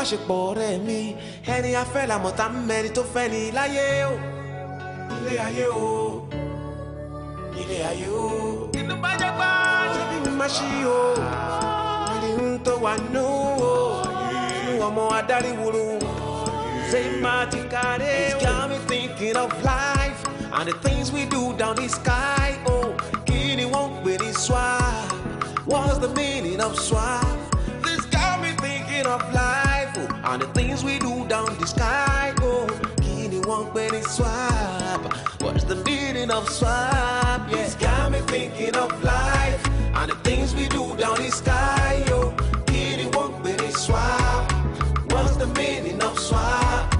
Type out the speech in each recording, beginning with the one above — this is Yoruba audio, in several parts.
má ṣe pọ̀ ọ̀rẹ́ mi ẹni afẹ́ tó fẹ́ ni láyé o ilé ayé o ilé ayé o inú bá jẹ́ pa ṣé bí mo ṣí o ń tó wà nù o inú ọmọ adarí wúru ṣe ti kárẹ́ o. It's got me thinking of life and the things we do down the sky oh kí ni wọ́n ń pè ní swap. what's the meaning of swap? This got me thinking of life. And the things we do down the sky, oh, Guinea won't penny swap. What's the meaning of swap? Yeah, it's got me thinking of life. And the things we do down the sky, oh, Guinea won't penny swap. What's the meaning of swap?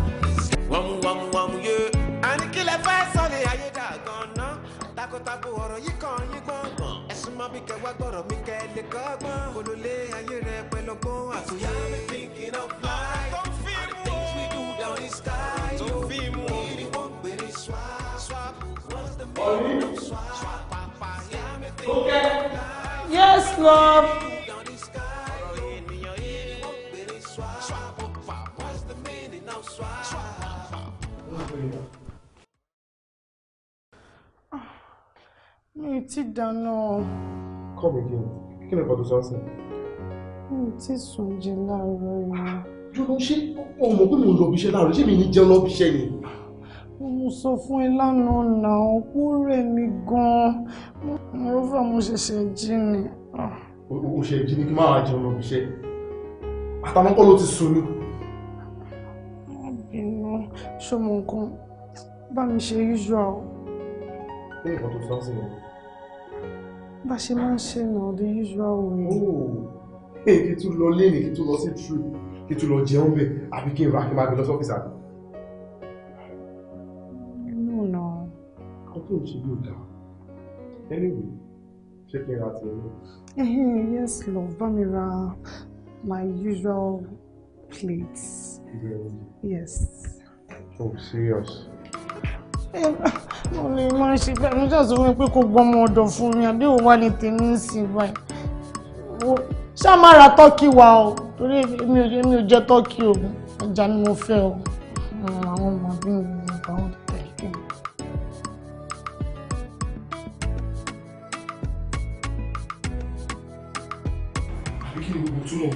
Wam wam wam yeah. And the killer fast on the Ayeda gone, takotabo ọ̀rọ̀ yìí kan yín gbọ̀ngàn ẹ̀sùn máa bí kẹwàá gbọ́dọ̀ mi kẹ́ lè kọ́gbọ́n olólè ayé rẹ me thinking of. Okay. Yes, love. Mi ti dáná. Come again. Kí ni ìpàdé sọ́nsẹ̀? Mi ti sùn jẹ láàárọ̀ yìí. Jọ̀wọ́ ṣé ọmọ pé mo lọ bí iṣẹ́ láàárọ̀ ṣé mi ní jẹun lọ bí iṣẹ́ yìí? mo sọ fún ẹ lánàá náà ó rẹ̀ mí gan-an mo fà mo ṣẹ̀ṣẹ̀ jí ni. Ah, o ṣe jí ni kí máa jẹun lọ iṣẹ́ àtàwọn kọ́ ló ti sùn ni. àbínú ṣọmọ nǹkan bá mi ṣe usual. kí ni nǹkan tó sọ sí mi. bá a ṣe máa ń ṣe náà the usual way. Oh, kí n tún lọ lé ní kí n tún lọ sí true kí n tún lọ jẹun bẹ́ẹ̀ àbí kí n ra kí n máa gbé lọ sọ́fíìsì àbí. tó ń ṣe yóò dá anyway ṣé kí n ra yes love bá my usual plates. yes. oh serious. mo lè máa ṣe bẹ́ẹ̀ mo ṣàṣọ wọn pé kò gbọ́mọ ọ̀dọ̀ fún mi àbí òun wà ní tèmi ń sìn báyìí ṣá má ra tọ́kì wa o torí èmi ò jẹ́ tọ́kì o ẹja ni mo fẹ́ o ìtumọ̀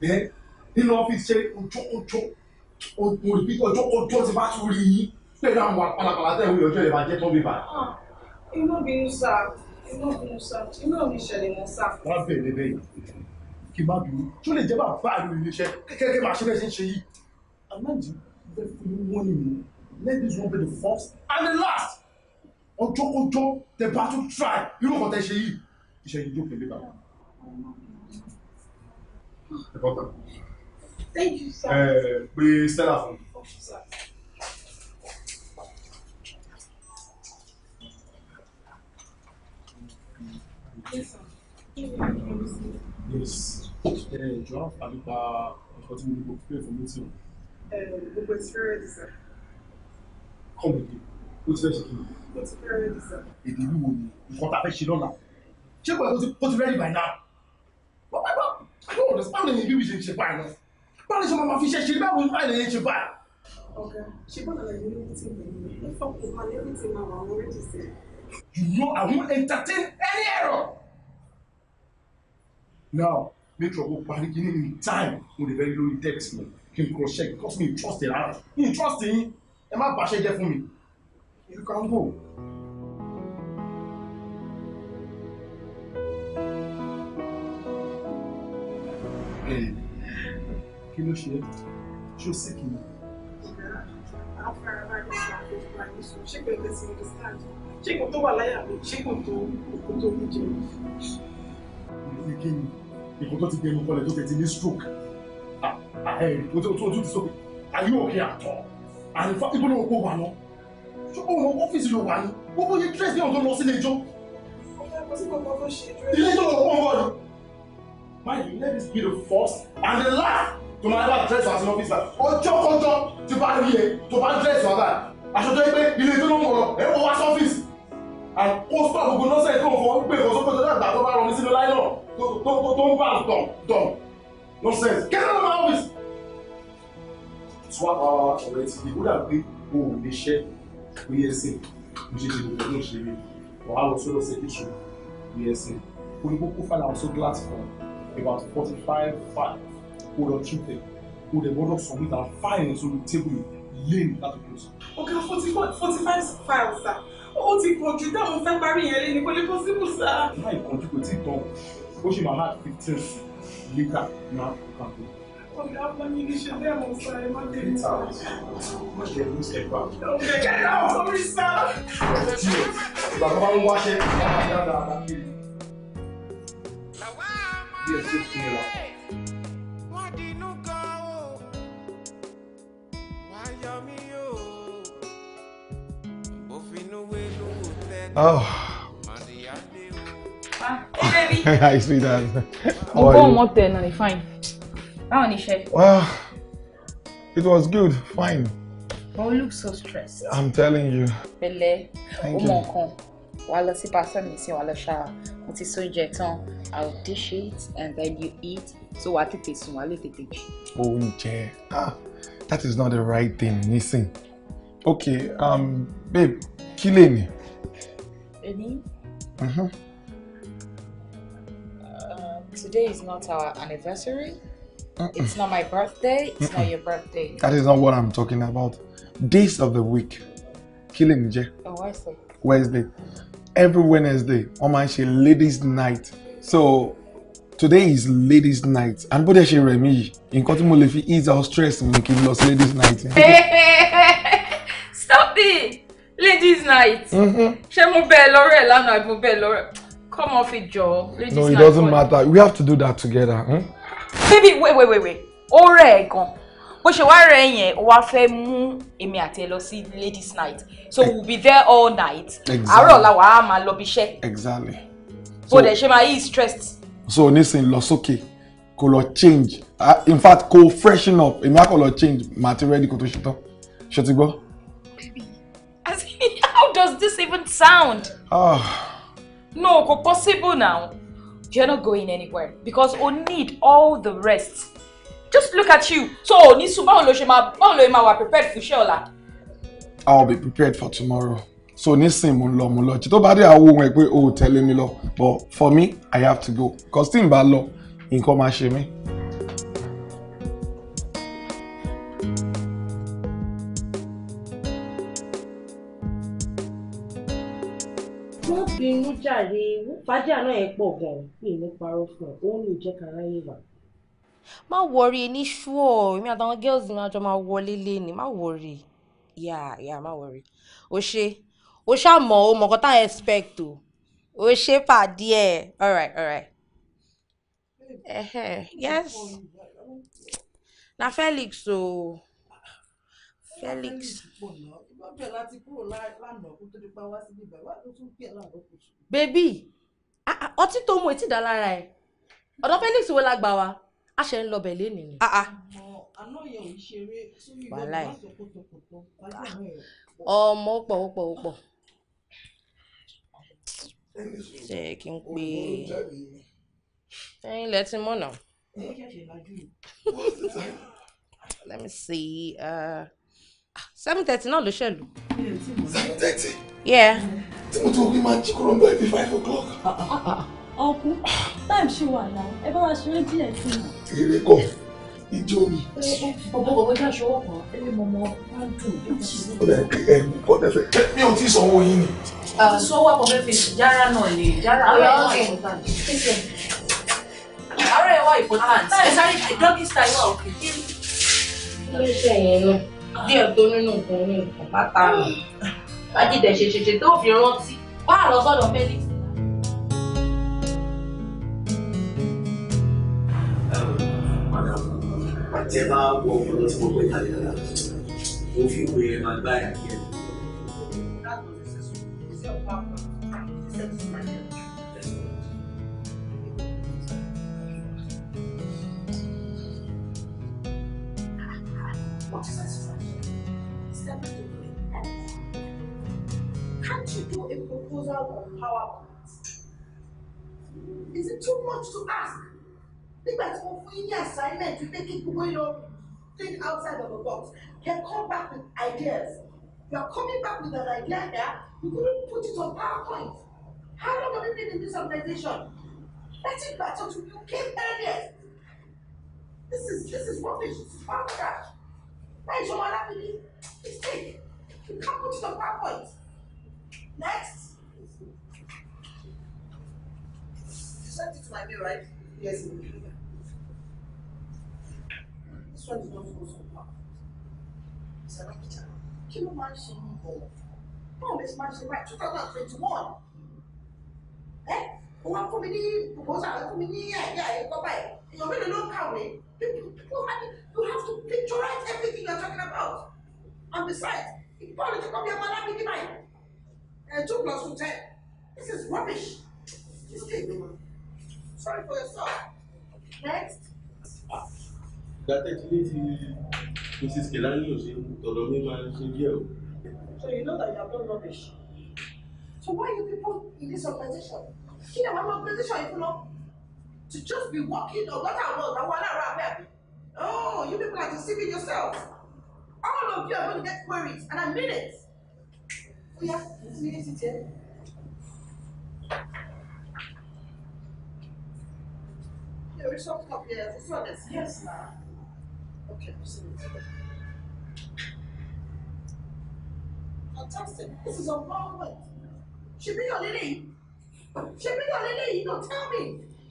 òye ẹ nínú ọ́fíìsì ṣe ọjọ́ ọjọ́ òrìbí ọjọ́ ọjọ́ ti bá tún rí yín pẹ̀lú àwọn apalapala tẹ̀ wọ́n ọjọ́ ìbá jẹ́ tó bí bá. Ah, inú bínú sá inú bínú sá inú mi ṣẹlẹ̀ mọ́ sá. wọ́n bèèrè bẹ́ẹ̀ kí n má bínú tó lè jẹ́ bá bá àlù iléeṣẹ́ kékeré máa ṣe bẹ́ẹ̀ ṣe yìí. aláǹdí bẹ́ẹ̀ fún mi wọ́n ni mo let this one be the first and the last ọjọ́ ọjọ́ the battle try irú ọ̀tẹ̀ ṣe yìí ìṣẹ̀yìn jókè lébàá. Thank you, sir. ẹ pé Stella fún mi. Yes. Ẹ jọ àǹfààní gba ọ̀pọ̀ tí mo ní kò pè fún mi tì o. Gbogbo ti fẹ́rẹ̀ dì sá. Kọ́mi ìdí, ó ti fẹ́ ṣe kí ni? Ó ti fẹ́rẹ̀ dì sá. Èdè wíwo ni nǹkan tá a fẹ́ ṣe lọ́la. Ṣé pẹ̀lú ó ti fẹ́ rí by I don't understand. Báwo ni bíbí ṣe ṣe báyìí náà? Báwo ni ṣe máa fi ṣe ṣe báwo ni báyìí lè ṣe báyìí? Ọ̀gá, ṣé bọ́lá lè ní everything bẹ̀rẹ̀? Ní fọ́pù máa ní everything máa wà wọ́n rẹ́jì sí. You know I won't entertain any error. Now, make trouble. we parí kí in time mo lè very low text mi kí n cross check because mi trust ẹ̀ rárá. Mi trust yín, ẹ má bàṣẹ́ jẹ́ fún mi. You can go. kí ló ṣe é ṣé o sick ni. ṣé kò tó wà láyà mi ṣé kò tó kò tó ní jẹ. ní kí ni ìkó tó ti gbẹnu kọlẹ̀ tó tẹ̀sí ní stroke ẹ̀rí tó tó tó ti sọ pé ayé òkè àtọ̀ àlùfáà ìbọn eu vou lọ ṣé òun ọ́fíìsì ló wà ní gbogbo yẹn dírẹ́sì náà tó lọ sílé ẹjọ́. ilé tó lọ pọ̀ ń bọ̀ ni. Mind you, let this be the first and the last to my ever dress as an officer. Ọjọ́ kọjọ́ ti bá rí ẹ tó bá dress like that. Aṣojú ẹgbẹ́ ilé tó ló ń wọ̀ ẹ wọ wá sọ́fíìsì. And kó stop gbogbo nọ́ọ̀sẹ̀ tó ń fọ gbé ìfọ̀sọ́kọ̀ tó dàgbà tó bá rọ ní sínú láìlọ̀ tó ń bá dọ̀m dọ̀m. Nonsense. Get out of my office. Swap our ọ̀rẹ́ ti di ó dà pé o ò lè ṣẹ́ o yẹ ẹsẹ̀ o ṣe ṣe gbogbo ní ìṣeré wàá lọ sọ́dọ̀ sẹ́kítì o yẹ ẹsẹ̀ o ní kókó fàlà ọ̀ṣọ́ gíláàsì kan about 45 files who don treat them who dem wan submit our files on the table lane láti close. ọ̀gá forty five files sá ó ti pọ̀ jù dáhùn fẹ́ parí yẹn lẹ́ni kò lè kó síbù sá. láì kọjú kò tí ì tán ó ṣì máa hard fifteen later na ọ̀gá tó. ọ̀gá ọ̀gá mi ní ṣe bẹ́ẹ̀ mọ̀ sá ẹ má dé mi sá. má dé mi sá ọ̀gá ẹ̀ka mi sá. bàbá ń wáṣẹ́ dáadáa láti rí i. Oh. ẹ ṣe fi ra. wọ́n dinú gan o Hi, sweetheart. How are you? Mo fine. Báwo ni iṣẹ́? Well, ah, it was good, fine. But you look so stressed. I'm telling you. Pẹ̀lẹ́, ọmọ kan, wàá lọ sí pásítọ̀ mi sí wàá mo ti sóúnjẹ tán i will dish it and then you eat so wàá tètè sùn wàá lè tètè jì. oúnjẹ ah that is not the right thing nisin okay um, babe kí lè ní. èmi. Mm-hmm. Um, today is not our anniversary. Mm -mm. It's not my birthday. It's mm not your birthday. That is not what I'm talking about. Days of the week. Kí lè ní jẹ́. Oh, Wednesday. Wednesday every Wednesday wọ́n máa ń ladies night so today is ladies night and bó dẹ̀ ṣe rẹ̀ mí yìí nǹkan tí mo ease out stress mi kì í ladies night. stop it ladies night mm-hmm. ṣé mo bẹ́ẹ̀ lọ́rọ̀ ẹ̀ lánàá àbí mo come off it Joe. ladies no it doesn't matter we have to do that together. Hmm? baby wait wait wait wait ó bó ṣe wá rẹ̀ yẹn ó wá fẹ́ mú èmi àti ẹ lọ sí ladies night so we will be there all night àárọ̀ la wàá máa lọ bí iṣẹ́ exactly bó dẹ̀ ṣe máa yí stress. so nísìnyí lọ sókè kó lọ change uh, in fact kó freshen up èmi á kó lọ change màá ti ready kó tó ṣe tán ṣe ti gbọ́. how does this even sound. Oh. no kò possible now You are not going anywhere because we need all the rest just look at you so ní sùn báwo ló ṣe prepared fún iṣẹ́ ọ̀la. I be prepared for tomorrow so nísìnyí mo ń lọ mo lọ jí tó bá o ò tẹ̀lé mi but for me I have to go cause tí n bá lọ nǹkan máa ṣe mí. wọ́n fi inú jàre fàájà náà ẹ̀ pọ̀ gan-an pé parọ́ fún ẹ̀ òun ní ìjẹ́káráyé wà má worry ní ṣúọ̀ èmi àtàwọn girls mi àjọ máa wọlé lẹ́ni má worry yà yà má worry o ṣe o ṣàmọ̀ o mọ̀ kọ́tà expect o o ṣe pàdé ẹ̀ alright alright yes na Felix o Felix. baby ah, ah, ọtí tó mú etí dá lára ẹ ọ̀dọ̀ Felix wo la gbà wá a ṣe ń lọ bẹ̀ lénìí ni. Ah, ah. wàhálà ẹ ọmọ ó pọ̀ ó pọ̀ pọ̀ ṣe kí n pè é ẹ̀yin lẹ ti mọ̀nà. let me see uh, seven thirty náà ló ṣẹlú. seven thirty. yeah. tí mo tún rí máa jí kúrò ń bá ibi five o'clock. ọkùn táìm ṣe wà náà ẹ bá wa ṣeré díẹ̀ sí i. eré kọ ijó mi. ọbọ bọbọ já aṣọ ọkàn ẹni mọ ọmọ bá dùn. ẹ ò tí sanwó yín ni. sọwọ́ àkọ́fẹ́ fi jára náà lè jára àwọn ẹ̀rọ important. àárọ̀ ẹ̀ wá important. ẹ sáré dọ́kítà style wà kí ló ṣe ẹ̀yìn náà díẹ̀ tó nínú nǹkan nínú nǹkan bá ta mi. bá dìde ṣe ṣe ṣe tó fi rántí wá lọ sọ́dọ̀ mẹ́lí. àti ẹ bá wọ ọkọ lọ mo pé tàbí dára mo fi pé ẹ máa gbá ẹ. Can't you do a proposal on PowerPoint? Is it too much to ask? nígbà tí mo fún yín ní assignment wípé kí gbogbo yín lọ think outside of the box Can come back with ideas you are coming back with an idea here you couldn't put it on PowerPoint how long have you been in this organization láti ìgbà tó you came earlier. this is this is rubbish this is power trash is láì ṣọwọ́ alábìlí mistake you can't put it on PowerPoint next. You sent it to my mail, right? Yes, ma'am sọ́ọ̀dì ló fò you have to picturize everything you're talking about and besides ìbọ̀lù ti kọ́ bí ọmọ alábìíní báyìí two plus two ten this is rubbish this thing sorry for yourself next ìdátẹ́tílé ti Mrs. Kelani ò ṣe tọ̀dọ̀ mi máa ń ṣe díẹ̀ o. So you know that you have done rubbish. So why you people in this organization? Kí ni àwọn organization you know To just be walking on what I want àwọn aláàárọ̀ abẹ́ àbí? Oh, you people are deceiving yourselves. All of you are going to get queries and I mean it. Oya, ìdílé yìí ti it, There is some copy here, it's honest. Yes, ma'am. Okay, precis. Fantastic. This is a wrong way. Ṣebí yóò lélẹ̀ yìí? Ṣebí yóò lélẹ̀ yìí? No, tell me.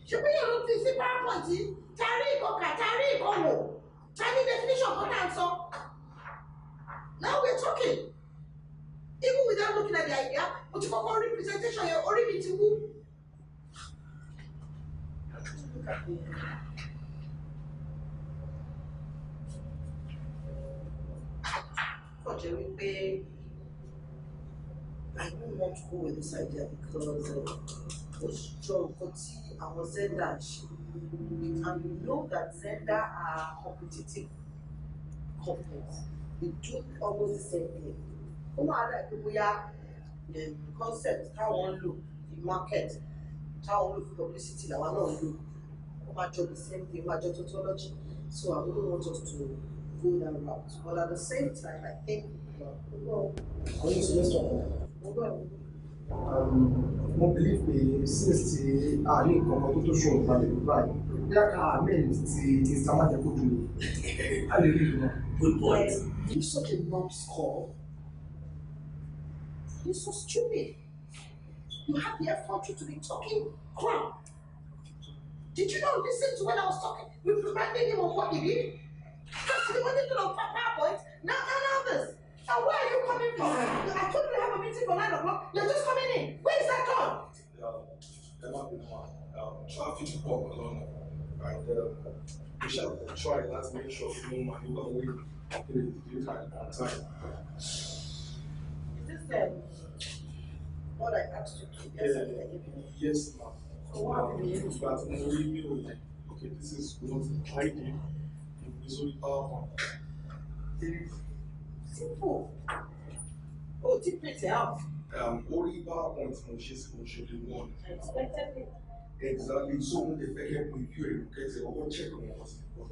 Ṣebí yóò ló fi sí PowerPoint yìí? Tari ìkọkà, tari ìkọwò. Tari definition kan náà sọ. Now we're talking. Even without looking at the idea, but ti kọ́kọ́ rí presentation yẹn, orí mi kàn jẹ́ wípé I don't want to go with this idea because eh, ó jọ nǹkan tí àwọn Zenda ṣe and we know that Zenda are competitive companies they do almost the same thing ó máa dà pé bóyá the eh, concept táwọn ń lò the market táwọn ń lò for publicity làwa náà ń lò ó máa jọ the same thing ó máa jọ tautology so I don't want us to go that route. But at the same time, I think, um, mo believe pé since ti àárín kankan tó tó ṣòro balẹ̀ báyìí bí a kà mail ti mr majakodu ni a lè rí ìlú. good point. you such a mob score. you so stupid you have the effrontery to be talking crap did you not listen to when i was talking we reminded him of what he did. Has to do with of PowerPoint, not and others. And where are you coming from? I told you to have a meeting for 9 o'clock. You're just coming in. Where is that gone? Um, traffic pop alone. And um, we shall try that make sure you know you can win. on time. Is this the um, what I asked you to do? Yes, ma'am. So what have you been able to do? Okay, this is what I did. sórí powerpoint. simple o ti print it out. Um, orí powerpoint mo ṣe sí mo ṣe lè wọ́n. expected exactly so mo lè fẹ́ kẹ́kọ̀ọ́ ìbí ẹ̀rù kẹsẹ̀ ọwọ́ check wọn wọ́n sì kọ́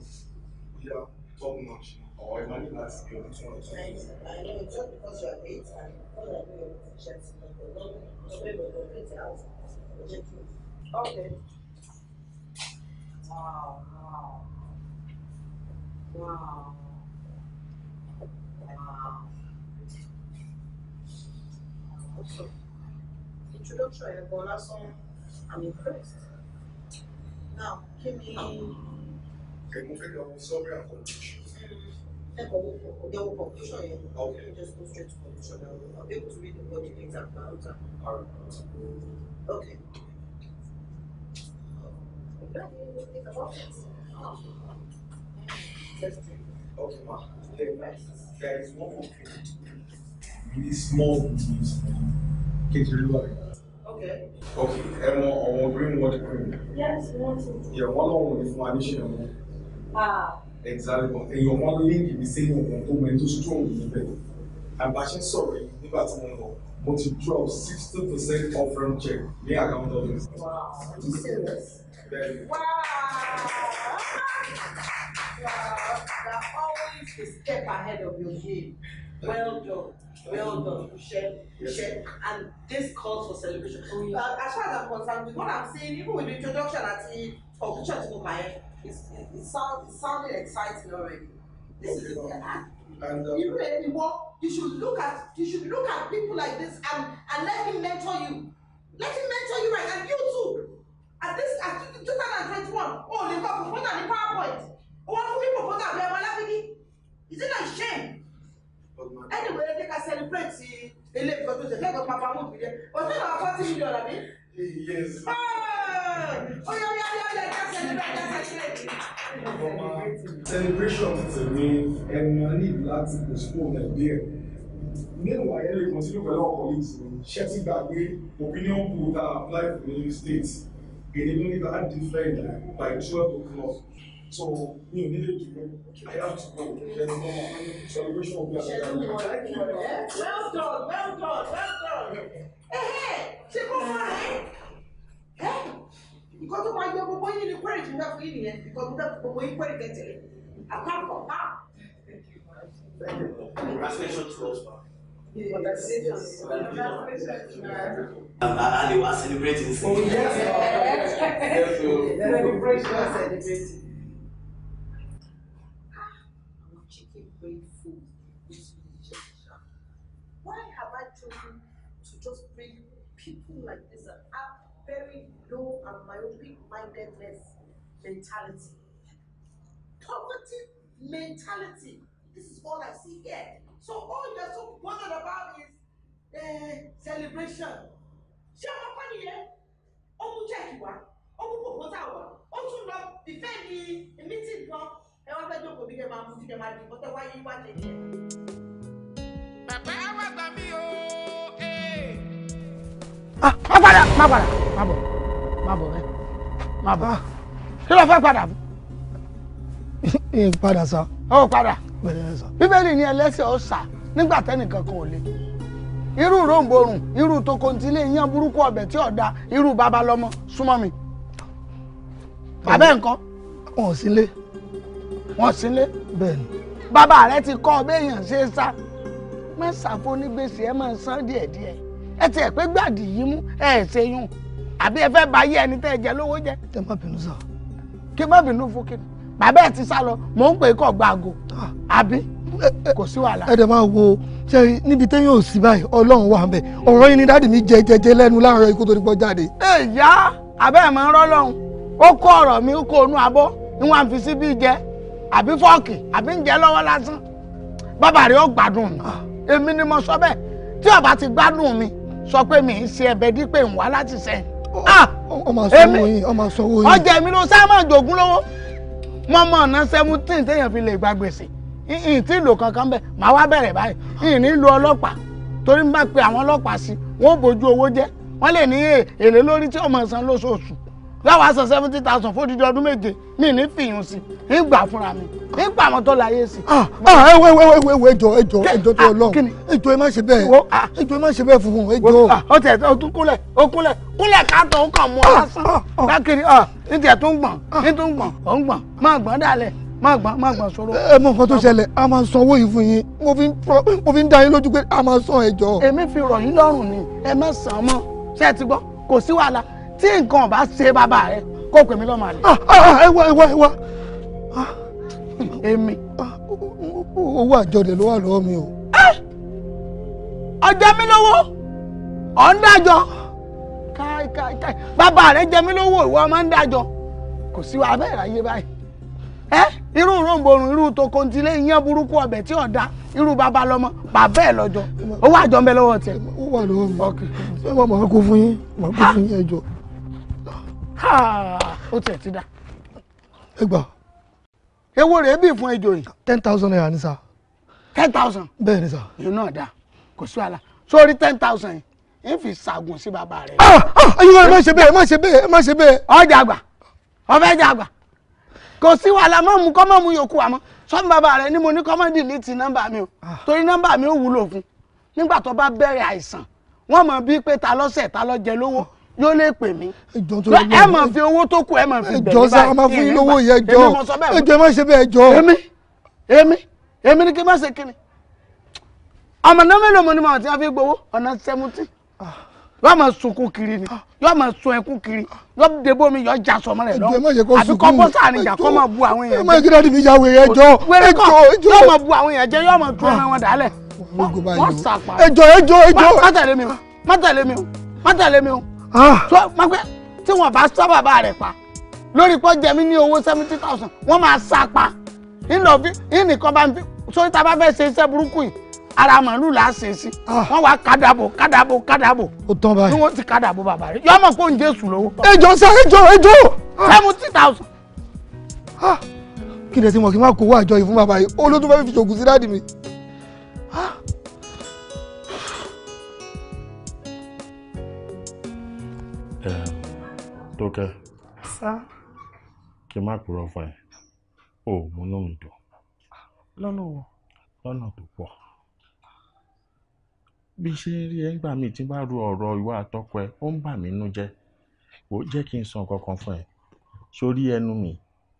bóyá top notch or ẹ̀ máa ní láti bí ọdún tí wọ́n ti sọ. because you all I know is just ọlọ́run ọgbẹ́ mi kò print it out. Okay. Wow, wow. Wow. Wow. Okay. Introduction and Bola song, I'm impressed. Now, give me. Okay, moving on, summary and conclusion. There hmm. were conclusion here. Okay. We just go straight to conclusion. I'll be able to read what the things are about. All right. Okay. Okay. Oh. Think about it. Interesting. Okay, ma. There, there is one more thing. This small business. Okay. Okay, ẹ mọ ọmọ Greenwood cream. Yes, we want to. Yeah, wọ́n lọ́wọ́ ní fún addition Ah. Exactly, but èèyàn wọn líǹkì mi sí ìwọ̀n tó mẹ́tò strong níbẹ̀. Àbáṣe sọ̀rọ̀ yìí nígbà tí mo lọ mo ti drop sixty percent off from check ní account of this. Wow, are you serious? Very. Wow are, always a step ahead of your game. Well done, well done, Ushe, Ushe, and this calls for celebration. Mm. Uh, as far as I'm concerned, with what I'm saying, even with the introduction at the conclusion to Mumbai, it's, it, it, sound, it sounded exciting already. This is okay. and, um, even if you should look at you should look at people like this and and let him mentor you, let him mentor you right, and you too. At this at 2021, oh, they got to put the PowerPoint wọ́n fún mi proposal àbí ẹ̀wọ̀n alágídí is it a shame anyway ẹ jẹ́ ká celebrate ilé ìkọ́ tó ṣe kẹ́kọ̀ọ́ pàpà mú mi jẹ òtún náà forty million àbí. yes. ó yọ yọ yọ yọ ká celebrate ká celebrate. celebration ti ní ẹni a need láti postpone ẹ̀ díẹ̀ meanwhile ẹ lè continue pẹ̀lú ọkọ̀ yìí ṣé ti gbàgbé opinion poll tá a apply for ní state èdè lórí bá different by twelve o'clock. So you needed to go. I have to go. There is no more celebration of your life. Well done, well done, well done. hey, on, Ṣé kò fọ́ rẹ̀? Nǹkan tó máa yẹ gbogbo yín ni to tí mo fẹ́ fún yín nìyẹn. Nǹkan tó fẹ́ gbogbo yín kwẹ́rì kẹ̀tẹ̀lẹ̀. Àpapọ̀ pa. Congratulations to us, ma. Congratulations. And we are celebrating. Oh, yes. Yes, yes. Celebration. Celebration. and myopic-mindedness mentality. Poverty mentality. This is all I see here. So all you're so bothered about is uh, celebration. Ṣé ọmọ kọ́ nìyẹn? Ó mú jẹ́ẹ̀kì wá, ó mú pòpótà wá, ó tún lọ ìfẹ́ ní mítìn kan. Ẹ wá fẹ́ jókòó bí kẹ́ máa mú sí kẹ́ máa dìbò tẹ́ wáyé wá jẹjẹ. Bàbá wá gbà mí eh. ah, má bọ̀ rẹ má bọ̀ ah. kí ló fẹ́ padà fún. n padà sá. ó padà bíbélì ni ẹlẹ́sẹ̀ ó sà nígbà tẹ́nìkan kan ò le irú ròǹbòrùn irú tokontilé yan burúkú ọbẹ̀ tí ọ̀dà irú babalọ́mọ súnmọ́ mi abẹ́ nǹkan. wọn ò sílé. wọn ò sílé. bẹ́ẹ̀ni. bàbá rẹ ti kọ́ ọ béèyàn ṣe é sá mẹ́sàfó nígbèsè ẹ máa ń san díẹ̀díẹ̀ ẹ tiẹ̀ pé gbàdí yìí mú ẹ ẹ̀ ṣe yún àbí ẹ fẹ́ ba ayé ẹni tẹ́ ẹ jẹ lówó jẹ. ẹ má bínú sá. kí má bínú fún kí ni bàbá ẹ ti sá lọ mò ń pè é kọ gba àgò ah. àbí kò sí wàhálà. ẹ dẹ̀ máa wo ṣe níbi téèyàn ò sí báyìí ọlọ́run wà ń ọ̀rọ̀ yín ni dáàdì mi jẹ jẹjẹ lẹ́nu láàárọ̀ ikú tó ní pọ́ jáde. ẹ yá abẹ́ ẹ̀ máa ń rọ́lọ́run ó kó ọ̀rọ̀ mi ó kó onú abọ́ níwọ̀n fi sí bí jẹ àbí fọ́ọ̀kì àbí ń jẹ lọ́wọ́ lásán bàbá rẹ̀ ó gbádùn mi ah. èmi ni mo sọ bẹ́ẹ̀ tí ọba ti gbádùn mi sọ pé mi ń ṣe ẹ̀bẹ̀ dípé ń láti sẹ́yìn Ah! Ah! ọjà mi ló sáà máa jogún lọ́wọ́ mọ́mọ́ ọ̀nà seventeen téèyàn fi lè gba gbèsè ìhìn tí ìlò kankan bẹ́ẹ̀ màá wá bẹ̀rẹ̀ báyìí ìhìn nílò ọlọ́pàá torí n bá pe àwọn ọlọ́pàá sí wọ́n bójú owó jẹ́ wọ́n lè ní èlé lórí tí ọmọ san lóṣooṣù láwa sọ seventy thousand fódìdí ọdún méje mi ní fìyún sí i gbà fúnra mi nígbà àwọn tó láyé sí. Ah, ah, ẹ wẹ wẹ wẹ wẹ ẹjọ ẹjọ ẹjọ tó ah, lọ ẹjọ ẹ má ṣe bẹ́ẹ̀ ẹjọ ẹ má ṣe bẹ́ẹ̀ fún un ẹjọ. ó tẹ̀ ó tún kúnlẹ̀ ó kúnlẹ̀ kúnlẹ̀ káàtó ó kàn mú ọ lásán bákiri ní tiẹ̀ tó ń gbọ̀n ní tó ń gbọ̀n ó ń gbọ̀n máa gbọ̀n dálẹ̀ má gbà má gbà sọ̀rọ̀. ẹ mọ nǹkan tó ṣẹlẹ̀ a máa sanwó yìí fún yín mo fi ń dá yín lójú pé a máa san ẹjọ́. èmi fi rọ̀ yín lọ́rùn ni ẹ má sàn án mọ́ ṣé ẹ ti gbọ́ kò sí wàhálà tí nǹkan ọba ṣe bàbá rẹ kó pè mí lọ́mọ àlè. ẹ wá ẹ wá ẹ wá èmi. Ah, owó àjọdẹ ló wà lọ́wọ́ mi o. Ah! ọjọ́ mi lówó ọ̀ ń dájọ́ bàbá rẹ jẹ mí lówó ìwọ máa ń dájọ́ kò sí wa bẹ́ẹ̀ ráyé báyìí ẹ irú ròǹbòrùn irú tokonti lé iyán burúkú ọbẹ̀ tí ọ̀dá irú bàbá lọ́mọ bàbá ẹ̀ lọ́jọ́ owó àjọ ń bẹ lọ́wọ́ tiẹ̀. ó wà lọ́wọ́ mi ṣé wọ́n máa kó fún yín máa kó fún yín ẹjọ́ ó tiẹ̀ ti dá. ẹ gbà. ewo rẹ̀ bí fún ẹjọ́ yìí. ten thousand naira ni sá. ten thousand. bẹ́ẹ̀ ni sá. yóò náà dá kò sí wàhálà sórí ten thousand yìí ń fi ṣàgùn sí bàbá rẹ̀. Ah, ah, ayíwọ̀n ẹ má ṣe bẹ́ẹ̀ ẹ má ṣe bẹ́ẹ̀ ẹ má ṣe bẹ́ẹ̀. ọjà àgbà ọbẹ̀ ẹja àgbà kò sí wàhálà má mú kọ́ má mú yòókù àmọ́ sọ́n bàbá rẹ̀ ni mo ní kọ́ má dìlítì nọ́mbà mi o ah. torí nọ́mbà mi ò wúlò fún nígbà tó bá bẹ̀rẹ̀ àìsàn wọ́n mọ̀ bíi pé ta lọ́sẹ̀ ta lọ́jẹ lówó yóò lè pè mí. ẹ máa fi owó tó kù ẹ máa fi bẹ̀rẹ̀ báyìí. ẹjọ́ sá máa fún yín lówó yẹn jọ ẹjọ́ má ṣe bẹ́ẹ̀ jọ. èmi èmi èmi ni kí n bá ṣe kíni. ọmọ náà mélòó mo ní màmá tí wọ́n fi gbowó ọ̀nà sẹ́mútì. yóò máa sunkún kiri ni yóò máa sun ẹkún kiri yóò debo mi yóò já sọmọ rẹ lọ àbí kọ́ bọ́ sáàrin ìjà kọ́ máa bu àwọn èèyàn jẹ. ẹ má ṣe dáadé mi ya wèrè ẹjọ́ ẹjọ́ yóò máa bu àwọn èèyàn jẹ yóò máa tún ara wọn dálẹ̀. wọ́n sàpà ẹjọ́ ẹjọ́ ẹjọ́ má tẹ̀lé mi o má tẹ̀lé mi o má o tó máa pẹ́ tí wọ́n bá sá bàbá rẹ̀ pa lórí pọ́ jẹ̀mí ní owó seventy thousand wọ́n máa sá pa ìnìkan bá ń fi sórí tá a bá fẹ́ ṣe iṣẹ́ burúkú yìí ara màálù là á ṣe sí ah. wọn wá kádàbò kádàbò kádàbò ó tán báyìí ni wọn ti kádàbò bàbá rẹ yọọ mọ pé òun jésù lówó. ẹjọ sá ẹjọ ẹjọ. seventy thousand. Ah. kí ni ẹ ti mọ̀ kí n má kó owó àjọ fún bàbá yìí olótú fẹ́ fi ṣògùn sí dáàdì mi. Ah. tókẹ́. sá. kí n má purọ́ fún ẹ o ò múnú mi dùn. lọ́nà wo. lọ́nà tó pọ̀. bí ṣe ń rí ẹ nígbà míì tí bá ru ọ̀rọ̀ ìwà àtọ́kọ ẹ ó ń bà mí nú jẹ́ ó jẹ́ kí n sọ nǹkan kan fún ẹ sórí ẹnu mi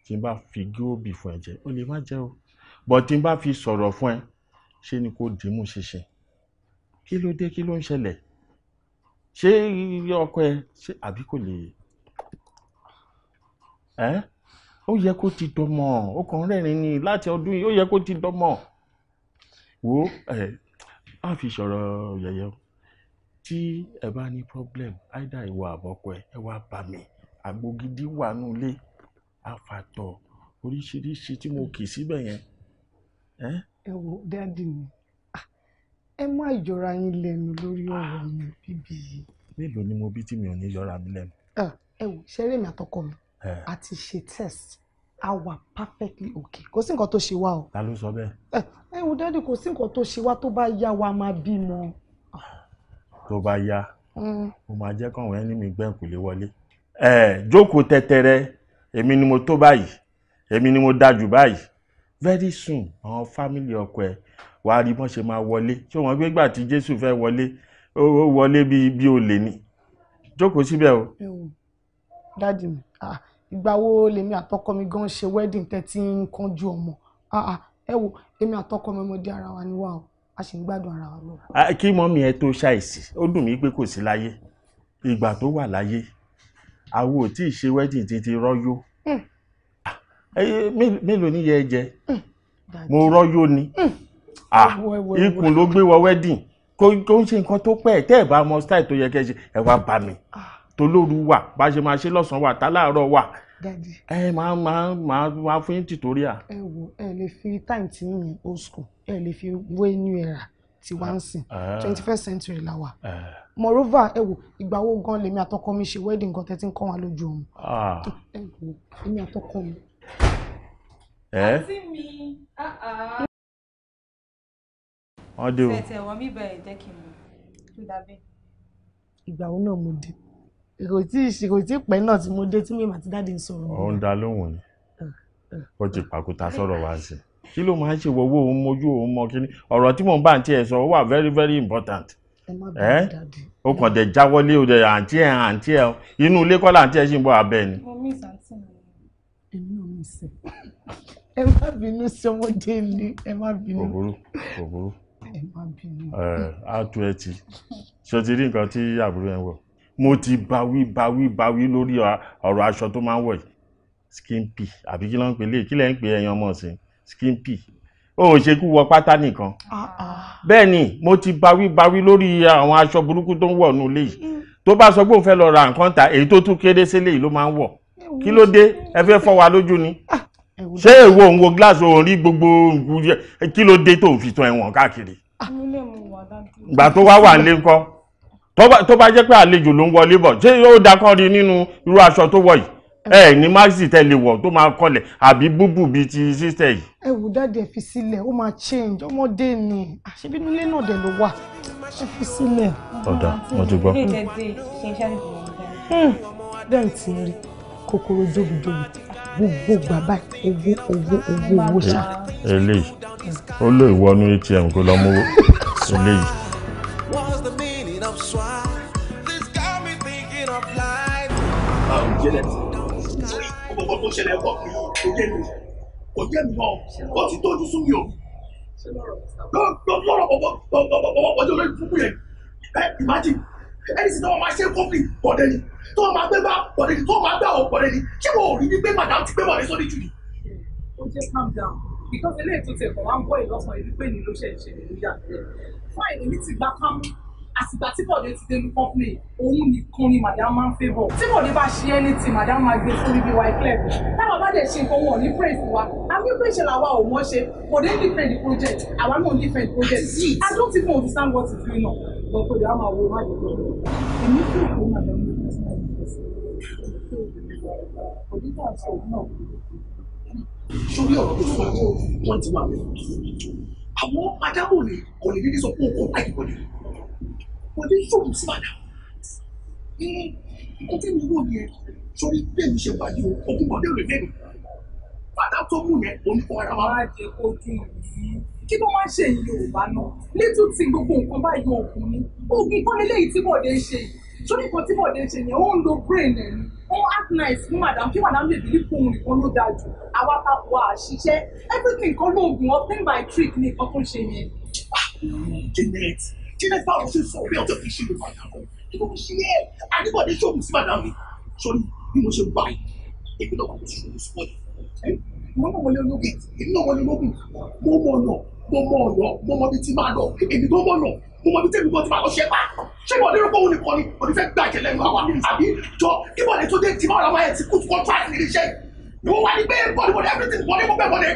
tí n bá fi gíóbì fún ẹ jẹ ó lè má jẹ o bọ̀ tí n bá fi sọ̀rọ̀ fún ẹ ṣe ni kò dìímú ṣinṣin kí ló dé kí ló ń ṣẹlẹ̀ ṣé ọkọ ẹ ṣé àbí kò lè ẹ́ ó yẹ kó ti dọmọ ó kàn rẹ́rìn ni láti ọdún yìí ó yẹ kó ti dọmọ wo ẹ á fi sọ̀rọ̀ yẹ̀yẹ́ o tí ẹ bá ní problem either ìwà àbọ̀kọ ẹ ẹ wá bà mí àgbo gidi wà nù ilé àfàtọ̀ oríṣiríṣi tí mo kì síbẹ̀ yẹn. ẹ wo dáàdì mi ah, ẹ má yọra yín lẹ́nu lórí ọ̀rọ̀ mi bíbí yìí. mélòó ni mo bí tí mi ò ní yọra mi lẹ́nu. Ah, ẹ wò ṣeré mi àtọkọ mi a ti ṣe test a wà perfectly okay kò sí nǹkan tó ṣe wá o. ta ló sọ bẹ́ẹ̀. ẹ ẹ wò dáàdi kò sí nǹkan tó ṣe wá tó bá yá wa máa bímọ. tó bá yá mm. mo máa jẹ́ kàn wọ́n ẹni mi gbẹ̀ǹkù lé wọlé. ẹ jókòó tẹtẹrẹ èmi ni mo tó báyìí èmi ni mo dájú báyìí very soon àwọn fámìlì ọkọ ẹ wàá rí bọ́n ṣe máa wọlé ṣé wọ́n gbégbà tí Jésù fẹ́ wọlé ó wọlé bí bí olè ni jókòó síbẹ̀ o. dáàdi mi ah ìgbà wo lèmi àtọkọ mi gan ṣe wedding tẹ́tí ń kánjú ọmọ ah, ah, ẹ wo èmi àtọkọ mi ọmọdé ara wa ni wà o a sì ń gbádùn ara wa lọ. kí mọ́mí ẹ tó ṣàìsí ó dùn mí pé kò sí láyé ìgbà tó wà láyé àwo ò tí ì ṣe wedding títí rọ́yó hmm. ah, mélòó ni yẹ ẹ jẹ hmm. mo rọ́yó ni hmm. ikùn ló gbé wọ wedding kò ń ṣe nǹkan tó pẹ́ tẹ́ ẹ̀ bá mọ style tó yẹ kẹ́ ẹ ṣe ẹ wá bá mi tolóru wà bá ṣe máa ṣe lọ́sàn-án wà táláàárọ̀ wà. dadi ẹ máa máa máa máa fún tutorial. ẹ wo ẹ lè fi time tí mi old school ẹ lè fi wé new era ti wá ń sìn ah. twenty first century la wà. Ah. moreover ẹ wo ìgbà wo gan lèmi àtọkọ mi ṣe wedding gan tẹ́tí ń kọ́ wa lójú oorun. Ah. ẹ wo èmi àtọkọ mi. àǹtí mi wọ́n dé o. fẹ̀tẹ̀ wọ́n mi bẹ̀rẹ̀ jẹ́ kí n mọ̀ kí ìgbà wo náà mo dé kò tí ì kò tí ì pẹ́ náà tí mo dé tí mi àti dáàdi ń sọ̀rọ̀. ọ̀ ń da lóhùn ni ah, ah. ó ti pàkúta sọ̀rọ̀ wá sí i kí ló máa ń ṣe owó òun mojú òun mọ kíní ọ̀rọ̀ tí mò ń bá àǹtí ẹ̀ sọ ó wà very very important ẹ ó kàn dẹ̀ jáwọ́lé ó dẹ̀ àǹtí ẹ̀ àǹtí ẹ̀ inú ilé kọ́lá àǹtí ẹ̀ ṣì ń bọ̀ abẹ́ ni. èmi ò mí sè ẹ má bínú sí ọmọdé ni ẹ má bínú. òbúrú òbúrú ẹ má bínú. á tu ẹ ti ṣe ti rí nǹkan tí àbúrò ẹ wọ̀ mo ti bawí bawí bawí lórí ọ̀rọ̀ aṣọ tó máa ń wọ̀ yìí skimpy àbí kí ló ń pè lé kí lẹ́ ń pè ẹ̀yàn ọmọ ọ̀sìn skimpy ó ṣe kú wọ pátá nìkan uh-uh. bẹ́ẹ̀ ni mo ti bawí bawí lórí àwọn aṣọ burúkú tó ń wọ̀ nù lé yìí tó bá sọ pé òun fẹ́ lọ ra nǹkan ta èyí tó tún kéré sílé yìí ló máa ń wọ̀ kí ló dé ẹ fẹ́ fọ́ wa lójú ni ah, ṣé èwo òun wo glace òun rí gbogbo kí ló dé tó ń fi tan ẹ̀wọ̀n káàkiri ah, ìgbà tó wá wà nílé ńkọ́ tó bá jẹ́ pé àlejò ló ń wọlé bọ̀ ṣé ó da kán rí nínú irú aṣọ tó wọ̀ yìí ẹ ní maxi tẹ́lẹ̀ wọ̀ tó máa kọlẹ̀ àbí búbù bíi ti sísẹ̀ yìí. ẹ wò dáàdì ẹ fi sílẹ̀ ó máa change ọmọdé ni àṣebínú ilé náà dẹ̀ ló wà ẹ fi sílẹ̀. ọ̀dà mo ti gbọ́. bẹ́ẹ̀ tí ń rí kòkòrò jóbijóbi gbogbo bàbá owó owó owó owó ṣá. eléyìí ó lè wọnú atm kó lọ mú eléyìí soir. This got me thinking of life. Um, Janet, sorry, ọmọ kan tó ṣẹlẹ̀ ọkọ̀ mi kò yé mi kò yé mi mọ́ ọ ti tójú sún mi o. lọ́rọ̀ bọ̀bọ̀ ọjọ́ lórí fúnfún yẹn ẹ ìmájì ẹni sì tó wọn máa ṣe kọ́fì bọ̀dẹ̀ ni tó wọn máa gbé bá bọ̀dẹ̀ ni tó wọn máa gbé àwọn bọ̀dẹ̀ ni ṣé wọn ò rí ni pé madam ti gbé bọ̀dẹ̀ sórí jù ni. ó jẹ́ calm down because eléyìí tó tẹ̀ kọ̀ wá ń bọ̀ ìlọ́sàn ìlú pé ni ló ṣe ń ṣe nínú yàtọ̀ fún àìní mi ti gbà kámú àtìgbà tí bọ̀dé ti dénú company òun nìkan ni madam máa ń fẹ́ bọ̀ tí bọ̀dé bá ṣe anything madam máa gbé fún ibi wa ìpínlẹ̀ táwa bá dẹ̀ ṣe nǹkan wọn ní praise wa àbí pé ìṣẹ̀lẹ̀ àwa ò mọ̀ ṣe bọ̀dé different project àwa náà different project I don't even understand what is going on but bọ̀dé a máa wo má jẹ́ bọ̀dé èmi fún ìfún madam ní personal interest bọ̀dé tó àti òun náà sórí é tó fún àjọ wọn ti wà lẹ́yìn àwọn adáwò ni kò ní dídí sọ fún òkú àìkọ́ni kò ní fóònù sí bàdà nǹkan tí mo wò yẹn sórí bẹ́ẹ̀ mi ṣe wà ní ogun bọ̀dé òde lẹ́nu bàdà tó mú yẹn oníkọ̀ ara wa. wàá jẹ kó dùn yìí kí ló máa ń ṣe ìlú yorùbá náà létò tí gbogbo nǹkan bá yọ òògùn ni oògùn kan lélẹ́yìí tí bọ̀dé ṣe sórí nǹkan tí bọ̀dé ṣe yẹn ó ń lo brain ẹ̀ ni wọ́n act nice fún madam kí madam lè bìlí fún òun nìkan ló dáa jù àwa ta wà á ṣiṣẹ́ everything kan lóògùn ọ̀pẹ́ by trick ní nǹkan tó ń ṣe yẹn. Janet tí ní báwo ṣe sọ bí mo ṣe gbà yìí èmi kò sọ mo sọ yìí mo náà wọlé olókè èmi náà wọlé mo mọ tó mọ ọ̀nà mo mọ ti máa lọ tó dé tìmọ̀ ọ̀la máa wà ní pé bọ́ọ̀lì bọ́ọ̀lì everything bọ́ọ̀lì mo bẹ́ẹ̀ bọ́ọ̀lì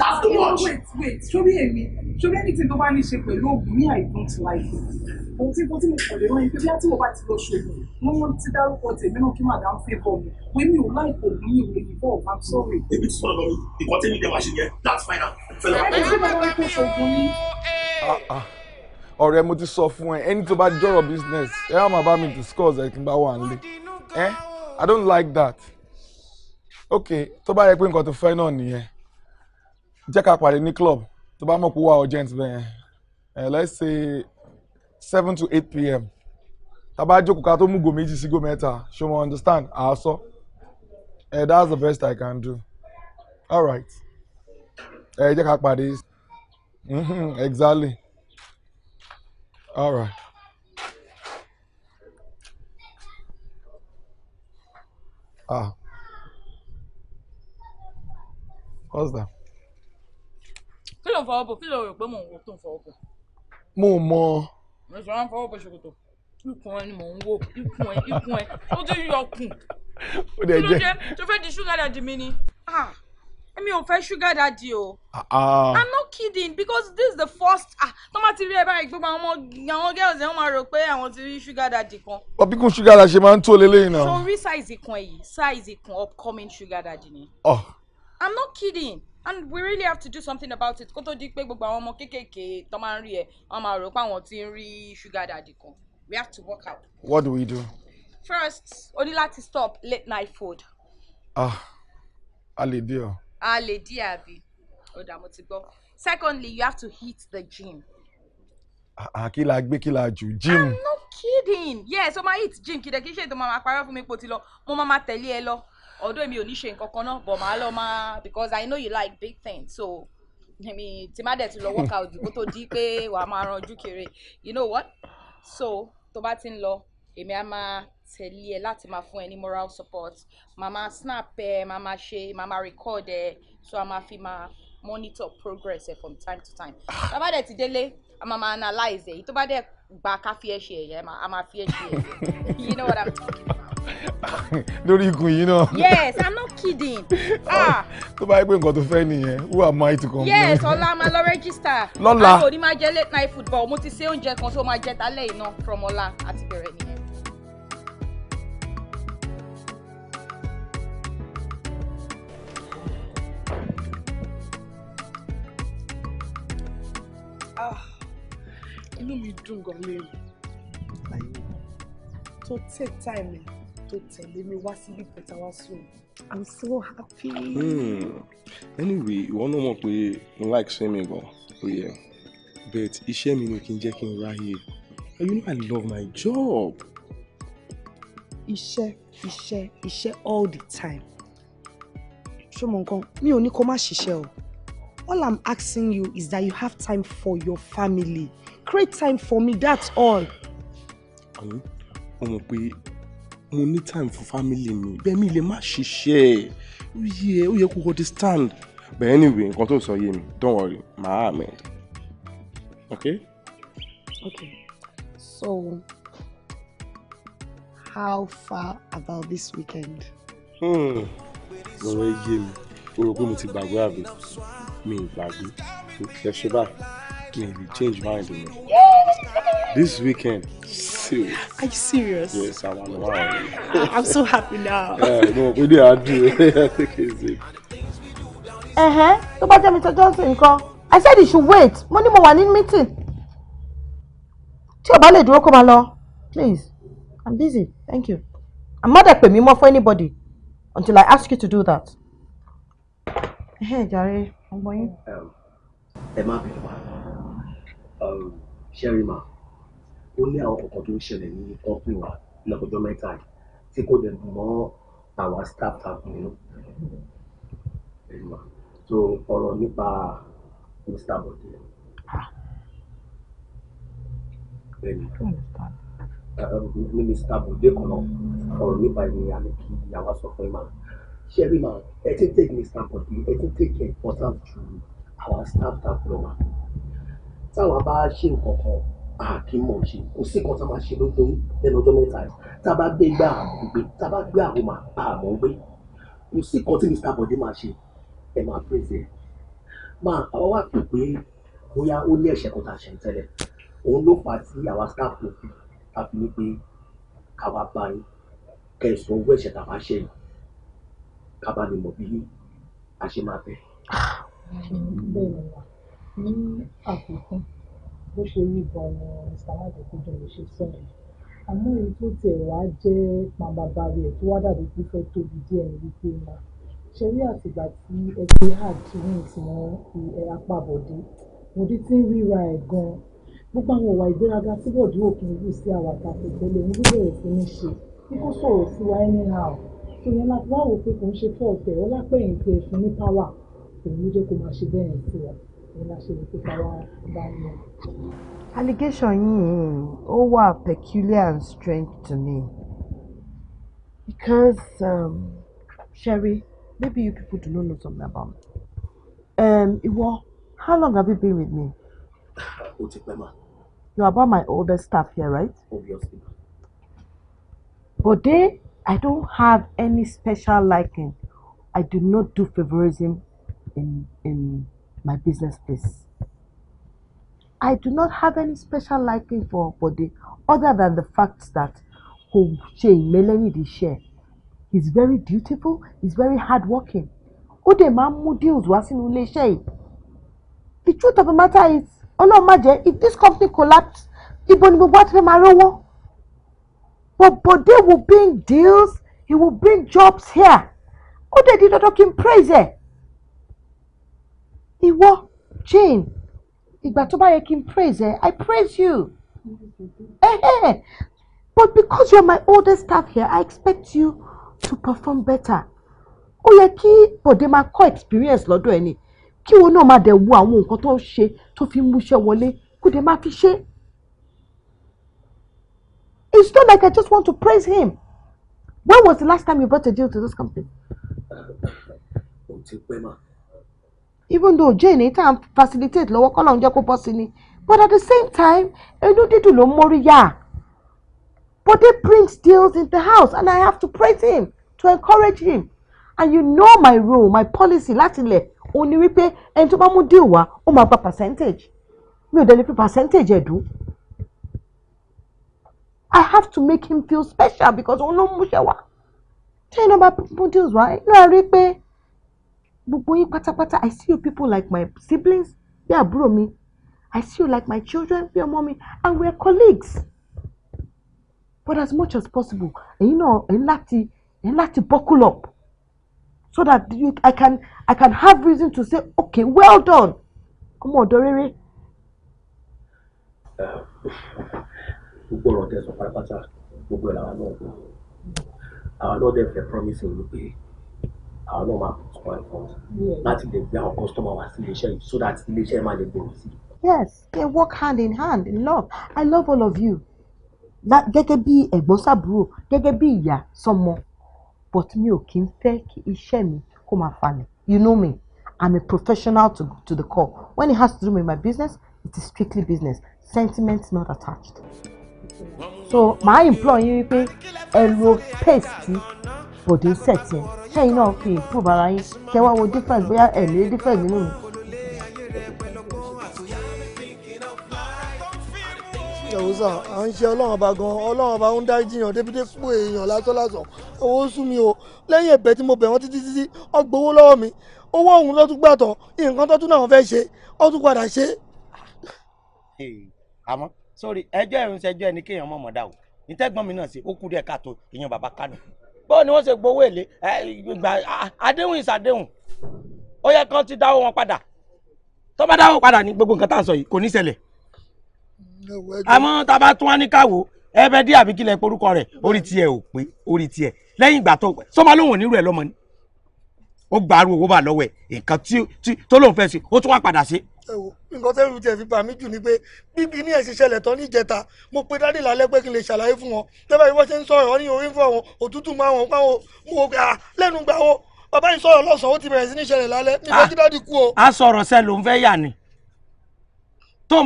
that's too much. wait wait sórí èmi ṣùgbọ́n anything tó bá ní ṣe pẹ̀lú oògùn ní I don't ohun tí mo tí mo kàn lè rán yín pé bí a bá ti lọ ṣògùn wọ́n ti dárúkọ tèmi náà kí madam favour mi pé mi ò láì oògùn yìí ò lè bọ̀ I'm sorry. èmi ti sọ̀rọ̀ lórí ìkọ́ tẹ́mi dẹ́ máa ṣe yẹn that's fine fẹ́lẹ́ ẹni tí mo ah, ah. mo ti sọ fún ẹ ẹni tó bá jọ̀rọ̀ business ẹ á máa bá mi discuss ẹ̀ kí n bá wà nílé ẹ eh? I don't like that okay tó bá yẹ pé nǹkan tó fẹ́ náà nìyẹn jẹ́ ká pàdé ní club tó bá mọ̀ pé ó urgent bẹ́ẹ̀ ẹ̀ eh, let's say seven to eight pm tàbá jókòó ká tó mú go méjì sí go mẹ́ta ṣé mo understand àásọ ẹ̀ eh, that's the best I can do all right ẹ eh, jẹ́ ká pàdé mm-hmm, exactly all right. Ah. What's that? ló fọwọ́ bò kí ló rò pé mò ń wo tó ń fọwọ́ bò. mo mọ. mo sọ wọn fọwọ́ bò ṣòkòtò ikùn ẹ ni mò ń wo ikùn ẹ ikùn ẹ ó ti yọ kùn. ó dẹ jẹ kí ló dé tó fẹ́ di ṣúgà dàdí mi ni ah, èmi ò fẹ́ ṣúgà dàdí o. Ah, ah. i'm not kidding because this is the first tó máa ti rí ẹ báyìí gbogbo àwọn àwọn girls ẹ̀ wọ́n máa rò pé àwọn ti rí ṣúgà dàdí kan. ọbíkún ṣúgà dàdí ṣe máa ń tó lélẹ́yìn náà. so rí size ikùn ẹ yìí size ikùn upcoming ṣúgà dàdí ni. Oh. i'm not kidding and we really have to do something about it kó tó di pé gbogbo àwọn ọmọ kéékèèké tó máa ń rí ẹ wọn máa rò pé àwọn tí ń rí sugar daddy kan we have to work out. what do we do. first o ní láti stop late night food. ah a lè dí ọ. a lè dí àbí ó dà mo ti gbọ́ secondly you have to hit the gym. Ah, kí la gbé kí la jù gym. i'm not kidding yes o máa hit gym kìdẹ̀kí ṣètò máa ma parọ́ fún mi pò ti lọ mo máa ma tẹ̀lé ẹ lọ although mi ò ní ṣe nǹkan kan náà but màá lọ ma, because i know you like big things so èmi tí má dẹ̀ ti lọ work out kó to di pé wà á máa ranjú kiri you know what so tó bá ti ń lọ èmi a máa tẹ̀lé ẹ láti máa fún ẹ ní moral support màmá snap ẹ màmá ṣe màmá record ẹ so a máa fi máa monitor progress ẹ from time to time tó bá dẹ̀ ti délé a máa máa analyze èyí tó bá dẹ̀ gba ká fi ẹ ṣe ẹ̀yẹ a máa fi ẹ ṣe ẹ̀yẹ you know what i'm talking about. lórí igun yìí náà. yes i'm not kidding. Ah. tó bá yẹ pé nǹkan tó fẹ́ nìyẹn who am I to come? yes ọlá máa lọ rẹ́gísítà. lọ́la akọni máa jẹ late night football mo ti ṣe oúnjẹ kan tó máa jẹ tálẹ̀ iná from ọlá àti bẹ̀rẹ̀ nìyẹn. Ah, inú mi dùn gan lẹ́yìn tó take time tó tẹ̀lé mi wá síbi ìpẹ̀tà wá sí i'm so happy. Hmm. anyway ìwọ náà mọ̀ pé mo like swimming mi gan o but iṣẹ́ mi ni kí n jẹ́ kí n ráyè you know i love my job. iṣẹ́ iṣẹ́ iṣẹ́ all the time ṣé mo nǹkan mi ò ní kó má ṣiṣẹ́ o all i'm asking you is that you have time for your family create time for me that's all. ọmọ pé mo ní time for family mi bẹ́ẹ̀ mi lè má ṣiṣẹ́ ó yẹ ó yẹ kó understand but anyway nǹkan tó sọ yé mi don't worry màá amend okay. okay so how far about this weekend. lọ́rọ̀ hmm. yé mi o rò pé mo ti gbàgbé àbí mi ì gbàgbé ẹ ṣe báyìí kí n lè change mind mi. Yeah! This weekend. Serious. Are you serious? Yes, I'm on wow. I'm so happy now. yeah, no, we did I do. Take it Uh-huh. Tó bá jẹ́ Mr. Johnson nǹkan. I said you should wait. Money more, one in meeting. Tí o bá come along. Please. I'm busy. Thank you. Àmọ́ dẹ̀ pè mí more for anybody until I ask you to do that. Ẹ̀hẹ́ jàre, ọgbọ́n yín. Um, ẹ má bẹ̀rù wá. Um, ṣẹ́rìmà ó ní àwọn kọ̀ọ̀kan tó ń ṣẹlẹ̀ ní company wa lọ́kọjọ́ mẹ́ta yìí tí kò dẹ̀ mọ́ àwa staff staff nínú ṣẹ́rìmà so ọ̀rọ̀ nípa Mr. Bode. Bẹ́ẹ̀ni mínísítà Bode kan náà ọ̀rọ̀ nípa ènìyàn ní kí ìyàwó sọ fún ìmọ̀ ṣẹ́rìmà ẹ ti take Mr. Bode ẹ ti take important to our staff staff lọ́wọ́ táwọn bá ṣe nǹkan kan àkí mọ̀ ṣe kò sí kan tá a máa ṣe lójú lẹ́nu ọjọ́ mẹ́ta yìí tá a bá gbé gbá àmọ́ gbé tá a bá gbé àwọn àmọ́ gbé kò sí kan tí Mr. Bode máa ṣe ẹ máa pèsè ẹ máa àwọn wá pè pé bóyá ó ní ẹ̀ṣẹ̀ kan tá a ṣe ń tẹ́lẹ̀ òun ló fà á tí àwa staff ló fi ta fi ní pé ká wá bá yín kẹsàn-án owó ẹ̀ṣẹ̀ tá a bá ṣe yìí ká bá lè mọ̀ bí a ṣe máa bẹ̀. Ah, bẹ́ẹ̀ Ní àfikún, bó ṣe rí gan-an ni Mr. Májèkọ́dùnmi ṣe sọ yẹn, àmọ́ èyí tó tiẹ̀ wá jẹ́ pọ́nbàbàrì ẹ̀ tó wá dàbí pé ó fẹ́ tóbi díẹ̀ ni wí pé um ṣẹ rí àtìgbà tí Etihad rìnsì mọ́ apá bọ̀dé, bọ̀dé ti ń ríra ẹ̀ gan-an. Gbogbo àwọn ìwà ìgbéraga tí bọ̀dé ò ń hù sí àwa kò tẹ̀lé òun ló bẹ̀rẹ̀ sí ní ṣe, bí kò sọ̀rọ̀ sí wa anyhow. So ìyẹn la fi wá wò ó pé kò ń ṣe fault ẹ̀, ọlápẹ̀yìntì ẹ̀ fún ní power, òun ló jẹ́ kó máa ṣe bẹ́yẹn sí wa. allegation yìí ó peculiar and strange to me because um, Sherry maybe you people do not know something about me. Um, Iwo, how long have you been with me? mà. You're about my oldest staff here, right? Obviously. But they, I don't have any special liking. I do not do favorism in in my business is. I do not have any special liking for Bode other than the fact that kò ṣe ìmẹ́lẹ́ nídìí share, he's very dutiful He's very hardworking Ode dẹ̀ máa deals wá sínú the truth of the matter is oh no, jẹ́ if this company collapsed, ibo ni gbogbo but Bode will bring deals he will bring jobs here Ode dẹ̀ di dandan kí praise ẹ̀ ìwọ Jane ìgbà tó bá yẹ kí n praise ẹ I praise you eh, eh. but because you are my oldest staff here I expect you to perform better ó yẹ kí bọ̀dé máa kọ́ experience lọ́dọ̀ ẹ ni kí wọn náà máa dẹ̀ wo àwọn nǹkan tó ń ṣe tó fi ń múṣẹ́ wọlé kó dẹ̀ máa fi ṣe. It's not like I just want to praise him. When was the last time you brought a deal to this company? Ó ti pẹ́ máa even though jane ní tá facilitate lọ́wọ́ kọ́ lọ́n jẹ́ kó bọ́ sí ni but at the same time inú dídùn ló ń mórí yá Bode brings deals in the house and I have to praise him to encourage him and you know my role my policy láti lẹ̀ òun ni wípé ẹni tó bá mú deal wá ó máa gba percentage mi ò dẹ̀ lè fi percentage ẹ̀dùn I have to make him feel special because òun ló ń múṣẹ́ wá tẹ́yìn náà bá mú deals wá inú ẹ̀ rí pé gbogbo yín pátápátá i see you people like my siblings bí àbúrò mi i see you like my children bí ọmọ mi and we are colleagues but as much as possible ẹ̀yin náà ẹ̀yin láti ẹ̀yin láti buckle up so that you, i can i can have reason to say okay well done ọmọ ọ̀dọ̀ rere. gbogbo ọ̀rọ̀ tẹ̀sán pátápátá gbogbo ẹ̀ làwọn náà gbọ́ àwọn náà dẹ̀ fẹ́ promise mi pé. Our normal máa put one front láti lè gbé àwọn customer wá sí iléeṣẹ́ yìí so that iléeṣẹ́ máa lè gbòòrò sí yes they work hand in hand in love i love all of you gẹ́gẹ́ bí ẹ̀gbọ́n sàbúrò gẹ́gẹ́ bí ìyá sọmọ but mi ò kí ń fẹ́ kí iṣẹ́ mi kó máa falẹ̀ you know me i'm a professional to, to the core when it has to do with my business it is strictly business sentiment not attached so my implore yín wípé ẹ lo pace bòdé sẹ̀tì kẹ́yìn náà fi improve ara yín kẹ́ wá wo difference bóyá ẹ̀ lé difference nínú mi. ìyàwósà à ń ṣe ọlọ́run ọba gan ọlọ́run ọba ń dárí jiyàn débìdé fún èèyàn lásánlásán owó sú mi o lẹ́yìn ẹ̀bẹ̀ tí mo bẹ̀ wọ́n títí títí ọgbowó lọ́wọ́ mi owó ọ̀hún ló tún gbàtọ̀ nǹkan tó tún náà fẹ́ ṣe ó tún padà ṣe. àmọ́ sórí ẹjọ́ ẹ̀rùn ṣẹjọ́ ẹni kéèyàn mọ̀mọ́dá o ìtẹ́gbọ́n mi náà ṣe ó kú káàtó èèyàn bàbá kánò bó ni wọ́n ṣe gbowó èlé àdéhùn ìsàdéhùn ó yẹ kán ti dáwọ́ wọn padà tó bá dáwọ́ padà ní gbogbo nǹkan tá à ń sọ yìí kò ní ṣẹlẹ̀ àmọ́ tá a bá tún wá ní káwọ́ ẹbẹ dí àbí kílẹ̀ porúkọ rẹ̀ orí tiẹ̀ ò pé orí tiẹ̀ lẹ́yìn ìgbà tó sọ́mọ lóhùn onírú ẹ̀ lọ́mọ ni ó gbàrú owó bá lọ́wọ́ ẹ̀ nǹkan tó lóun fẹ́ ṣe ó tún wá padà ṣe ẹ wo nǹkan tẹ́rù tiẹ̀ fi bà mí jù ni pé bíbí ní ẹ̀sìn ṣẹlẹ̀ tán ní ìjẹta mo pe dádì lálẹ́ pé kí n lè ṣàlàyé fún wọn tẹ́lẹ̀ bí wọ́n ṣe ń sọ̀rọ̀ wọn ní orí fún wọn òtútù máa wọn pa wọn mú wọn pé lẹ́nu gbà wọn bàbá yìí sọ̀rọ̀ lọ́sàn ó ti bẹ̀rẹ̀ sí ní ṣẹlẹ̀ lálẹ́ ní fẹ́ kí kú o. a sọ̀rọ̀ sẹ́ ló ń fẹ́ yà ni tó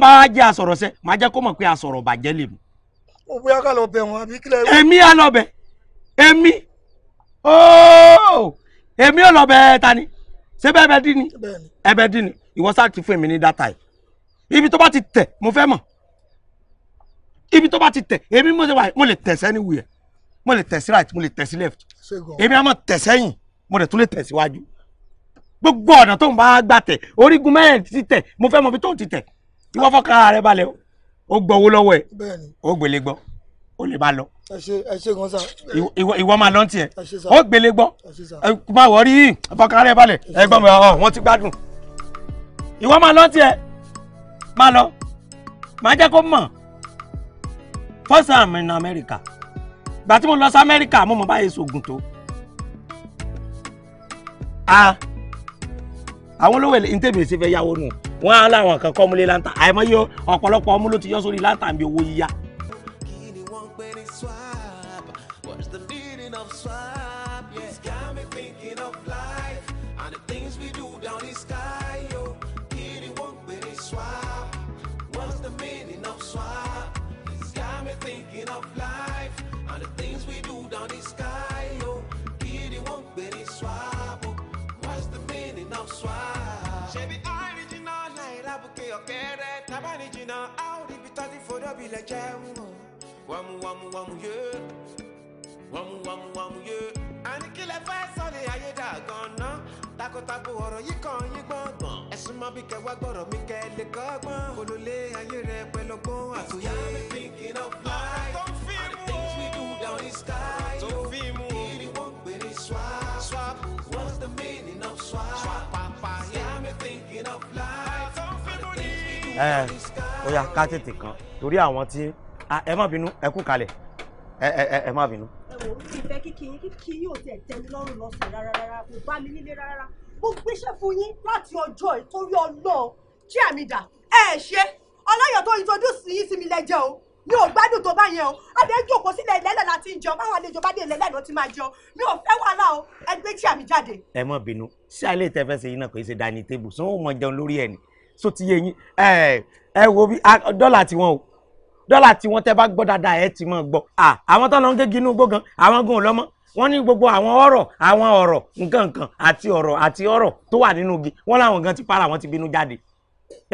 ń bá tani ṣé bẹ́ẹ̀ ìwọ sáà ti fún èmi ní dátà yìí ibi tó bá ti tẹ̀ mo fẹ́ mọ̀ ibi tó bá ti tẹ̀ èmi mo ṣe wà mo lè tẹ̀ sẹ́ni wuyẹ̀ mo lè tẹ̀ sí right mo lè tẹ̀ sí left èmi á mọ̀ tẹ̀ sẹ́yìn mo lè tún lè tẹ̀ síwájú gbogbo ọ̀nà tó ń bá gbà tẹ̀ orígun mẹ́rin ti tẹ̀ mo fẹ́ mọ̀ bí tó ń ti tẹ̀ ìwọ fọ́kàrà rẹ balẹ̀ o gbọ́ owó lọ́wọ́ ẹ̀ o gbélé gbọ́ o lè máa lọ. ẹ ṣe ẹ ṣe gan sa. ìwọ ìwọ máa lọ ní tiẹ̀ o gbélé gbọ́ máa wọ̀ rí fọ́kàrà rẹ balẹ̀ ẹ gbọ́ mi ọ̀ wọ́n ti gbádùn ìwọ máa lọ tiẹ̀ máa lọ máa jẹ́ kó mọ̀ first time in America gbà tí mo lọ sí America mo mọ̀ báyìí sògùn tó a àwọn olówó ìtẹ̀bí ṣe fẹ́ yáwó nù wọ́n á láwọn kan kọ́ ọmúlé láǹtà àìmọye ọ̀pọ̀lọpọ̀ ọmú ló ti yọ sórí láǹtà bí owó yíyá. bùkẹ́ ọ̀kẹ́rẹ́ tábàní jìnnà a ó rí ibi tọ́sí fòdóbi lẹ jẹ́ wíwọ̀. wàmù wàmù wàmù yé wàmù wàmù wàmù yé. àní kí lẹ fẹ́ sọ ayé dà gan-an takọtabo ọ̀rọ̀ yìí kan yín gbọ̀ngbọ̀n. ẹ̀sùn máa bí kẹwàá gbọ́rọ̀ mi kẹ́ lè kọ́gbọ́n. olólè ayé rẹ pẹ̀lú ọgbọ́n àtòyé. I be thinking of life and things we do down in sky. tó fi mú o kí ni wọ́n pè ní swap. swap what's the meaning of swap. swap pàpà yẹn. I be thinking of life ẹ eh, ó yá ká tètè kan torí àwọn tí ẹ má bínú ẹ kú kalẹ̀ ẹ ẹ ẹ má bínú. ẹ wo ìfẹ́ kíkì yín kíkì yín ò tẹ̀ tẹ́ mi lọ́rùn lọ́sẹ̀ rárá rárá kò bá mi nílé rárá mo gbéṣẹ́ fún yín láti ọjọ́ ìtorí ọlọ́ọ̀ tí àmì ẹ ṣe ọlọ́yọ̀ tó introduce yín sí mi lẹ́jẹ̀ o mi ò gbádùn tó bá yẹn o adé jòkó sílẹ̀ ìlẹ́lẹ̀ láti jẹun báwọn àlejò bá dé ìlẹ́lẹ̀ ló ti máa jẹun mi ò fẹ́ wàhálà o ẹgbẹ́ tí àmì jáde. ẹ má bínú sí alẹ́ ìtẹ́fẹ́sẹ̀ yìí náà kò í ṣe dání tébù sọ wọn mọ jẹun lórí ẹ̀ ni so ti yé yín ẹ ẹ wo bí dọ́là tiwọn o dọ́là tiwọn tẹ́ bá gbọ́ dáadáa ẹ ti máa gbọ́ àwọn tó lọ ń gégi inú gbọ́gàn àwọn gan lọ́mọ́ wọ́n ní gbogbo àwọn ọ̀rọ̀ àwọn ọ̀rọ̀ nǹkankan àti ọ̀rọ̀ àti ọ̀rọ̀ tó wà nínú igi wọ́n láwọn gan ti para wọn ti bínú jáde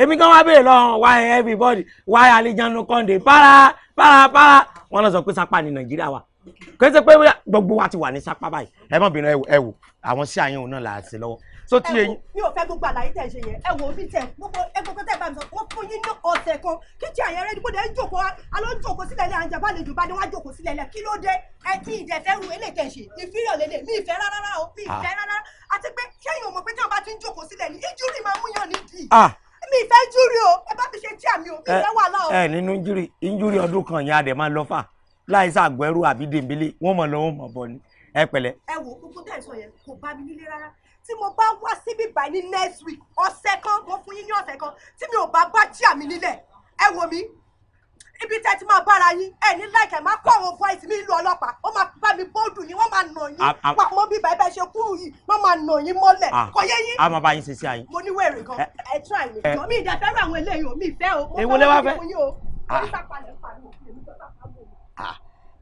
èmi kan wá bèèrè lọ́wọ́ why everybody why alijanu kọ́ndé para para para wọ́n lọ sọ pé sápá ní nàìjíríà wa kò ṣe pé gbogbo wa ti wà ní sápá báyìí e má bínú e wò àwọn sí àyẹ̀wò náà là á ṣe lọ́wọ́ So ti yẹn. mi ò fẹ́ gbogbo àlàyé tẹ̀ ṣe yẹn ẹ wò ó fi tẹ̀ gbogbo ẹgbẹ́ tẹ̀ mi sọ wọ́n fún yín ní ọ̀sẹ̀ kan kíkì àyẹ̀rẹ́ ẹni bóde ń jòkó aló ń jòkó sílẹ̀ ilé àǹjẹ̀ bá lè jù bá ní wọ́n á jòkó sílẹ̀ ilẹ̀ kí ló dé ẹ tí ìjẹ́ fẹ́ ru ilé tẹ̀ ṣe ìfíràn lélẹ̀ mi ìfẹ́ rárá o mi ah. ìfẹ́ rárá àti pé kéèyàn mọ̀ pé tí wọ́n bá ti ń jòkó sílẹ̀ ní ìjúrì máa mú yàn nídìí ah. mi ìfẹ́ júrì o ẹ bá mi ṣe tí àmì òbí rẹ wà láò. ẹ nínú injúrì injúrì ọdún kan yẹn adẹ máa lọ fà láì sàgbẹrù àbí dèmbélé wọn mọ lọ mọ bọ ni ẹ pẹ̀lẹ́. ẹ wo gbogbo tẹ̀ sọ yẹn kò bá mi nílé rárá tí mo bá wá síbí báyìí ní next week ọ̀sẹ̀ kan mo fún yín ní ọ̀sẹ̀ kan tí mi ò bá gbá jíà mi nílẹ̀ ẹ wò mí ibi tẹ́ ti máa bára yín ẹ ní láìka ẹ máa kó àwọn voice mi ìlú ọlọ́pàá ó máa bá mi bóódù ni wọ́n máa nà yín pa mọ́ bí bàbá ẹ ṣe kúrú yìí wọ́n máa nà yín mọ́lẹ̀ kò yé yín. a máa bá yín ṣe sí àyín. mo ní wèrè gan ẹ tún àyè jọ mi ìjà fẹ́ràn àwọn eléyìí mi fẹ́ o mo fẹ́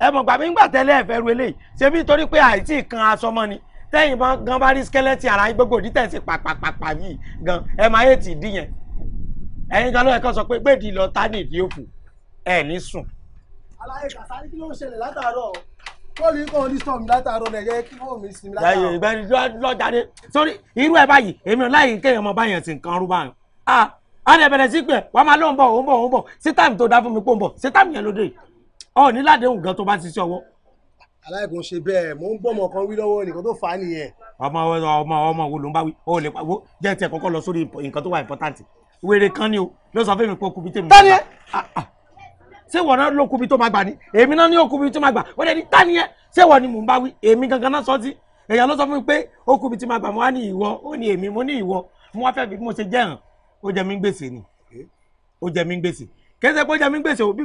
ẹ mọ̀ gbàmí tẹ́lẹ̀ ẹ̀fẹ́ ru eléyìí ṣebí torí pé àìsí kan aṣọ mọ́ ni tẹ́yìn bá gan bá rí skeleton ara yín gbogbo òdìtẹ̀ sí pàpàpàpà yìí gan ẹ máa yé ti díyẹn ẹ̀yin gan ló yẹ kó sọ pé gbèdì lọ tá ní ìdí òfò ẹ̀ ní sùn. aláyé kàsá ní kí ló ń ṣẹlẹ̀ látàárọ̀ kóòlù yìí kàn ń disturb mi látàárọ̀ rẹ̀ yẹ kí fóònù mi sinmi látàárọ̀. ẹyọ ìgbẹ́ni lọ́jàde sórí irú ẹ báyìí èmi láyé kéèyàn mọ báyẹn sì nǹkan rúbà yẹn. a a lè bẹ̀rẹ̀ sí pé wàá máa lóun bọ̀ òun bọ̀ òun bọ̀ sí táìmù tó dá fún mi pò ń bọ̀ sí táìmù yẹn lóde ọ̀ níládéhùn gan tó bá ti ṣe ọwọ́ aláìkún ṣe bẹ́ẹ̀ mò ń gbọ́mọ kan wí lọ́wọ́ nìkan tó fà á nìyẹn. ọmọ ọmọ ọmọ wo ló ń bá wí o lè pa wo jẹ́ tiẹ̀ kọ́kọ́ lọ sórí nǹkan tó wà important wèrè kan ni o ló sọ fún mi pé okùnbi tèmi. tani ẹ ah, ah. ṣé wọn náà ló okùnbi tó máa gbà ni èmi náà ní okùnbi tó máa gbà wọ́n dẹ̀ ní tani ẹ ṣé wọn ni mò ń bá wí èmi gangan náà sọ ti èèyàn ló sọ fún mi pé okùnbi tó máa gbà mo wá ní ìwọ ó ní èmi mo ní ìwọ mo wá fẹ́ fi bí mo ṣe jẹ́ hàn ó jẹ mí gbèsè ni ó jẹ mí gbèsè kí ẹ ṣe pé ó jẹ mí gbèsè o bí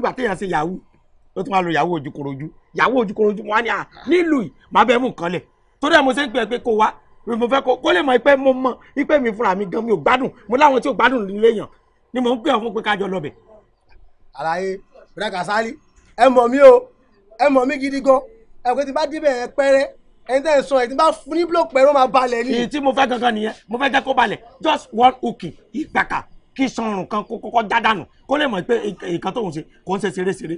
ló tún máa lo ìyàwó ojúkorojú ìyàwó ojúkorojú wọn ni à nílùú yìí máa bẹ mú nǹkan lẹ torí ẹ mo ṣe ń pè é pé kó wá mo fẹ́ kó lè mọ̀ pé mo mọ̀ pé mi fúnra mi gan mi ò gbádùn mo láwọn tí ò gbádùn nílé yàn ni mò ń pè ọ fún pé ká jọ lọbẹ. àlàyé bùrẹ́ Kasali ẹ mọ̀ mí o ẹ mọ̀ mí gidi gan ẹ pé ti bá débẹ̀ ẹ pẹ́rẹ́ ẹni tẹ́ ẹ sọ ẹ ti bá fún ní búlọ̀ pẹ́rẹ́ ó máa balẹ̀ ni. èyí tí mo fẹ́ gangan nìyẹn mo fẹ́ jẹ́ kó balẹ̀ just one hooking ìgbàkà kí sanrun kan kó kọ́kọ́ já dànù kó lè mọ̀ pé ìkan tóun ṣe kò ń ṣe ṣeré ṣeré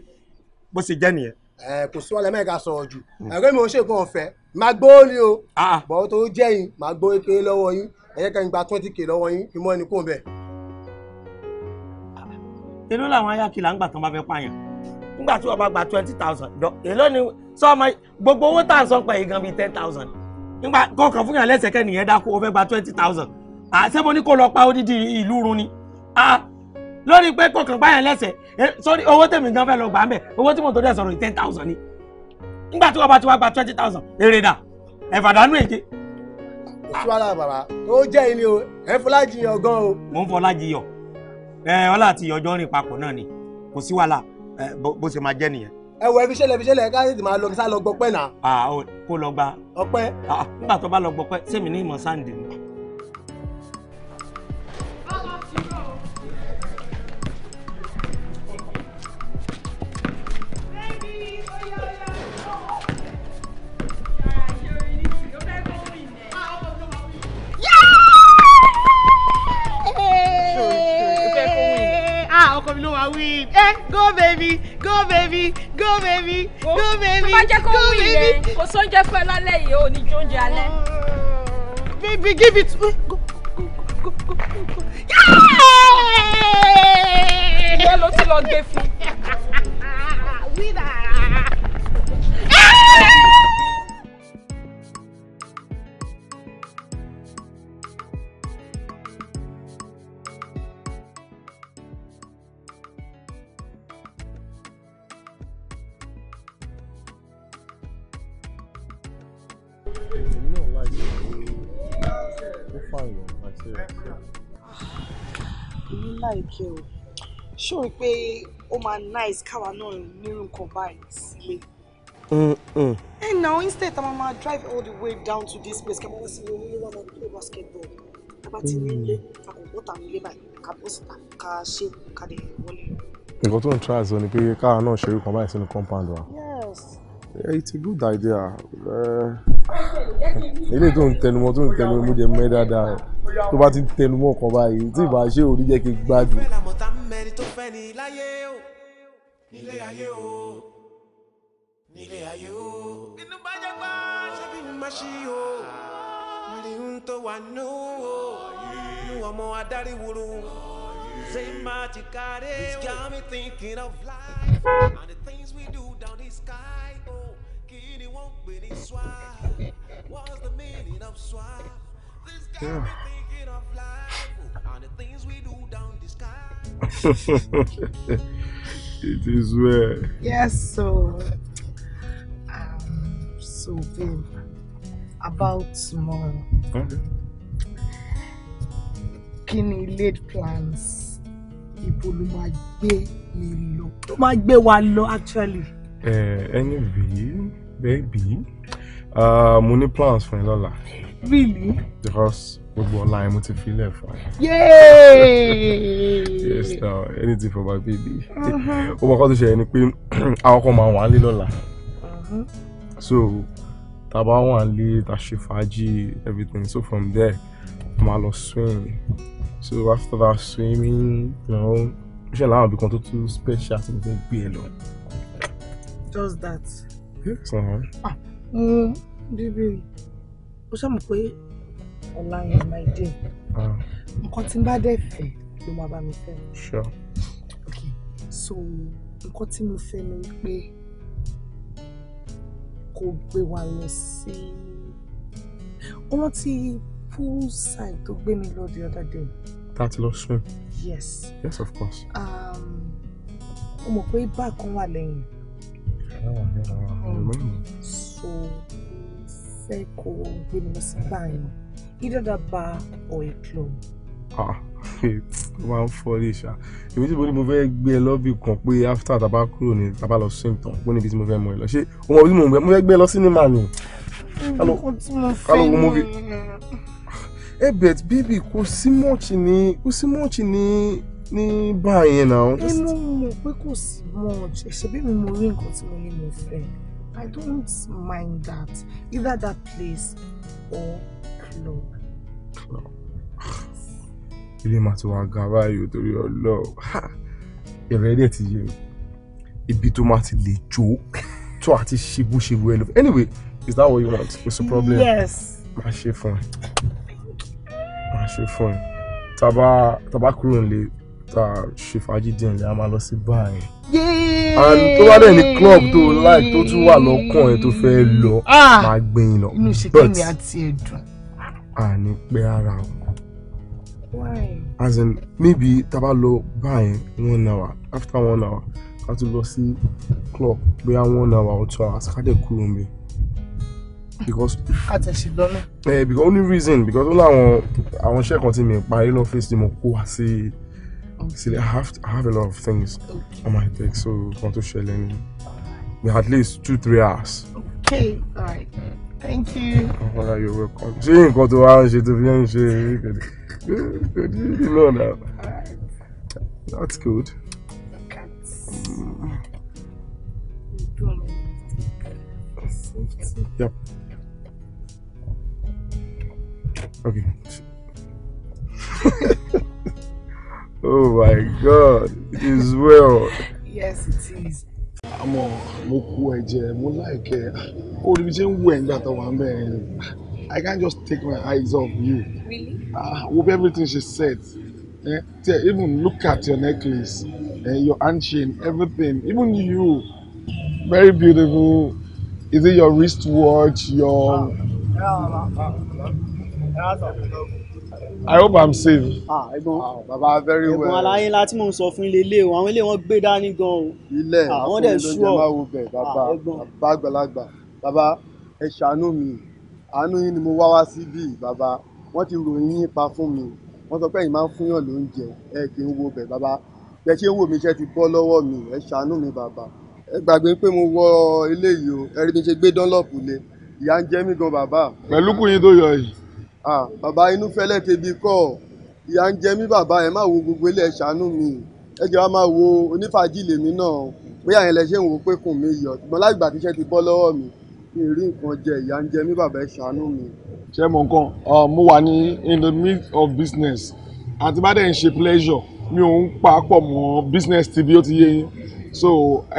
bó ṣe jẹ́ nìyẹn. ẹ kò sí wàhálà mẹ́ẹ̀ká sọ̀rọ̀ jù ẹ̀rọ hmm. mi ò ṣe nǹkan ọ̀fẹ́ máa gbó ni o ah, ah. bọ̀ tó jẹ́ yín máa gbó ike lọ́wọ́ yín ẹ̀yẹ́ kẹ́yìn gba twenty k lọ́wọ́ yín ìmọ̀ ẹni kò bẹ̀. èló làwọn ayákìlá ń gbà tán bá fẹ́ pààyàn nígbà tí wọ́n bá gba twenty thousand èló ni sọ́ọ́mọ gbogbo owó tá à ń sọ pé ìgan bíi ten thousand nígbà kọ̀ọ̀kan fún yàn lẹ́sẹ̀kẹ́ nìyẹn dákú ó fẹ́ gba twenty thousand àṣẹ́bọ̀ ní kò lọ pa odidi ìlú run ni lórí pé kọkàn báyẹn lẹ́sẹ̀ sórí owó tèmi gan fẹ́ lọ gbà ń bẹ̀ owó tí mo tó dẹ̀ sọ̀rọ̀ yìí ten thousand ni nígbà tí wọ́n bá ti wá gba twenty thousand èrè dà ẹ̀fàdánù èké. ìṣúwàlà bàbá tó jẹ́ ilé o ẹ̀ fọlá jiyàn gan o. mò ń fọlá jiyàn ẹ ọlá àti ìyọjọ́ rìn papọ̀ náà ni kò sí wàhálà bó ṣe máa jẹ́ nìyẹn. ẹ wọ ẹfi ṣẹlẹ ẹfi ṣẹlẹ ká tètè máa lọ sá lọ gbọpẹ náà. kó lọ gba ọpẹ. nígbà tó bá lọ gbọpẹ sẹ́mi ní ìmọ̀ sáǹdì ni. Ah, ọkọ mi ló máa win ẹ go baby go baby go baby go baby go baby. tó bá jẹ́ kó wí yẹn kò sóúnjẹ fún ẹ lálẹ́ yìí ò ní jóúnjẹ alẹ́. baby give it go go go go go. go, ìwọ ló ti lọ gbé fún. winner. ó máa nice káwa náà nírú nǹkan báyìí sílé. ẹ mm, mm. na instead ta ma ma drive all the way down to this place kẹ́kọ̀ọ́ sí ní onílé wa máa play basketball ta bá ti ní mm. ilé ta kò bọ́ta nílé báyìí ká bọ́ síta ká ṣe ká lè wọlé. nǹkan tó ń try sọ ni pé káwa náà ṣerú kan báyìí sínú compound wa. yes. Yeah, it's a good idea. ilé eh, tó ń tẹnumọ́ tó ń tẹnumọ́ mo jẹ mẹ dáadáa tó bá ti ń tẹnumọ́ kan báyìí tí ìbá ṣe òní jẹ kí n gbádùn. nílé ayé o nílé ayé o. inú bá jẹ́ pa. ṣebí ni màá ṣí o rí ń tó wà nù o got me thinking of life and the things we do down the sky. Oh, kí won't be pè ní What's the meaning of swag? This got me thinking of life and the things we do down the sky. It is well. Yes, so. Um, so, babe, about tomorrow. Okay. Can you laid plans. Ibo ló máa gbé mi lo. Ló máa gbé wa lọ actually. Eh, anyway, baby, uh, mo ní plans fún ẹ lọ́la. Really? Because gbogbo ọ̀la yẹn mo ti fi ilẹ̀ fún yes na anything for my baby. Uh-huh. ó mọ̀ kọ́ tó ṣe ẹni pé àwọn kan máa wà á lé lọ́la mm-hmm. so tàbá wà á lé ta ṣe fàájì everything so from there máa lọ swim so after that swimming you know ṣe làwọn ibi kan tó tún special tó fẹ́ gbé ẹ lọ. just that. ah mo bíbí o ṣàmù pé Online ọláyẹn my day. I'm ah. tí n bá dẹ̀ fẹ́ ló máa sure. okay so nǹkan tí mo fẹ́ Could pé kó to see? lọ sí ó rántí side to be me Lord the other day. that lọ swim. yes. yes of course. ó um, mọ̀ pé back on my lane. so fẹ́ kó gbé mi lọ sí báà yẹn either that bar or a club. ah ó máa ń fọ́ lè ṣá ìwé tí mo ní mo fẹ́ gbé ẹ lọ́bì kan pé after taba kúrò ní taba lọ Swington pé níbi tí mo fẹ́ mọ ẹ lọ ṣé o mọ bí mo fẹ́ gbé ẹ lọ sinimá ni. kálọ̀ wo mo fi ebet bíbí kò sí mọ́ọ̀chì ní kò sí mọ́ọ̀chì ní ní báyẹn náà. ẹ mú mọ̀ pé kò sí mọ́ọ̀chì ṣebí mi mo rí nǹkan tí mo ní mo fẹ́ I don't mind that either that place or flow. ilé máa ti wá ga báyìí torí ọlọ ìrẹ́ dẹ̀ ti yẹ ibi tó máa ti lè jó tó àti ṣebúṣebú ẹ lọ anyway is that what you want what's the problem. yes. máa ṣe fún ẹ máa ṣe fún ẹ taba taba kúrò nílé ta ṣe fàájì díẹ̀ nílé a máa lọ sí báyìí. and tó bá dẹ̀ ní club tó like tó tún wà lọ́kàn ẹ̀ tó fẹ́ lọ ah! máa gbẹ̀yìn lọ. inú ṣe kí ni àti ẹ̀dùn àní pé ara o. Why? as in maybe taba lọ báyìí one hour after one hour ká tún lọ sí club bóyá one hour or two hours ká dẹ̀ kúrò ń bẹ̀. because. a tẹ̀ sí lọ́nà. ẹ eh, because only reason because ó láwọn àwọn iṣẹ́ kan tí mi parí lọ́fíìsì tí mo kó wá sí sílẹ̀ I have I have a lot of things okay. on my deck so kan tó ṣẹlẹ̀ ni at least two three hours. okay all right. Thank you. you're welcome. Ṣé nǹkan tó wá ń ṣe tó you know now. That's good. Yep. Okay. oh my God. It is well. Yes, it is. àmọ́ mo kú ẹ̀jẹ̀ mo láìkẹ́ ó rí bí ṣe ń wù ẹ̀ nígbà tó wà ń I can't just take my eyes off you. Really? Ah, uh, everything she said. Eh? Even look at your necklace, eh, your handchain, everything. Even you, very beautiful. Is it your wristwatch? Your. No, no, no, no. That's all. I hope I'm safe. Ah, ẹ̀gbọ́n. Ah, Baba, very well. Ẹ̀gbọ́n aláyé ńlá tí mò ń sọ fún ilé ilé o, àwọn ilé wọn gbé dání gan o. Ilẹ̀ ah, àwọn dẹ̀ sú ọ. Àwọn dẹ̀ sú ọ. Bàbá bàbá àgbàlagbà. Bàbá ẹ ṣàánú mi. Àánú yín ni mo wá wá síbí bàbá. Wọ́n ti ròyìn yín pa fún mi. Wọ́n sọ pé ẹ̀yin máa ń fúnyàn lóúnjẹ. Ẹ kì í wo bẹ̀ bàbá. Bẹ́ẹ̀ ṣé wò mí iṣẹ́ ti bọ́ lọ́wọ́ mi. Ẹ ṣàánú mi bàbá. Ẹ gbàgbé pé mo wọ ilé yìí o. Ẹ rí mi ṣe gbé dánlọ́ọ̀pù le. Ìyá ń jẹ mí gan bàbá. Pẹ̀lú kùn tó yọ yìí ah bàbá inú fẹ́lẹ́ tẹbi kọ ìyá ń jẹ mí bàbá ẹ má wo gbogbo ilé ẹ ṣàánú mi ẹ jẹ́ wá máa wo onífàájì lèmi náà bóyá yẹn lẹ ṣe ń wò pé kùn mí yọ ṣùgbọ́n láti tí iṣẹ́ ti bọ́ lọ́wọ́ mi mi rí nǹkan jẹ ìyá ń jẹ mí bàbá ẹ ṣàánú mi. ṣé mo nǹkan mo wà ní in the midst of business àti bá dẹ̀ ń ṣe pleasure mi ò ń pa pọ̀ mọ́ business ti bí ó ti yé yín so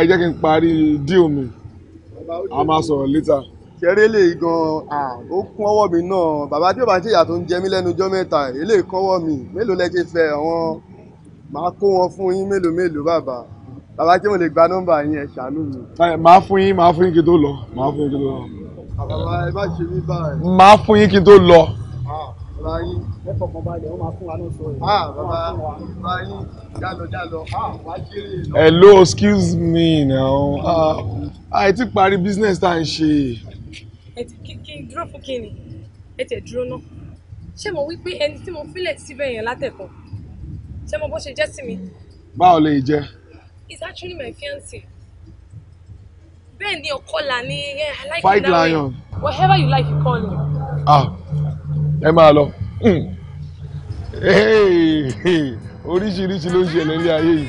ẹ jẹ́ kí n parí deal mi a máa sọ̀rọ̀ later ṣeré lè gan ó kún ọwọ́ mi náà bàbá tí ó bá ń ṣèyà tó ń jẹ mí lẹ́nu ọjọ́ mẹ́ta èlé kọ́wọ́ mi mélòó lẹ ṣe fẹ́ àwọn màá kó wọn fún yín mélòó mélòó bàbá bàbá tí mo lè gba nọ́mbà yín ẹ ṣàánú mi. màá fún yín màá fún yín kí n tó lọ màá fún yín kí n tó lọ. bàbá ẹ bá ṣe mí báyìí. màá fún yín kí n tó lọ. bàbá yín hello excuse me now. Uh, àì ti parí business tá à ń ṣe kí dúró fún kí ni ẹ náà ṣé mo wí pé ẹni tí mo fílẹ̀ síbẹ̀ yẹn látẹ̀kọ́ ṣé mo bó ṣe jẹ́ sí mi. báwo lè jẹ́. he's actually my fiance. bẹ́ẹ̀ ni ọkọlà ni ẹ like fight lion whatever you like you call him. ah ẹ máa lọ hmm. oríṣiríṣi ló ń ṣẹlẹ̀ ní ayé yìí.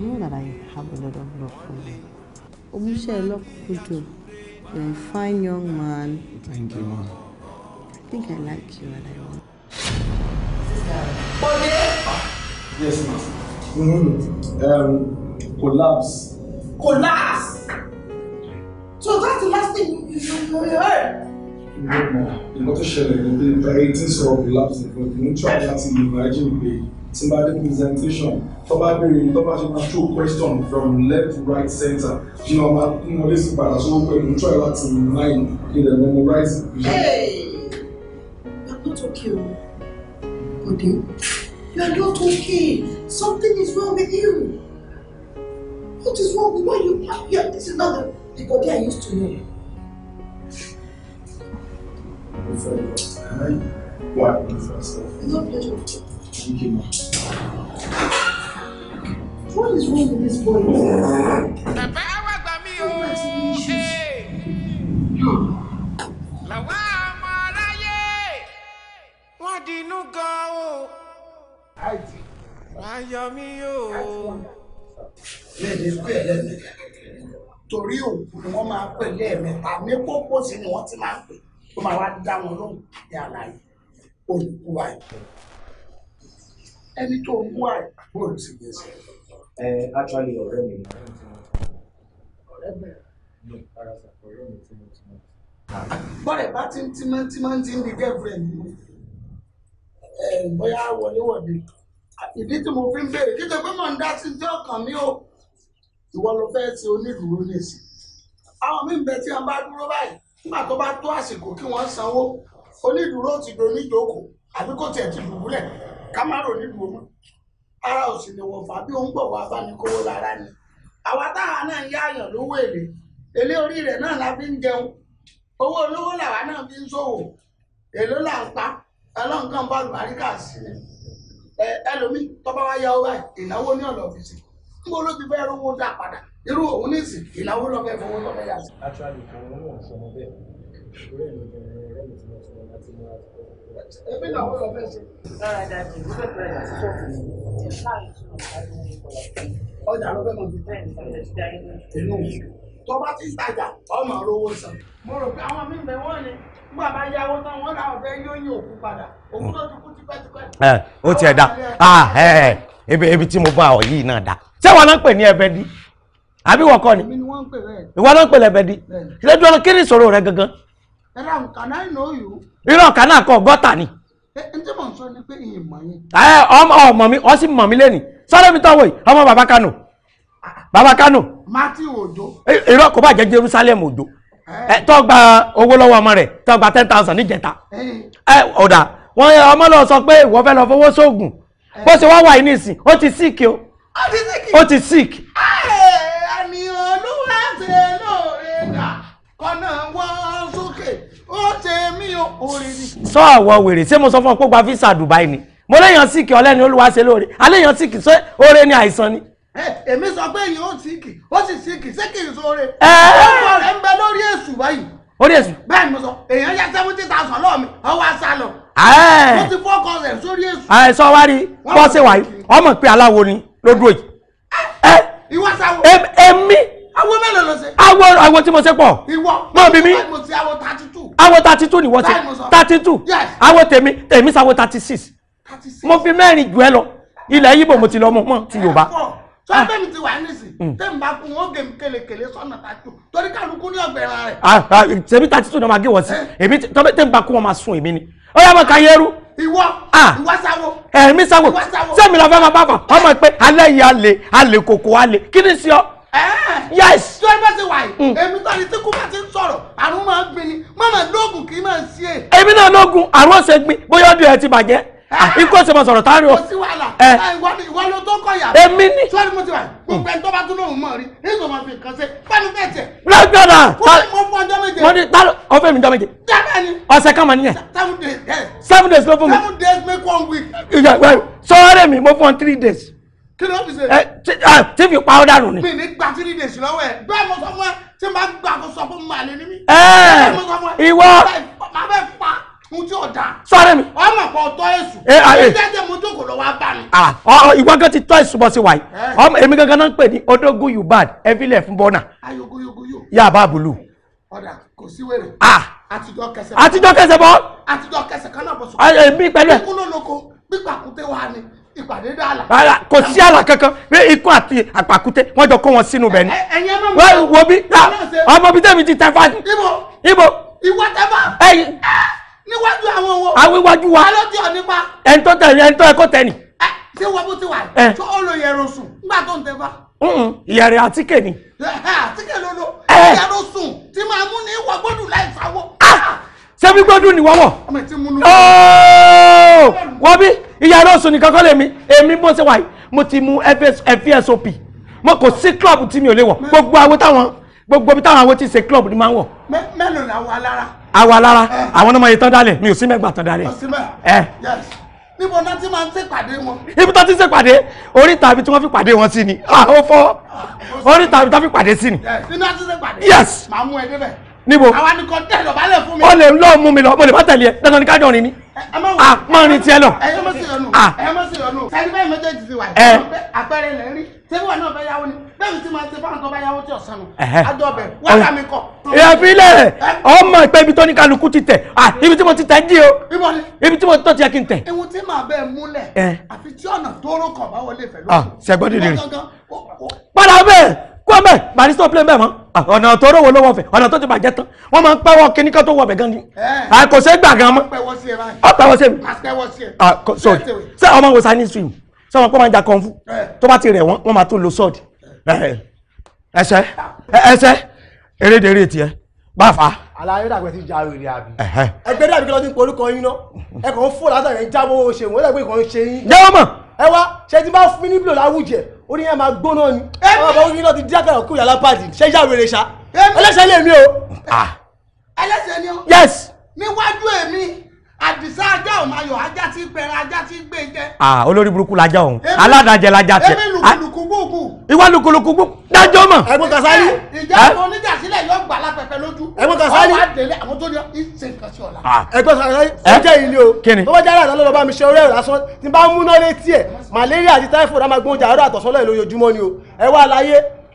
know that I have a lot of love for you. Omishe Kujo, you're a fine young man. Thank you, ma. I think I like you and I want. Yes, ma. Mm-hmm. Um, collapse. Collapse? So that's the last thing you, you, you heard? No, ma. Nǹkan tó ṣẹlẹ̀ ní pé ìgbà 18 sọ̀rọ̀ collapse nìkan kì í ń tún àyà àti ìgbà ajé ìgbéyìí tí bá dé presentation tó bá béèrè tó bá ṣe máa throw question from left right center kí ni ọba ń wọlé sí padà sọ́wọ́ pẹ̀lú try láti mind kí lè memorize vision. Not okay, oh. Bode. You are not okay. Something is wrong with you. What is wrong with what you have here? This is not the, the body I used to know. Why? You pleasure speaking now. What is wrong with this boy? Bàbá wa gbà mí o. Làwa ọmọ aráyé, wọ́n dinú I o. Wàá yọ mí o. Bẹ́ẹ̀ni bẹ́ẹ̀ lẹ́nu torí òkú ni wọ́n máa pè lẹ́ẹ̀mẹ́ta ní pópó sí ni wọ́n ti máa pè tó máa wá dá wọn lóhùn ní àlàyé olùkú wa ẹni tó ń wá bóòlù sí bí ẹsẹ̀. ẹ actually ọ̀rẹ́ mi. ọ̀rẹ́ mi ara sà ọ̀rẹ́ mi tí mo ti mọ̀. bọ́ọ̀rẹ̀ bá ti ń tí máa ń tí máa ń ti ń di girlfriend mi bóyá wọléwọ̀de ìdí tí mo fi ń béèrè kí tẹ̀pẹ́ mọ̀ ń dá sí jẹ́ ọkàn mi o ìwọ ló fẹ́ ti onídùúró nìsí. àwọn míì bẹ tí wọn bá dúró báyìí nígbà tó bá tó àsìkò kí wọ́n sanwó onídùúró ti do oníjókòó àbí kò tiẹ̀ ti dùbúlẹ̀ ká má rò nídùú mọ́ ara ò sì lè wọ̀fà bí ó ń bọ̀ wá fánikówó lára ni àwa táwa náà ń yáàyàn lówó èlé èlé orí rẹ̀ náà la fi ń jẹun owó olówó làwa náà fi ń ṣòwò èló là ń pa ẹlọ́nkàn bá àlùbáríkà sí i ẹlòmíì tọ́ba wá yá ọba ìnáwó ní ọ̀nà ọ̀fíìsì níbo ló ti fẹ́ rówó dá padà irú òun ní ìsìn ìnáwó lọ́fẹ́ fowó lọ́fẹ́ yá sí. actually kò wọ́n mọ̀ sọ́mọ bẹ́ẹ̀ ọjà ló fẹ́ mọ̀ sí. tó bá ti tajà ọmọ rówó san. mo rò pé àwọn míì bẹ̀wọ̀n ni nígbà bá yáwó tán wọ́n làwọn fẹ́ yóyún òkú padà òkú tó ti kú tipẹ́tipẹ́. ó tiẹ̀ da ebi tí mo bá ọ yìí náà da ṣé wọn náà pè ní ẹbẹ dí àbí wọn ni ìwọ náà pè lẹbẹ dí ṣé kí ni rẹ gangan. ẹ ra nǹkan náà irọ́ kan náà kọ gọ́tà ni. ẹ ẹ ǹjẹ́ mò ń sọ ni pé ìyìn mọ̀ yín. ẹ ọmọ ọmọ mi ọ sì mọ̀ mí lẹ́nìí sọ́dọ̀ mi tọ́wọ́ yìí ọmọ bàbá Kánò bàbá Kánò. Matthew Ojo. irọ́ kò bá jẹ́ Jerusalem Ojo ẹ tó gba owó lọ́wọ́ ọmọ rẹ̀ tó gba ten thousand níjẹta ẹ ọ̀dà wọn ọmọ lọ sọ pé ìwọ fẹ́ lọ fowó sóògùn bó ṣe wá wà yìí nísìn ó ti sick o ó ti sick. àmì olúwa ṣe lóore dà kọ́nà ó ṣe mí òòrè ni. sọ àwọn wèrè ṣé mo sọ fún ọ pé gba visa Dubai ni mo léèyàn síkì ọlẹ́ni olúwa ṣe lóore aléèyàn síkì ṣé oore ni àìsàn ni. èmi sọ pé èyí ó síkì ó sì síkì ṣé kì í sóore. ọkọ rẹ ń bẹ lórí èṣù báyìí. orí èṣù. bẹ́ẹ̀ ni mo sọ èèyàn yá seventy thousand lọ́ọ̀ mi ọwọ́ aṣá lọ. mo ti fọ́kọ rẹ̀ sórí èṣù. àìsàn wa rí bọ́sẹ̀ wáyé ọmọ pé aláwo ni lódò yìí. Ah, ìwọ sáwọ awo mélòó ló ṣe. awo awo tí mo ṣe pọ̀. ìwọ mọ bí mi. mo ti awo thirty two. awo thirty two ni wọ́n ṣe thirty two. yes awo tèmi tèmi ṣawo thirty six. thirty six mo fi mẹ́rin jù ẹ lọ ilẹ̀ yìí bò mo ti lọ mọ mọ ti Yorùbá. sọ tẹ́mi ah. ti wà nísìn mm. tẹ́mi bá kú wọn gé mi kelekele sọ́nà thirty two torí kálukú ní ọ̀gbẹ̀rẹ̀ rẹ̀. ah ah tèmi thirty two ni wọn máa gé wọn sí eh. èmi tẹ́mi bá kú wọn máa sun èmi ni ó yà mọ ká yẹrù. ìwọ ah. ìwọ sáwọ. ẹ̀mí sáwọ sẹ́mi lọ fẹ́ máa bá fà ọmọ pé alẹ́ yìí alẹ́ alẹ́ kòkó alẹ́ kí ni sọ yes. tí wọ́n bá ti wà yìí mm. èmi tó ni tí kú bá ti ń sọ̀rọ̀ àrùn máa ń gbin ni mọ́mọ́ lóògùn kì í máa ń sí è. èmi náà lóògùn àrùn ọ̀sẹ̀ gbin bóyá ọdún ẹ ti bàjẹ́ ah, ikú ọ̀sẹ̀ máa sọ̀rọ̀ táàrí o. kò sí wàhálà ah, ìwọ ló tó kọ̀ yà. èmi ni. tí wọ́n ní mo ti wà gbogbo mm. ẹni tó bá tún lóhùn mọ́ rí nígbà máa fi kàn ṣe pẹ́ẹ́nu bẹ́ẹ̀tẹ̀. lọ́gbọ̀nà. mo fún ọjọ́ méje. mo ní tálọ́ ọ̀fẹ́ mi jọ méje. dábàá ni. ọ̀sẹ̀ kan mà nìyẹn. seven days. seven days ló fún mi. seven days make one week. sọ́ọ́rẹ́ mi mo fún ọ three days kí ló fi ṣe. ẹ tí fi pa ọ́ dànù ni. mi ní gba three days lọ́wọ́ ẹ̀ bẹ́ẹ̀ mo sọ fún ẹ tí n bá gbà kó sọ fún màlẹ́ ní mi. ẹ ìwọ. màá bẹ pa ohun tí ò da. sọ̀rọ̀ mi. ọmọ kan tọ́ èṣù. ẹ ẹ ẹ jẹjẹ mo jókòó lọ wá bá mi. ọ ìwọ gan ti tọ́ èṣù bọ́ sí wa yìí. ọmọ èmi gangan náà ń pè ní odogo you bad evilẹ̀ fún bọ́nà. ayogoyogoyo. yaba bulu. ọ̀dà kò sí wèrè. àtijọ́ kẹsẹ̀ bọ́. àtijọ́ kẹsẹ̀ bọ́. àtijọ́ kẹsẹ̀ kan náà bọ̀ sọ. èmi pẹ̀lú ẹ̀ ìpàdé dàlà. rárá kò sí àlà kankan pé ikú àti àpàkúté wọn jọ kó wọn sínú bẹ́ẹ̀ ni. ẹ̀yin ẹ má mú un. wo bí ti tẹ́fà ni. ibo ibo. ìwọ tẹ́fà. ẹyin. Ah, níwájú àwọn wo. àwọn iwájú wa. alọ́ tí ò nípa. ẹni tó tẹ̀lé ẹni tó ẹ̀kọ́ tẹ̀lé. ẹ ṣé wọ́n bó ti wà yìí. tó o lo yẹ̀rọ sùn nígbà tó ń tẹ́fà. ìyẹ̀rẹ̀ àtíkè ni. àtíkè lolo yẹ̀rọ sùn ti máa mú ní ìwà gbọ́dọ̀ láì sáwọ́. Ah! ṣebí gbọ́dún ni wọ́wọ́ wọ́n bí ìyá rọ́ọ̀sù nìkan kọ́ mi èmi bó ṣe wà yìí mo ti mu fsop mo kò sí club tí mi ò lè wọ̀ gbogbo àwọn táwọn gbogbo ibi táwọn àwọn ti ṣe club ni máa ń wọ̀. mélòó ni àwa lára. àwa lára eh. àwọn ọmọ yìí tán dálẹ̀ mi ò sí mẹ́gbà tán dálẹ̀. Eh. níbo náà ti máa ń ṣèpàdé wọn. ibi tó ti ṣèpàdé oríta ibi tí wọ́n fi pàdé wọn sí ni ah. Ah, ó fọ́ oríta ibi tó fi pàdé sí ni. nínú àti ṣèpàdé. yes. màá mú ẹ débẹ̀ níbo. àwa ni kò tẹ ìdọ̀bálẹ̀ fún mi. ó lè lọ mú mi lọ mo lè má tẹ̀lé ẹ dandan ni ká jọ rìn ni. a ah, máa rìn tiẹ̀ lọ. ẹ yọ mọ sí ọnù ẹ mọ sí ọnù sẹni bẹ́ẹ̀ méjèèjì ti wà yìí àpẹẹrẹ lẹ rí sẹwọn náà bẹ yáwó ni bẹ́ẹ̀ ti máa ṣe fáwọn tó bá yáwó tí ọsàn nù. adó ọbẹ wàhálà mi kọ. ìyàfilẹ ọmọ ìpẹ ibi tó ní kálukú ti tẹ ah, ibi tí mo ti tẹ jí o ibi tí mo tọ́ ti yẹ kí n tẹ. ewu tí màá bẹ́ẹ̀ múlẹ̀ àfi tí ọ̀nà tó rọ̀ kọ̀ bá wọ́n bẹ̀ barista play bẹ́ẹ̀ mọ́ ah, ọ̀nà tó rówó ló wọ́n fẹ̀ ọ̀nà tó ti bàjẹ́ tán wọ́n máa ń pẹ́wọ́ kíní kan tó wọ̀ bẹ̀ gan ni eh. ah, kò ṣe é gbà gan mọ́ ọ pẹ́wọ́ sí ẹ sọ́ọ̀dì ah, ṣé ọmọ wo sa ní swim ṣé ọmọ pé máa ń ja kọ́ńfù eh. tó bá ti rẹ̀ wọ́n wọ́n máa tó lo sọ́ọ̀dì eh, ẹsẹ̀ ẹsẹ̀ erédèrè tiẹ̀ báfa. aláyé dàgbẹ́ ti ja rèé àbí. ẹgbẹ́ dàbí kí ló ti ń porúkọ yín ná ẹ kàn ń fò látàrí jábọ̀ ṣe wọ́n dàgbẹ́ kàn ń ṣe yín. jẹ́wọ́ mọ̀. ẹ wá ṣe ti bá fún mi ní bìlò láwùjẹ orí yẹn máa gbóná ni àwọn bàbá orí náà ti díẹ̀ kàrọ̀ kú yàrá pàdé ṣe yá wèrè ṣá ẹlẹ́sẹ̀ lè mí o. Ah. ẹlẹ́sẹ̀ ni o. yes. níwájú èmi àdìsá ajá òun ayọ̀ ajá tí pẹ̀rẹ̀ ajá tí gbé jẹ. ah olórí burúkú lajá òun aládàjẹ lajá tiẹ. èmi lùkùlùkù gbùgbù. ìwà lùkùlùkù gbùgbù dájọ́ mọ̀. ẹ̀gbọ́n Kasali. ìjà àwọn oníjà sílẹ̀ yóò gbà lápẹ̀pẹ̀ lójú. ẹ̀gbọ́n Kasali. ọwọ́ àdèlé àwọn tó yọ ìṣe nǹkan sí ọ̀la. ẹ̀gbọ́n Kasali ẹ̀jẹ̀ ilé o. kíni. tó bá jára àtàlọ́ lọ bá mi ṣe orí ẹ̀rọ lásán tí bá ń múná létí ẹ̀ malaria àti typhoid á máa gbóúnjẹ àárọ̀ àtọ̀sánlẹ̀ lójoojúmọ́ ni o ẹ wá láyé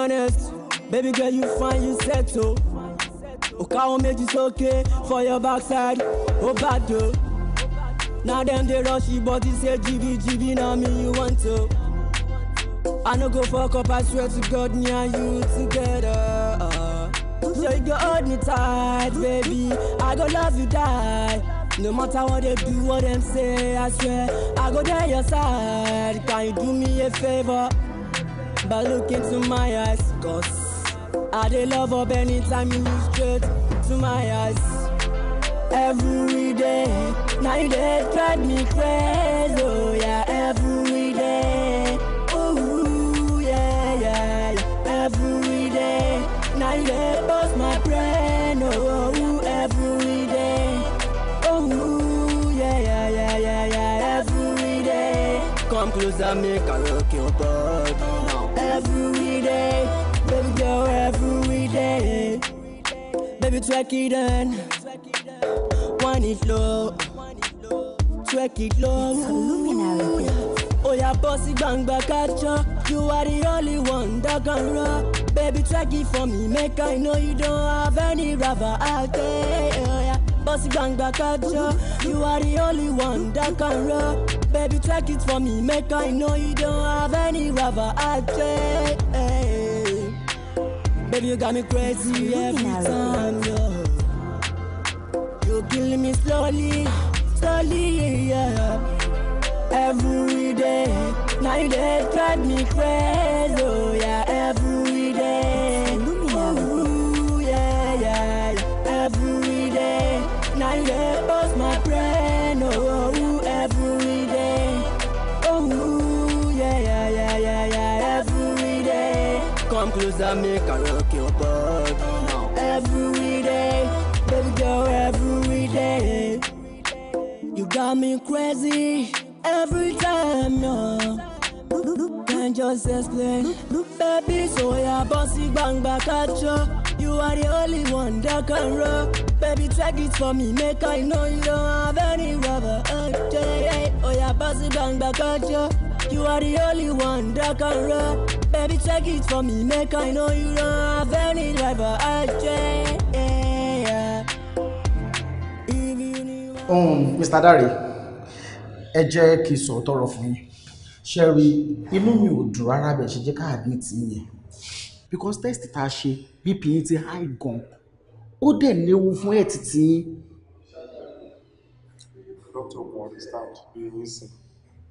honest. Baby girl, you find you settle. O make this okay for your backside, Oh, bad do. Now them they rush you but you say jibijibi now me you want to. I no go fuck up, I swear to God, me and you together. Uh, so you go hold me tight, baby. I go love you die. No matter what they do, what them say, I swear I go there your side. Can you do me a favor? Baba look into my eyes, cause I dey love up anytime you look straight to my eyes. Every day, now you dey drive me crazy, oh yeah, every day. Ooh, yeah, yeah, every day. Now you dey bust my brain, oh. oh closer, make I rock your body. Every day, baby girl, every day. Baby, twerk it on. One it low. Twerk it low. It's a luminary. Oh, yeah, bossy bang back at you. You are the only one that can rock. Baby, twerk it for me. Make I know you don't have any rubber out there. Oh, yeah, bossy bang back at you. You are the only one that can rock. Baby, take it for me, make I know you don't have any rubber I take Baby, you got me crazy every time, yo. You're killing me slowly, slowly, yeah. Every day, night they drive me crazy, oh yeah. Every I make a rock your boat. Every day, baby girl, every day. You got me crazy every time, no. Can't just explain. Baby, so yeah, bossy bang back at you. You are the only one that can rock. Baby, take it for me, make I know you don't have any rubber. Oh yeah, oh yeah, bossy bang back at you. You are the only one that can rock. Baby, take it from me, make I know you don't have any driver. I try. Yeah. Um, Mr. Dari, ẹ jẹ́ kí n sọ tọrọ fún yín. Sherry, inú mi ò dùn rárá bẹ́ẹ̀ ṣe jẹ́ ká admit yẹn. Because test tá ṣe BP yín ti high gan. Ó dẹ̀ léwu fún ẹ̀ títí yín. Doctor, understand. Be reason.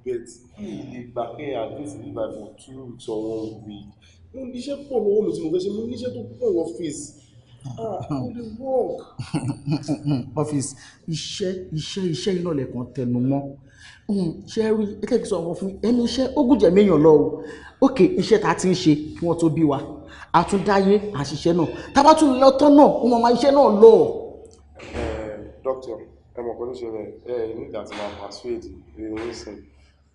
But mi ì lè gbà pé àdéhùn sí for two weeks or one week mo níṣẹ́ pọ̀ lọ́wọ́ mi tí mo fẹ́ ṣe mo níṣẹ́ tó pọ̀ lọ́fíìsì ah, ọ́fíìsì iṣẹ́ iṣẹ́ iṣẹ́ iná lẹ́kàn tẹnu mọ́ hmm, ṣe rí ẹkẹ́kì sọ wọn fún ẹnu iṣẹ́ ó gùjẹ̀ méèyàn lọ o òkè iṣẹ́ ta ti ń ṣe kí wọ́n tó bí wa àtúndáyé àṣìṣe náà tábà tún lọ tán náà wọ́n máa iṣẹ́ náà lọ. Eh, dókítà ẹ mọ̀ pé ó ṣẹlẹ̀ ẹ ní ìdásí máa pàṣẹ èdè ìrìn ìsìn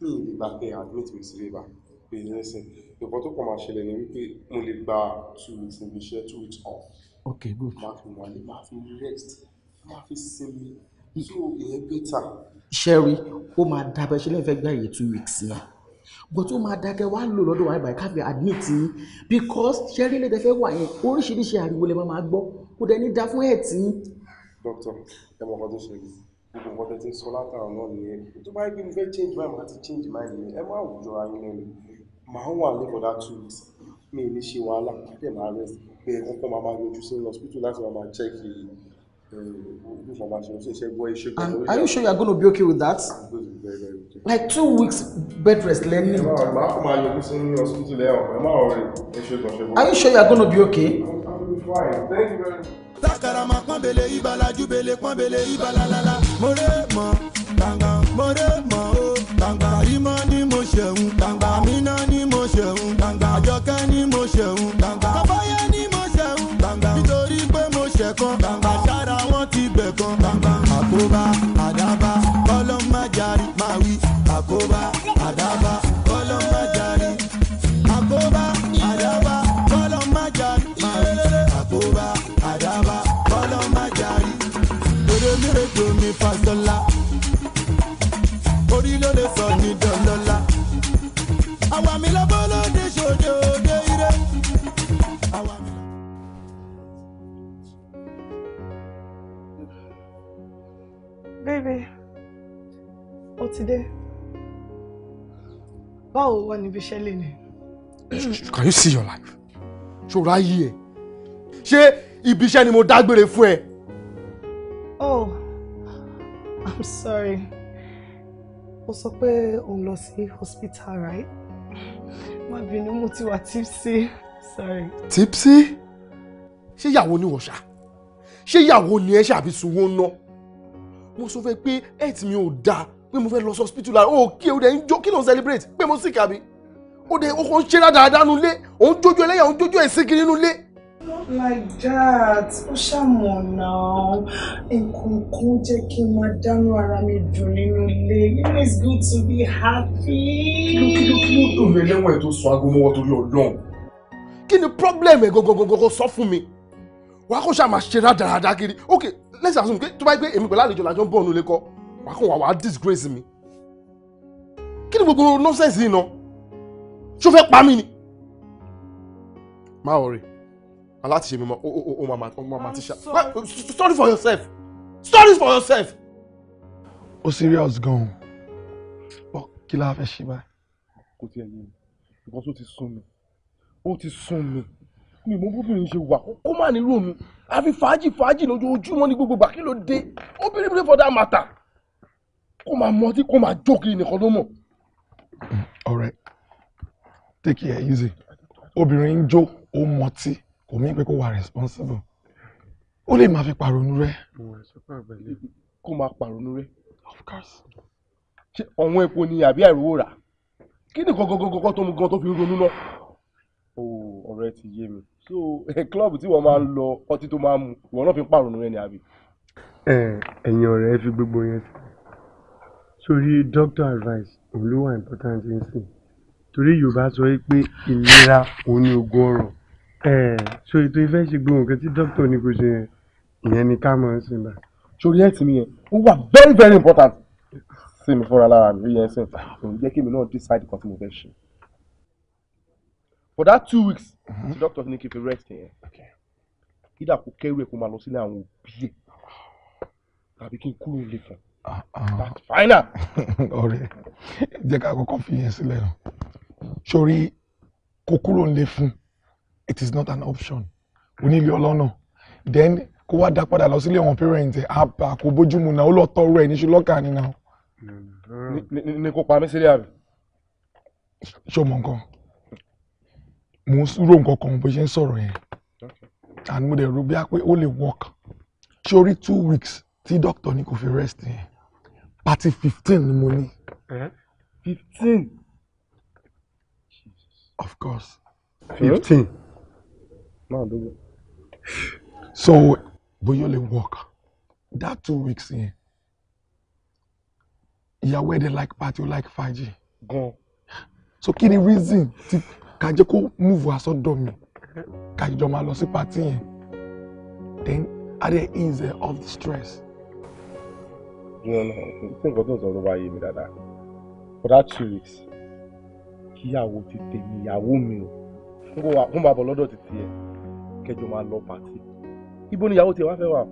mi ì lè gbà pé admit mi sí labour pé nursing nǹkan tó kàn máa ṣẹlẹ̀ ni wípé mo lè gba two weeks níbi iṣẹ́ two weeks off. ok good. máa fi wọlé máa fi rest máa fi sinmi so ìyẹn bẹ́tà. iṣẹ́ rí ó máa dábẹ́ ṣe lẹ́yìn fẹ́ gbá iye two weeks náà but ó máa dákẹ́ wá lò lọ́dọ̀ wáyé báyìí káfíń admit yín because ṣẹ́rí lè tẹ́fẹ́ wà yẹn oríṣiríṣi ariwo lè máa gbọ́ kó dẹ̀ ní dá fún ẹ̀ tí. doctor ẹ mọ̀ ọdún ṣe yìí gbogbo nǹkan tẹ́ sọ látàrà náà nìyẹn tó bá gbé fẹ́ change mind láti change mind mi ẹ má wùjọ ayé lẹ́nu màá wà ní for that two weeks mi ní ṣe wàhálà kí máa rest pé kọ́kọ́ máa máa yọjú sí hospital láti máa máa check eh, eh, And are you sure you are going to be okay with that? Like two weeks bed rest lẹ́ni. Are you sure you are going to be okay? I'm fine karama pọ́nbele ibalajú bele pọ́nbele ibalalala. mo ré mọ gbàngàn mo ré mọ o gbàngàn yìí mọ́ ni mo ṣeun gbàngàn mi ni mo ṣeun. baby. Ó ti dé. Báwo wà níbi iṣẹ́ lénìí? Can you see your life? Ṣòro ayé ẹ̀. Ṣé ibi iṣẹ́ ni mo dágbére fún ẹ? Oh, I'm sorry. Ó sọ pé òun lọ sí hospital, right? Má bínú mo ti wà tipsy. Sorry. Tipsy? Ṣé ìyàwó ni wọ́n ṣá? Ṣé ìyàwó ni ẹ ṣàbí sunwó náà? mo sọ fẹ́ pé health mi ò dáa pé mo fẹ́ lọ sọ́spítù lára oh, ó kí o dẹ̀ ń jó kí celebrate pé mo sick àbí ó dẹ̀ ó kàn ń ṣe dáadáa nulé òun jójú ẹlẹ́yà òun jójú ẹ̀sìn kiri nulé. not like that ó ṣàmọ̀nà nǹkan kan jẹ́ kí n máa dánú ara mi dùn nínú ilé you know it's good to be happy. kí ló kí ló kí ló dùn mí lẹ́wọ̀n ẹ̀ tó sọ aago mọ́wọ́ torí ọlọ́run. kí ni problem ẹ̀ gọ́gọ́gọ́gọ́ sọ fún mi wàá kó ṣàmà ṣe dáadáa kiri okay let's assume pé tó bá yẹ pé èmi pẹ̀lú àlejò làjọ ń bọ̀ ọ̀nù lè kọ́ wàá kàn wá wàá disgrace mi kí ni gbogbo nonsense yìí náà ṣó fẹ́ pa mí ni. má ọ̀rẹ́ aláti ṣe mi mọ́ o mama o mama ti ṣá sorry for yourself sorry for yourself. o serious gan-an ọ kí la fẹ́ ṣe báyìí. kò tiẹ̀ yé mi nǹkan tó ti sún mi ó ti sún mi mi mọ bóbìnrin ṣe wà kó má nílò mi àfi fàájì fàájì lójoojúmọ́ ní gbogbo bàkí ló dé obìnrin bí for that matter kó máa mọtí kó máa jókè nìkan ló mọ̀. ọ̀rẹ́ take care. easy obìnrin ń jó ó mọtí kò mí pé kó wà responsible ó lè máa fi pàrònú rẹ. kó máa pàrònú rẹ. of course. ṣé ọ̀wọ́n epo ni àbí àìrówó rà kí ni gangan tó mu gan tó fi ronú náà. ọ̀rẹ́ ti yé mi so club tí wọ́n máa ń lọ ọtí tó máa ń mu ìwọ̀n náà fi ń pàrọ̀nù rẹ ni àbí. ẹ ẹ̀yin ọ̀rẹ́ fi gbogbo yẹn sí sórí doctor advice òun ló wà important ń sìn torí yorùbá sọ pé ìlera òun ni oògùn ọrọ̀ so ètò ìfẹ́ ṣe gbogbo nǹkan tí doctor ní kò ṣe yẹn ìyẹn ni ká máa ń sìn bá. sórí ẹ̀ tì mí yẹn ó wà very very important sí mi fúnra lára mi yẹn sìn òun jẹ́ kí mi náà decide kan tí mo fẹ́ ṣe for that two weeks mm-hmm. the doctor ní kí n fi rest yẹn either kó kẹ́rù ẹ̀ kó máa lọ sílé àwọn òbí ẹ̀ tàbí kí n kúrò nílé fún un uh-uh. that's final. ọ̀rẹ́ jẹ́ ká kọ́kọ́ fi yẹn sílẹ̀ nù sórí kó kúrò nílé fún it is not an option onílé ọlọ́nà then kó wá dá padà lọ sílé àwọn parent ẹ̀ àbá kò bójúmu náà ó lọ tọrọ ẹ̀ níṣu lọ́kà nínú. ni kò pa mí sílẹ̀ àbí. ṣé o mọ nǹkan mo ń rò nǹkan kan bó ṣe ń sọ̀rọ̀ yẹn and mo dẹ̀ rò bí a pé ó lè work sórí two weeks tí doctor ni kò fi rest yẹn party fifteen ni mo ní. Uh-huh. fifteen. of course. fifteen. so bóyá ó lè work that two weeks yẹn ìyàwó ẹ̀ dẹ̀ like party ó like fàájì. so kí ni reason ká jẹ́ kó múùfù asọ́dọ̀ mi ká jọ máa lọ sí pàtí yẹn then adé is uh, off the stress. no no ṣé nǹkan those ń sọ ló wáyé mi dáadáa for that two weeks kíyàwó ti tèmi ìyàwó mi o fún bàbá ọlọ́dọ̀ ti tiẹ̀ kẹjọ máa lọ pàtí ibo ni ìyàwó tiẹ̀ wá fẹ́ wà.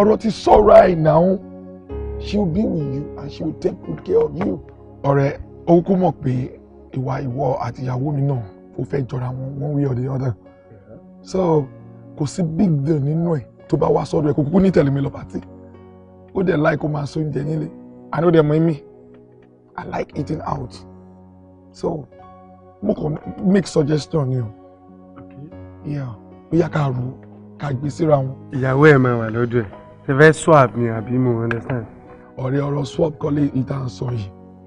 ọ̀rọ̀ ti sọ̀rọ̀ àìnáwó she will be with you and she will take good care of you. ọ̀rẹ́ ó kú mọ̀ pé ìwà ìwọ àti ìyàwó mi náà ó fẹ́ jọra wọn one way or the other so kò sí big deal nínú ẹ̀ tó bá wá sọ́dọ̀ ẹ̀ kò kúkú ní tẹ̀lé mi lọ pàtì ó dẹ̀ like ó máa so oúnjẹ nílé àní ó dẹ̀ mọ èmi i like eating out so mo kàn make suggestion ni o bóyá ká rò ó ká gbé síra wọn. ìyàwó ẹ̀ máa wà lọ́dọ̀ ẹ̀ ṣe fẹ́ swap ni àbí mo understand. ọ̀rẹ́ ọ̀rọ̀ swap kọ́lé ìtàn sọ yìí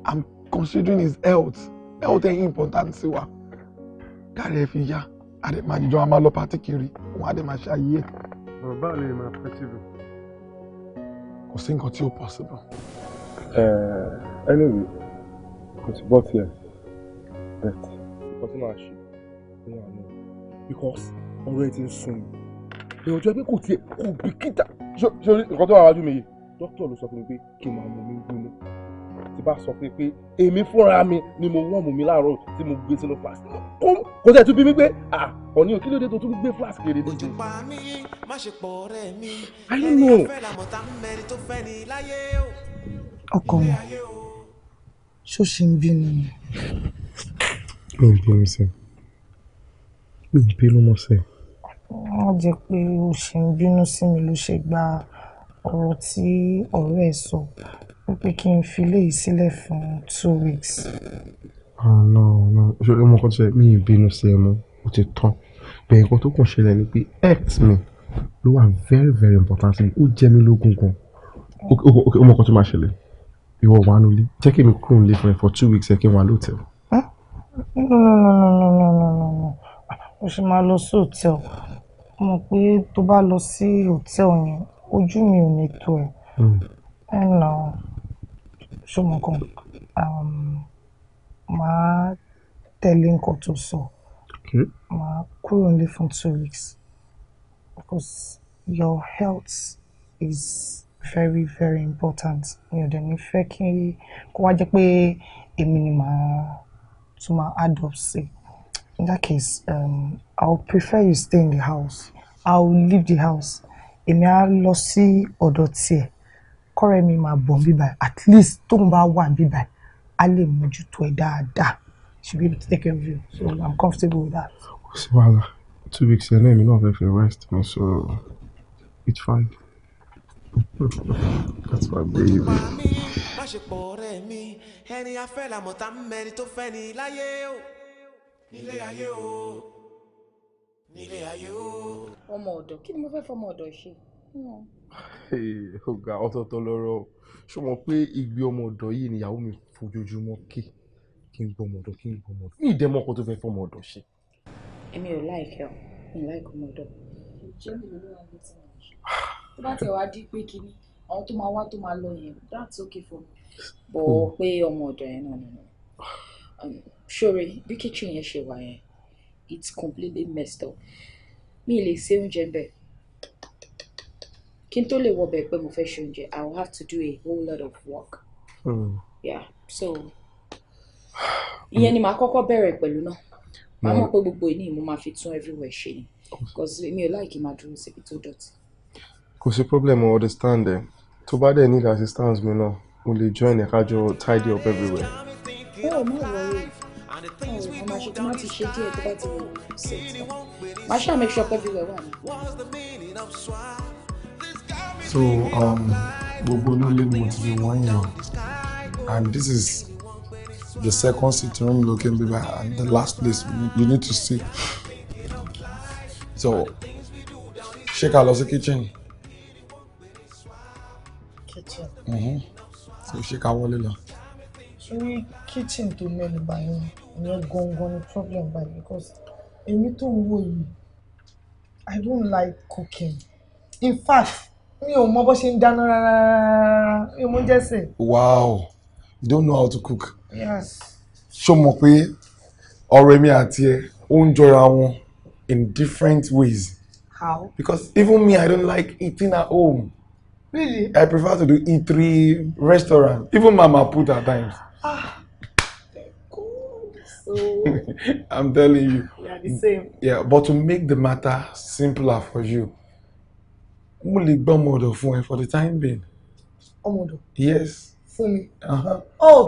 i'm considering his health ẹ ò tẹ́yìn important sí wa kárí ẹ fi yá àdè máa jíjọ a máa lọ pàtí kiri òun àdè máa ṣàyé ẹ. bọ̀ báwo lè máa possible. kò sí nǹkan tí ó possible. ẹ eh, ẹ anyway kò sí bọ́ tiẹ̀ bet nǹkan tí màá ṣe ní àná because ọ̀rọ̀ ẹ ti ń sún mi èrò jẹ́ pé kò tiẹ̀ kò bìkítà ṣé nǹkan tó wà wájú mi yìí dókítà ló sọ fún mi pé kí n máa mú mi gbóná ti bá sọ fún pé èmi fúnra mi ni mo wọ́ọ̀mù mi láàárọ̀ tí mo gbé sínú flask kó tẹ̀ tún bí mi pé à ọ̀ní òkè lóde tó tún gbé flask kiri dídì. ojúpa mi má ṣe pọ̀ ọ̀rẹ́ mi ẹni afẹ́ làmọ̀tá mẹ́rin tó fẹ́ ni láyé o. ọkọ wọn ṣó ṣe ń bínú ni. mi ò bínú sí mi ò bínú mọ́ sí. wọ́n jẹ́ pé o ṣe ń bínú sí mi ló ṣe gba ọ̀rọ̀ tí ọ̀rẹ́ ẹ̀ sọ ó pé kí n fi léyìí sílẹ̀ fún two weeks. ah no no ṣe ọmọ kan ṣe mí ìbínú sí ẹ mọ ó ti tán bẹ́ẹ̀ nǹkan tó kàn ṣẹlẹ̀ ni pé ex mi ló wà very very important sí mi ó jẹ́ mi lógún gan ọmọ kan tó máa ṣẹlẹ̀ ìwọ wà nulẹ̀ jẹ́ kí mi kúrò nílé fún ẹ for two weeks ẹ kí n wà lóòótọ́. no no no no no no no no o ṣe máa lọ sí hòtẹ́ẹ̀lì mo pé tó bá lọ sí hòtẹ́ẹ̀lì yẹn ojú mi ò ní tó ẹ̀ ẹ̀ nà ṣùgbọ́n kan um, màá tẹ̀lé nǹkan tó sọ màá kúrò nílé fún two weeks because your health is very very important mi ò dẹ̀ ní fẹ́ kí kó wá jẹ́ pé èmi ni màá tún máa add up sí in that case um, I would prefer you stay in the house I will leave the house èmi á lọ sí ọ̀dọ̀ tiẹ̀ kọ́rẹ́ mi máa bọ̀ ń bíbà at least tóun bá wà ń bíbà á lè mójútó ẹ dáadáa she be able to take care of you so i'm comfortable with that. kò sí wàhálà two weeks yẹn náà èmi náà fẹ́ rest mi so it's fine that's my baby. báṣepọ̀ ọ̀rẹ́ mi ẹni afẹ́ làmọ̀tá mẹ́ni tó fẹ́ ni láyé o nílé ayé o nílé ayé o. ọmọ ọ̀dọ̀ kí ni mo fẹ́ fọmọ ọ̀dọ̀ ṣe. Hmm ọ̀gá ọ̀tọ̀ọ̀tọ̀ lọ́rọ̀ ṣó mọ̀ pé ìgbé ọmọ ọ̀dọ̀ yìí nìyàwó mi fojoojúmọ́ kí kí n gbọmọ ọ̀dọ̀ kí n gbọmọ ọ̀dọ̀ ní ìdẹ́mọ̀ ọkọ tó fẹ́ fọmọ ọ̀dọ̀ ṣe. èmi ò láìkẹ́ ọ mi láìkọ́ ọmọ ọ̀dọ̀ tó bá tẹ̀ wá dí pé kinní àwọn tó máa wá tó máa lọ yẹn that's okay for me bọ̀ ọ́ pé ọmọ ọ̀dọ̀ yẹn náà nìyẹn um, ṣòro bí kitchen yẹn ṣe wà yẹn it's completely messed up mi ì lè ṣe oúnjẹ bẹ́ẹ̀ kí n tó lè wọ bẹ̀ pé mo fẹ́ ṣe oúnjẹ I will have to do a whole lot of work. Hmm. yeah so ìyẹn ni màá kọ́kọ́ bẹ̀rẹ̀ pẹ̀lú náà màá mọ̀ hmm. pé gbogbo ìní mo máa fi tún everywhere ṣe ni because mi ò láìkí máa dúró síbi tó dọ̀tí. kò sí problem o understand ẹ tó bá dẹ̀ need assistance mi náà mo lè join ẹ kájọ tidy up everywhere. ẹ ò má wọrí ọ̀rọ̀ máa ṣe kí wọ́n ti ṣe díẹ̀ tó bá ti wọ̀ ṣe tán màá ṣáà make sure everywhere wà ní so um, gbogbo onílé ni mo ti fi wọ́n and this is the second city room looking baby and the last place you need to see so ṣé ká lọ sí kitchen. kitchen. Mm-hmm. so ṣé ká wọlé lọ. sórí kitchen tó mẹ́nu by yẹn ìyẹn going ni problem by because èmi tó ń i don't like cooking in fact mi ò mọ bó ṣe ń dáná rárá mi ò mọ oúnjẹ wow you don't know how to cook. yes. ṣó mọ̀ pé ọ̀rọ̀ èmi àti ẹ ó ń jọra wọn in different ways. how. because even me i don't like eating at home. really. i prefer to do eatery restaurant even mama put at times. ah. I'm telling you. We are the same. Yeah, but to make the matter simpler for you, mo lè gbọ́ ọmọ ọ̀dọ̀ fún ẹ for the time being. ọmọ ọ̀dọ̀. yes. fún mi. Uh-huh. oh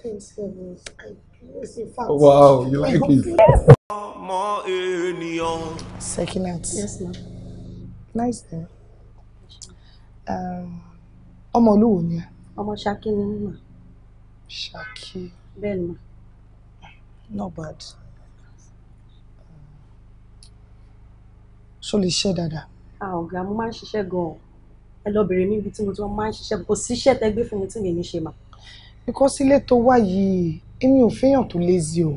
thanks heavens i bless you fast. wow you like it. ọmọ ènìyàn. secondant. yes ma'am. nice day. Um, ọmọ olúwo ni ẹ. ọmọ ṣakí ni mímọ. ṣakí. bẹ́ẹ̀ ni ma. not bad. Um, ṣó lè ṣe dáadáa ọ̀gá mo máa ń ṣiṣẹ́ gan-an ẹ lọ mi ibi tí mo ti máa ń ṣiṣẹ́ kò sí iṣẹ́ tẹ́ fún mi tí mi ní ṣe mà. because ilé tó wá yìí èmi ò fẹ́yàn tó lazy o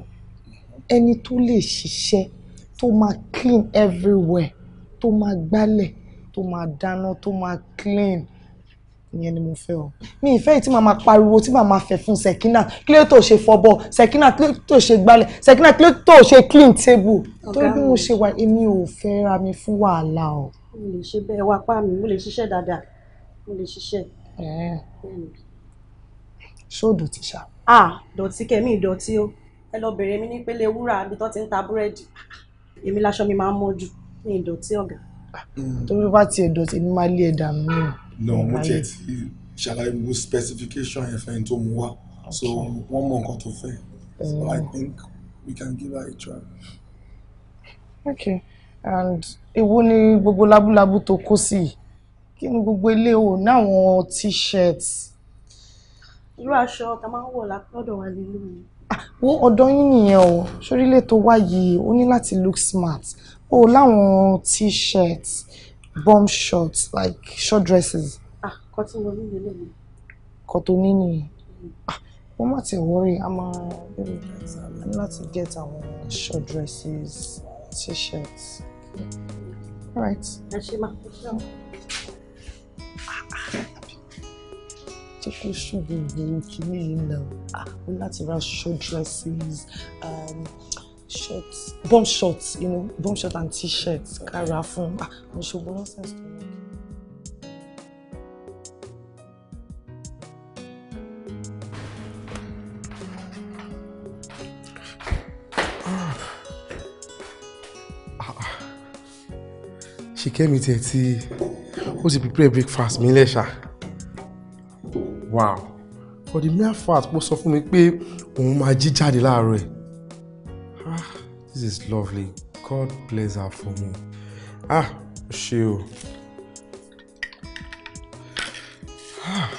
ẹni tó lè ṣiṣẹ́ tó máa clean everywhere tó máa gbálẹ̀ tó máa dáná tó máa clean ìyẹn ni mo fẹ́ o mi ìfẹ́ yìí tí màá máa pariwo tí màá máa fẹ́ fún Sekina kí ló tó ṣe fọbọ Sekina kí ló tó ṣe gbálẹ̀ Sekina kí ló tó ṣe clean table torí bí mo ṣe wà èmi ò fẹ́ ra mi fún wàhálà o mo lè ṣe bẹ́ẹ̀ wá pa mi mo lè ṣiṣẹ́ dáadáa mo lè ṣiṣẹ́. ṣó dọ̀tí ṣá. ah dọ̀tí kẹ́mi ìdọ̀tí o ẹ lọ bèrè mi ní pélé wúrà àbí tó ti ń ta búrẹ́dì èmi láṣọ mi máa ń mọ́jú ní ìdọ̀tí ọ̀gá. Mm. torí bá tiẹ̀ dọ̀tí ni máa lé ẹ̀dà mi. no mo tiẹ̀ ti ṣàlàyé mo specification yẹn fẹ́ni tó mu wá so wọ́n mọ nǹkan tó fẹ́ so I think we can give her a try. okay and èwo ni gbogbo lábúlábú tó kó sí kí ni gbogbo ilé o náwọn t-shirt. irú aṣọ ta máa ń wọ̀ lọ́dọ̀ wa nílé mi. wo ọ̀dọ́ yín nìyẹn o sórílẹ̀ tó wá yìí ní láti look smart o láwọn t-shirt bomb shorts like short dresses. ah kọ́ tí mo ní mi. kọ́ tó ní nìyẹn hmm. ah, má ti worry a máa ní láti get àwọn short dresses t-shirts. All right. Ẹ ṣe máa kó sí ọ̀hún. jẹ́ kó ṣòro ìgboro kìíní yìí nà ó láti ra short dresses um, shorts bum shorts you know, bum shorts and t-shirts ká ra ah we should go sense tó. Kẹ́mi tiẹ̀ ti ó ti prepare breakfast mi lẹ́ṣà wow for the mere fact pé ó sọ fún mi pé òun máa jí jáde láàárọ̀ ẹ̀ ah this is lovely God bless her for me ah ṣe o. Ah.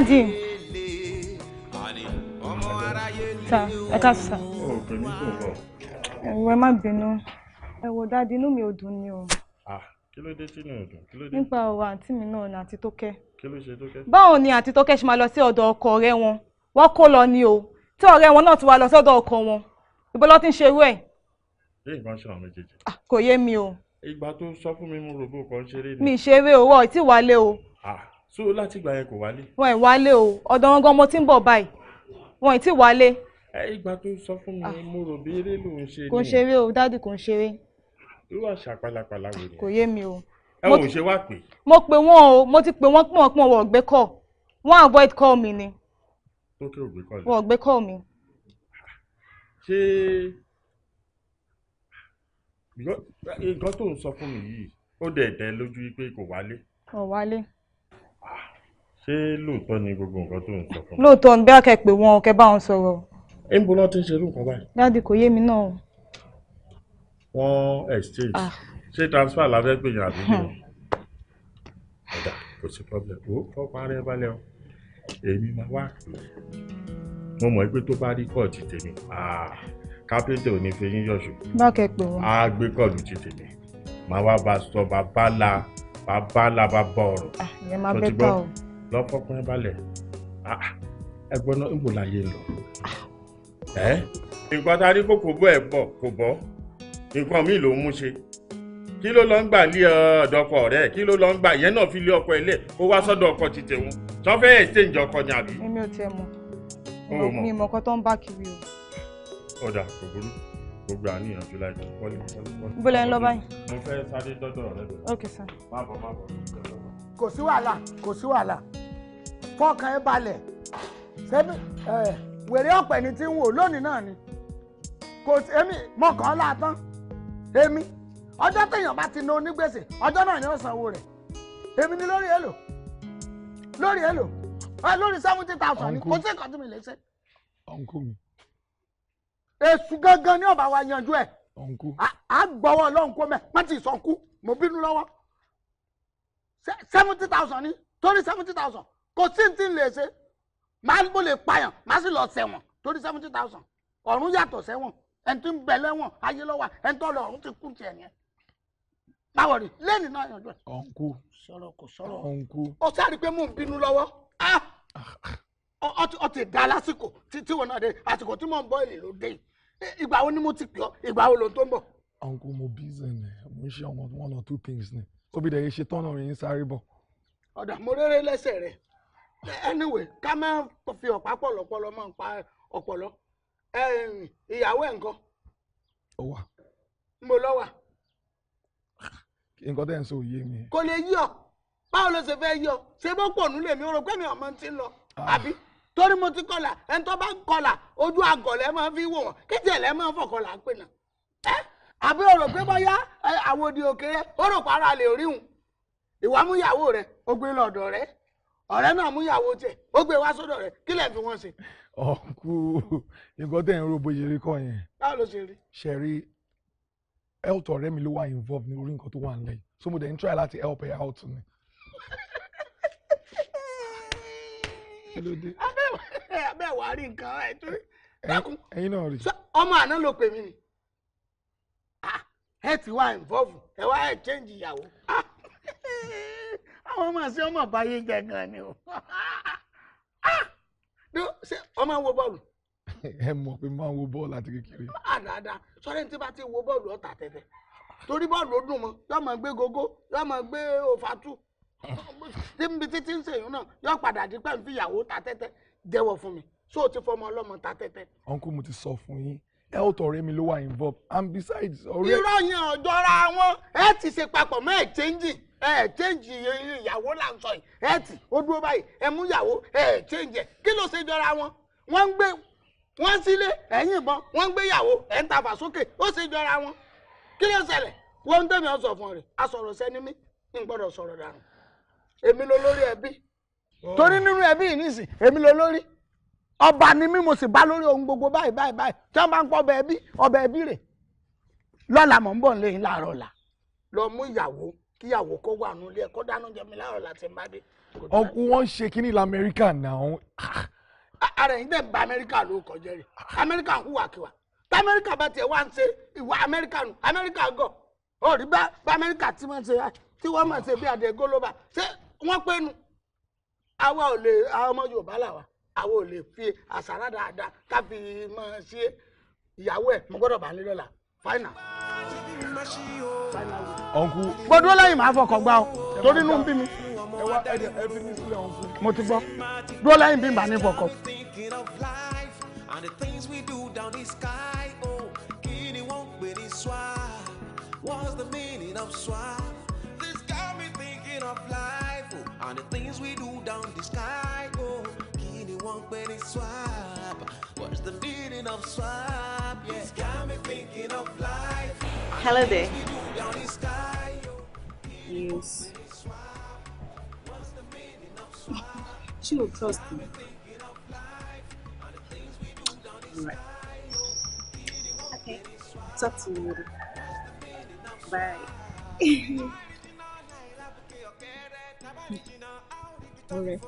dádì. sà ẹ ká sà. ẹ̀wọ̀ ẹ má bínú ẹ wo dádì inú mi ò dùn ni o. Ah, kí ló dé tí inú ò dùn kí ló dé. nípa ọ̀rọ̀ àǹtí mi náà ni àti Tókẹ́. kí ló ṣe Tókẹ́. báwo ni àǹtí Tókẹ́ ṣe máa lọ sí ọ̀dọ̀ ọkọ ọ̀rẹ́ wọn wọ́n kó lọ ni o tí ọ̀rẹ́ wọn náà ti wá lọ sọ́dọ̀ ọkọ wọn ìbọn lọ́ ti ń ṣerú ẹ̀. ṣé ìbọn ṣe àwọn méjèèjì. Ah, kò yé mi o. ìgbà tó sọ fún mi mo rò bó mi ṣeré o wọ́n ò tí wálé o. Ah, so láti ìgbà yẹn kò wálé. wọn ì wálé o ọ̀dọ̀ wọn gan mo ti ń bọ̀ báyìí wọn ì tí wálé. ẹ ìgbà tó sọ fún mi ah. mo rò bí eré ló ń ṣe ni. kò ń ṣeré o dádì kò ń ṣeré. irú àṣà pálapàla wò ni. kò yé mi o. ẹ ò ṣe wá pè. mo pè wọn o mo ti pè wọn pọ̀ pọ̀ wọ̀ ọ̀gbẹ́ kọ̀ wọ́n avoid call mi ni. ó kí ògbé kọ́ mi. wọ́n ọ̀gbẹ́ kọ́ mi. ṣé nǹkan tó ń sọ fún mi yìí ó dẹ̀ dẹ́ lójú pé kò wálé. kò wálé ṣé lóòótọ́ ni gbogbo nǹkan tó ń sọ fún mi. lóòótọ́ ni bí akẹ́ pé wọn kẹ́ bá wọn sọ̀rọ̀. ẹ ń bo náà ti ń ṣerú nǹkan báyìí. dáàdì kò yé mi náà. wọ́n exchange ah. ṣé transfer la fẹ́ gbìyànjú àbí mi. Hmm. ọ̀dà kò sí problem o kọ́ parí ẹ balẹ̀ o èmi máa wá pè é mo mọ̀ pé tó bá rí kọ́ọ̀tì tèmi kápẹ́ńtà ah, ò ní fi yín yọ̀ṣù. bá kẹ́ pé wọn. á gbé kọ́ọ̀tì ti tèmi màá wá bá sọ bàbá la bàbá la bàbá ọ̀rọ̀. Ah, ìyẹn máa bẹ́ẹ̀ bá o lọ fọkùnrin balẹ̀ ah, ẹgbọ́n náà ìbò láyé lọ. Ah. nǹkan tá a rí kókò bọ́ ẹ̀ bọ̀ kò bọ́ nǹkan míì ló ń mú ṣe kí ló lọ ń gbà lé eh, ọ̀dọ́kọ rẹ̀ kí ló lọ ń gbà yẹn náà fi lé ọkọ ilé kó wá sọ́dọ̀ ọkọ ti tẹ̀wọ̀n tó fẹ́ ẹ̀ ṣe ìjọ ọkọ ni àbí. èmi ò tiẹ̀ mọ̀ mi mọ̀ kan tó ń bá kiri o. ọ̀dà kò burú gbogbo àníyàn jù láì tó wọlé wọlé. bó lẹ ń lọ báyìí. mo fẹ́ sáré dọ́dọ̀ rẹ. ok sir. má bọ̀ má bọ̀. kò sí wàhálà kò sí wàhálà kọ́kàn ẹ balẹ̀ ṣebí wèrè ọ̀pẹ̀ ni tí ń wò lónìí náà ni kò sí èmi mọ̀kànlá tán èmi ọjọ́ téèyàn bá ti na onígbèsè ọjọ́ náà ni ó sanwó rẹ̀ èmi ni lórí èlò lórí èlò lórí seventy thousand ni kò sí ìkọ́jú mi léṣe. ọ̀nkú mi. èṣù gangan ni ọba wa yanjú ẹ̀. a gbọ́wọ́ ọlọ́run kó mẹ́ pọ́n ti sọ̀nkú mo bínú lọ́wọ́ seventy thousand ni torí seventy thousand kò sí ní tí ń lè ṣe máa mo lè payàn máa sì lọ sẹ̀wọ̀n torí seventy thousand ọ̀run yàtọ̀ sẹ́wọ̀n ẹni tí ń bẹ lẹ́wọ̀n ayé lọ́wọ́ ẹni tó lọ ọ̀run ti kú tiẹ̀ yẹn báwo rí lẹ́ni náà yànjú ẹ̀. ọ̀nkú sọ̀rọ̀ kò sọ̀rọ̀ ọ̀nkú. ó sáré pé mò ń bínú lọ́wọ́ ah! ọ ti dá lásìkò tí wọn náà dé àsìkò tí mò ń bọ́ èlé ló dé ìgbà wo ni mo ti pè ọ́ ìgbà wo ló tó ń bọ̀. ọ̀nkú mo bíze ni mo ń ṣe one or two things ni ó bí ṣe tọ́nà rẹ̀ ń sáré bọ̀. ọ̀dà mo rere lẹ́sẹ̀ rẹ̀ anyway ká má fi ọ̀pá pọ̀ lọ́pọlọ máa ń pa ọ̀pọ̀lọ ìyàwó ẹ̀ ńkọ́. ó wà. ń bo lọ́wà. nǹkan tẹ́ ń sọ òye mi. kò lè yí ọ báwo ló ṣe fẹ́ yí ọ ṣé bó pọ̀ nílé mi rò pé mi ọmọ ti ń lọ ah. àbí torí mo ti kọlà ẹni tó bá ń kọlà ojú àgọ̀lẹ̀ máa fi wò wọ́n kí tiẹ̀ lẹ́ máa fọkànlá pè náà ẹ́ àbí o rò pé bóyá àwọn òdì òkè rò pàrọ̀ àlè oríhun ìwà múyàwó rẹ ó gbé lọ́dọ̀ rẹ ọ̀rẹ́ náà mú ìyàwó tiẹ̀ ó gbé wá sọ́dọ̀ rẹ̀ kí lẹ fi wọ́n ṣe. ọ̀nkú nǹkan tẹ̀ ń ro bóyá eré kọ́ yẹn. báwo ló ṣe rí. ṣe rí health ọ̀rẹ́ mi ló wà involved ní orí nǹkan tó wà nílẹ̀ so mo dẹ̀ ń try láti help her out ni. abẹ́ wà á rí nǹkan ẹ̀ tó dákun. ẹ̀yin náà rí. ọmọ àná ló pè mí ni ah, ẹ ti wá involve ẹ wá ẹ change ìyàwó. Ah. àwọn ọmọ sí ọmọ báyé gangan ni o ṣé ọmọ wo bọ́ọ̀lù. ẹ mọ̀ pé máa ń wo bọ́ọ̀lù àti kékeré. Ah, dáadáa sọ́rẹ́ tí bá ti wo bọ́ọ̀lù ọ̀tà tẹ́tẹ́ torí bọ́ọ̀lù ó dùn mọ́ yóò máa gbé gógó yóò máa gbé òfàtú níbi títí ń sèyún náà yóò padà di pẹ́ ń fi ìyàwó ta tẹ́tẹ́ jẹ́wọ́ fún mi ṣó o ti fọmọ ọlọ́mọ ta tẹ́tẹ́. uncle mo ti sọ fún yín health ọ̀rẹ́ mi ló wà involved and besides. irọ́ yẹn ọ̀jọ́ra wọn ẹ ti ṣe papọ̀ mọ́ ẹ̀ ẹ change ìyàwó là ń sọ yìí ẹ o ó dúró báyìí ẹ mú ìyàwó change ẹ wọn wọ́n gbé wọ́n sílé ẹ yìnbọn wọ́n gbé ìyàwó ẹ ń tafà sókè ó ṣe wọn kí ló wọ́n ń tẹ̀mí ọ̀sọ̀ soro rẹ̀ asọ̀rọ̀ sẹ́ni mí sọ̀rọ̀ dànù èmi ló lórí ẹbí torí nínú ọba ni mí mo si ba lori ohun gbogbo kíyàwó kó wà nílé kó dáná jẹ mi láàárọ̀ láti má dé. ọkùn wọn ṣe kínní la amẹ́ríkà náà. ara ẹ̀yin dẹ̀ ń ba amẹ́ríkà ló kọjá rẹ̀ amẹ́ríkà ń hùwà kíwà tá amẹ́ríkà bá tiẹ̀ wá ń ṣe ìwà amẹ́ríkà nù amẹ́ríkà gọ̀ òrí bá bá amẹ́ríkà tí wọ́n ṣe tí wọ́n mọ̀ ṣe bí adìẹ gólóbà ṣé wọ́n pé nu àwa ò lè ọmọ Yorùbá làwà àwa ò lè fi àṣàrà dáadáa ká fi máa ṣe ìyàwó ẹ̀ mo gbọ́dọ̀ bá nílò làá final. ọ̀nkú gbọ́dọ̀ lẹ́yìn máa fọkàn gbá ọ torí inú ń bí mi. mo ti gbọ́ dúró lẹ́yìn bí n ní fọkàn. be oh, What's the meaning of swag? This got me thinking of life, oh, and the things we do down the sky, oh, kini won't be swag. Hello there. Yes. She will trust me. Right. Okay. Talk to you later. Bye. ọ̀rẹ́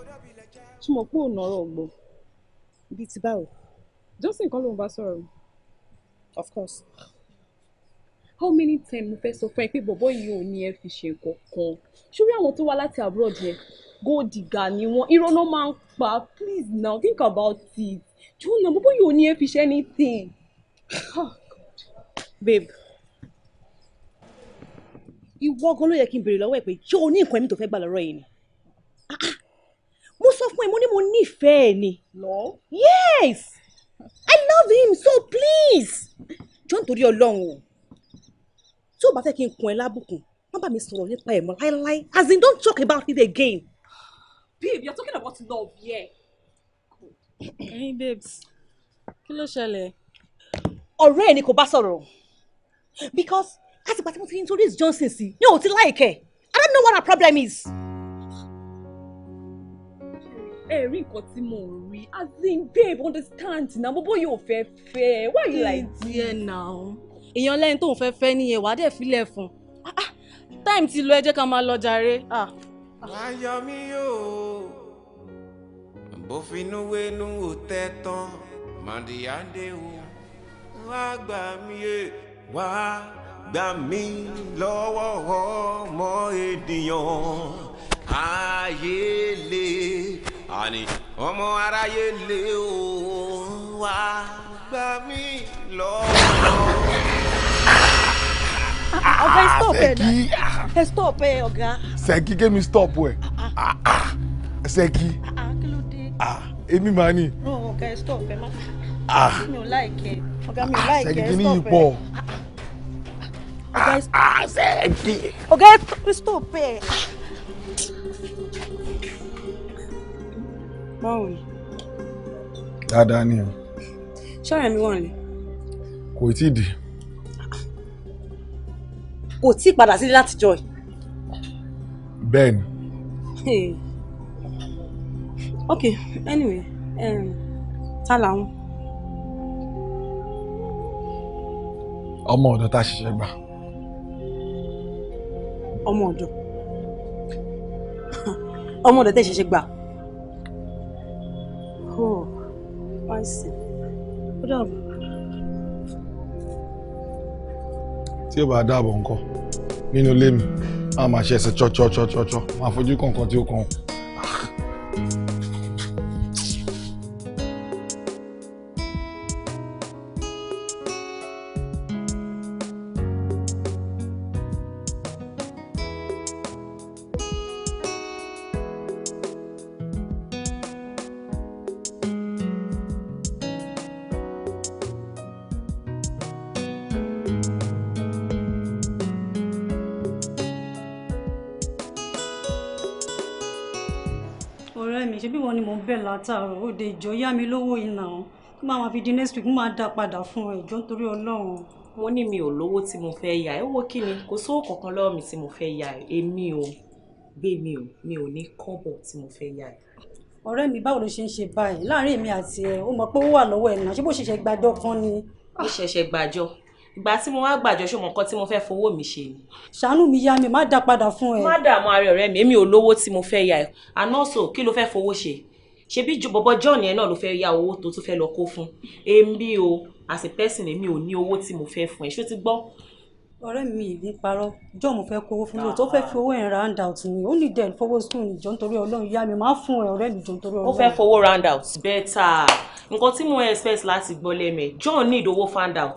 tí mo pé ò nọ̀rọ̀ gbọ́ bíi ti báwo. Just kan ló ń bá sọ̀rọ̀ mi. of course. how many times mo fẹ́ sọ fún ẹ pé bọ̀bọ́ yìí ò ní ẹ fi ṣe kankan ṣúrí àwọn tó wá láti abroad yẹn Go digger ni wọ́n irọ́ náà máa ń pa please now think about it jona bọ̀bọ́ yìí ò ní ẹ fi ṣe anything oh, babe ìwọ gan ló yẹ kí n béèrè lọ́wọ́ ẹ pé ṣé o ní nǹkan ẹ̀mí tó fẹ́ gbà lọ́rọ̀ yìí ni ah, ah. mo sọ fún ẹ mo ní mo nífẹ̀ẹ́ ni. yes. I love him so please jọ nítorí Ọlọ́run o tí o bá fẹ́ kí n kun ẹ lábùkún má bàa mi sọ̀rọ̀ nípa ẹ̀ mọ́ láéláé as in don't talk about it again. babe you are talking about love yeah. Hey, babes kí ló ṣẹlẹ̀. ọ̀rẹ́ ẹ̀ ni kò bá sọ̀rọ̀ because àtìgbà tí mo ti introduce Johnson sí mi ò ti láìkẹ́ I don't know what our problem is. Mm ẹ̀rí nǹkan tí mo rí as in babe understand na mo bóyá ò fẹ́ fẹ́ why you like this. díẹ̀ náà èèyàn lẹ́yìn tó ń fẹ́ fẹ́ nìyẹn wàá dẹ̀ filẹ̀ fún ah, ah, time ti lọ ẹ jẹ́ ká máa lọ jàre. ayọ̀ ah, mi yóò bó finú wénú ò tẹ́ tán màdìyàdé o wá gbà mí wá gbà mí lọ́wọ́ ọmọ ènìyàn ayé lè àní ọmọ aráyé lè o wá gbà mí lọ́wọ́. ọ̀gá ẹ stop ẹ ẹ stop ẹ ọ̀gá. Ṣẹ́gi kémi stop ẹ Ṣẹ́gi ah, ah, ah. èmi máa ní. ọ̀gá ẹ stop ẹ má mi ò láìkẹ́ ọ̀gá mi ò láìkẹ́ stop ẹ. Ṣẹ́gi kí ni yìí pọ̀ ọ̀gá ẹ stop ẹ. báwo ni. dáadáa ni o. ṣọ́ọ̀rẹ́ mi wọ̀n lè. kò tí ì dì. kò tí ì padà sílé láti jọ ẹ̀. bẹ́ẹ̀ ok anyway um, ta làwọn. ọmọ ọ̀dọ̀ tá a ṣẹ̀ṣẹ̀ gbà. ọmọ ọ̀dọ̀ ọmọ ọ̀dọ̀ tẹ́ ṣẹ̀ṣẹ̀ gbà. Oh, I see. Ó dàbọ̀. Tí ó bá dàbọ̀ nǹkan nínú ilé mi, a máa ṣe ẹsẹ̀ chọ́chọ́chọ́chọ́, máa fojú kọ̀ọ̀kan tí ó kàn. látàárọ̀ ó dé ìjọ yá mi lówó iná o tó máa fi di next week mo máa dá padà fún ẹ ìjọ nítorí Ọlọ́run. wọ́n ní mi ò lówó tí mo fẹ́ yá ẹ wo kí kò sówó kankan lọ́wọ́ mi tí mo fẹ́ yá ẹ èmi ò gbé mi ò mi ò ní kọ́bọ̀ tí mo fẹ́ yá ẹ. ọ̀rẹ́ mi báwo ló ṣe ń ṣe báyìí láàárín èmi àti ẹ ó mọ̀ pé ó wà lọ́wọ́ ẹ̀ náà ṣé bó ṣẹ̀ṣẹ̀ gbàjọ kan ni. ó ṣẹ̀ṣẹ̀ gbàjọ ìgbà tí mo wá gbàjọ ṣọmọ nǹkan tí mo fẹ́ fowó mi ṣe ni. ṣàánú mi yá mi má dá padà fún ẹ. má dààmú ara ọ̀rẹ́ mi èmi ò lówó tí mo fẹ́ yá ẹ and also kí ló fẹ́ fowó ṣe ṣebí bọ̀bọ̀ John yẹn náà ló fẹ́ ya owó tó tún fẹ́ lọ kó fún èmi o as a person èmi ò ní owó tí mo fẹ́ fún ẹ ṣó ti gbọ́. ọ̀rẹ́ mi ìlú parọ́ John mo fẹ́ kówó fún lóòótọ́ ah. ó fẹ́ fi owó yẹn round out ni ó ní dẹ̀ fowó school ni nítorí ọlọ́run ìyá mi máa fún ẹ ọ̀rẹ́ mi jọ nítorí ọlọ́run. ó fẹ́ fowó round out. better nǹkan tí mo expect láti gbọ́ lẹ́mẹ̀ẹ́ John need owó find out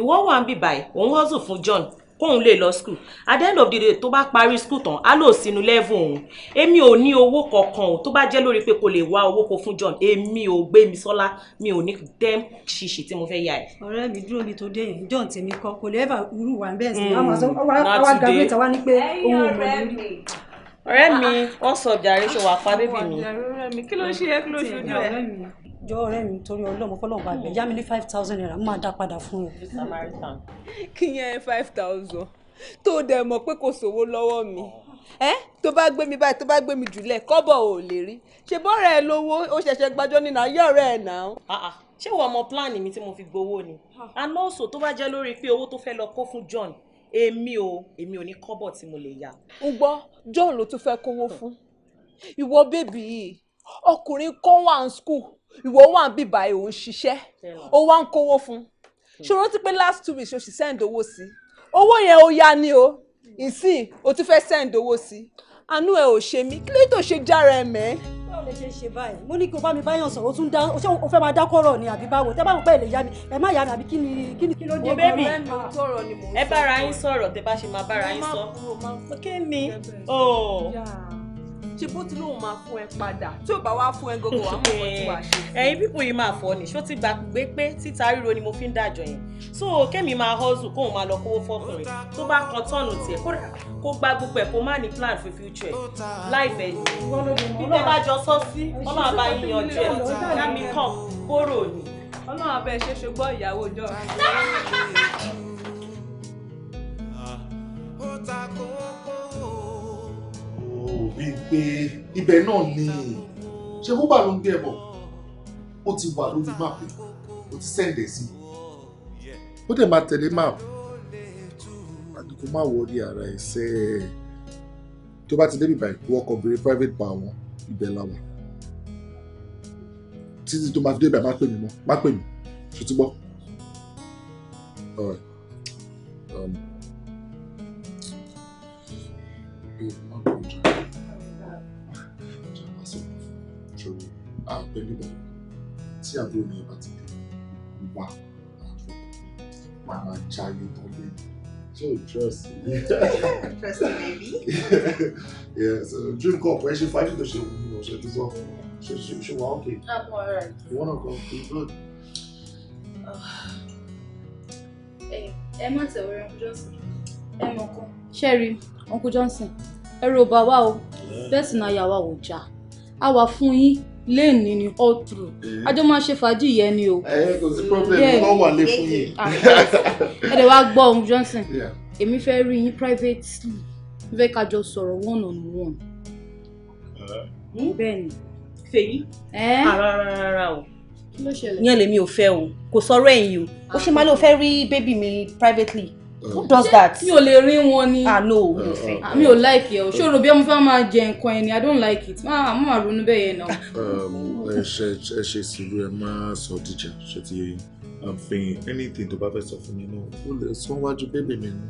ìwọ wà ń bì báyìí òun hustle fún John kóun lè lọ school at the end of the day tó bá parí school tán á lò sínú level òun èmi ò ní owó kankan o tó bá jẹ́ lórí pé kò lè wá owó kó fún John èmi ò gbé mi sọ́lá mi ò ní dem ṣìṣì tí mo fẹ́ yà ẹ̀. ọ̀rẹ́ mi dúró mi tó dé yìí John tèmi kọ kò lè ẹ̀fà irú wa bẹ́ẹ̀ sí wa máa sọ wa gàgbé ta wa ní pé owó ò mọ̀ ọ̀rẹ́ mi ọ̀sọ̀ jàre ṣe wà pa bébì mi. kí ló ṣe é kí ló ṣe ojú ẹ̀ jọ ọ̀rẹ́ mi torí Ọlọ́run mo fọlọ́run bá bẹ̀ yá mi ní five thousand naira máa dá padà fún ẹ. kí yẹn five thousand tó dẹ̀ mọ̀ pé kò sówó lọ́wọ́ mi ẹ tó bá gbé mi báyìí tó bá gbé mi jùlẹ̀ kọ́bọ̀ ò lè rí ṣe bọ́ọ̀rẹ́ ẹ lówó ó ṣẹ̀ṣẹ̀ gbàjọ́ nínú ayé ọ̀rẹ́ ẹ̀ náà. Ah, ah. ṣé wàá mọ pílánì mi tí mo fi gbowó ni àná ah. òṣò tó bá jẹ́ lórí pé owó tó fẹ́ lọ kó fún John èmi ò èmi ò ní kọ́bọ̀ tí mo lè yá. ń gbọ́ John ló tún fẹ́ kówó fún ìwọ bèbí yìí ọkùnrin kan wà ní school ìwọ wà ń bìbà ẹ̀ ò ń ṣiṣẹ́ ó wá ń kówó fún ṣòro ti pé last two weeks o sì send owó sí owó yẹn ó yá ni o ìsìn o tún fẹ́ send owó sí àánú ẹ ò ṣe mí kí ló tó ṣe jára ẹ mẹ́. báwo lè ṣe ṣe báyìí mo ní kí o bá mi báyọ̀ sọ̀rọ̀ o tún dá o ṣé o fẹ́ máa dá kọ́rọ̀ ni àbí báwo tẹ́ bá wò pé ẹ lè yá mi ẹ má yá mi àbí kí ni kí ni kí ló dé. wo bébì ẹ bára yín sọ̀rọ̀ tẹ́ bá ṣe máa bára yín sọ. kí ni ooo. Oh ṣe bó ti lóun máa fún ẹ padà tí ò bá wá fún ẹ gbogbo àwọn ọmọ tí wàá ṣe. ẹyin pípọ̀ yìí máa fọ ni ṣó ti gbà pé pé títa ríro ni mo fi ń dàjọ yẹn so kẹ́mi máa hustle kóun máa lọ kówó fọkùnrin tó bá kan tọ́ọ̀nù tiẹ̀ kódà kó gbá gbogbo ẹ̀ kó má ní plan for future Life láìpẹ́ ni bíbẹ́ bá jọ sọ sí ọlọ́run àbá yín yanjú ẹ̀ lámì kàn kóró ni. ọlọ́run àbá ẹ ṣe ṣùgbọ́n ìyàwó jọ ah, ó ta kó bíi pé ibẹ̀ náà ni ṣe kúbà ló ń gbé ẹ̀bọ̀ ó ti wà lórí máàpù ó ti sẹ́ǹdẹ̀ sí i ó dẹ̀ máa tẹ̀lé máàpù àdúgbò má wọlé ara ẹ̀sẹ̀ tó bá ti débi báyìí wọ́n kọ bèrè private bar wọn ibẹ̀ làwọn títí tó máa fi débẹ̀ má pè mí mọ́ má pè mí ṣùtúbọ̀. All right. àpẹlẹbẹ tí àbúrò mi bá ti dé wá àbúrò máa máa jáyé tọ́lé so trust me. trust me baby. yeah so dream up ẹ ṣe fàájì tó ṣe wù mí ọ̀ṣẹ́ tó bọ̀ ṣe ṣe ṣe wà ókè. i'm alright. you wanna go be good. ẹ má tẹ̀wé ẹ johnson ẹ mọ̀ kan. sherry uncle johnson ẹ̀rù ò bá wa o bẹ́ẹ̀ sì náà yà wá a wà fún yín lẹ́ẹ̀ni ni all through eh. ajọ́ máa ṣe fàájì yẹn ni o. ẹ eh, kò sí problem mo wà lé fún yín. Ah, ẹ dẹ̀ wá gbọ́ ohun Johnson èmi fẹ́ rí private. privately fẹ́ ká jọ sọ̀rọ̀ one on one. Eh. bẹ́ẹ̀ ni. fèyí ara ah, rárá o kí ló ṣẹlẹ̀. yẹn lèmi ò fẹ́ o kò sọ̀rọ̀ ẹ̀yìn o ó ṣe máa ló fẹ́ rí bébì mi privately who does that. mi ò lè rí wọn ni. ah no mi ò fẹ́. mi ò like ẹ o ṣòro bí ọmọ fẹ́ máa jẹ nǹkan ẹni i don't like it máa ah, má máa ronú bẹ́ẹ̀ yẹn náà. Um, ẹ ṣe ẹ ṣe sùúrù ẹ máa sọ dìjà ṣe ti yẹ àfihàn anything tó bá fẹ́ sọ fún mi náà ó lè sọ wájú bébè mi nù.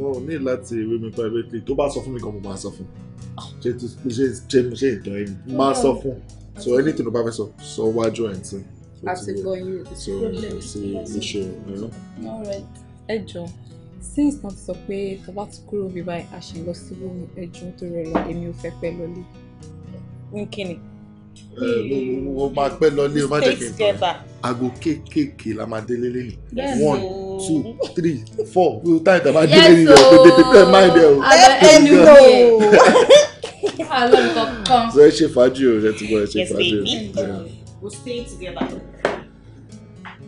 wọn ò ní láti ewé mi privately tó bá sọ fún mi kan mo máa sọ fún ṣe ṣe ṣe ìtàn ẹni máa sọ fún so anything tó bá fẹ́ sọ sọ wájú ẹ̀ ń sìn. àti gbọ́ yín o. so ṣe All right ẹ jọ since náà ti sọ pé tó bá ti kúrò bíbá a ṣe lọ sí wọ́n ẹjọ́ nítorí ọ̀la èmi ò fẹ́ pẹ́ lọlé ní kíni. o máa pẹ́ lọlé o má jẹ́ kí n tọ́ aago kéékèèké la máa délé lé ní one two three four bí o táyì tàbá délé ní ọ̀ pé pé pé máa dẹ̀ o. ẹnu ló àlọ́ nǹkan kan. ṣe ṣe fàájì o ṣe ti bọ̀ ẹ ṣe fàájì o. we stay together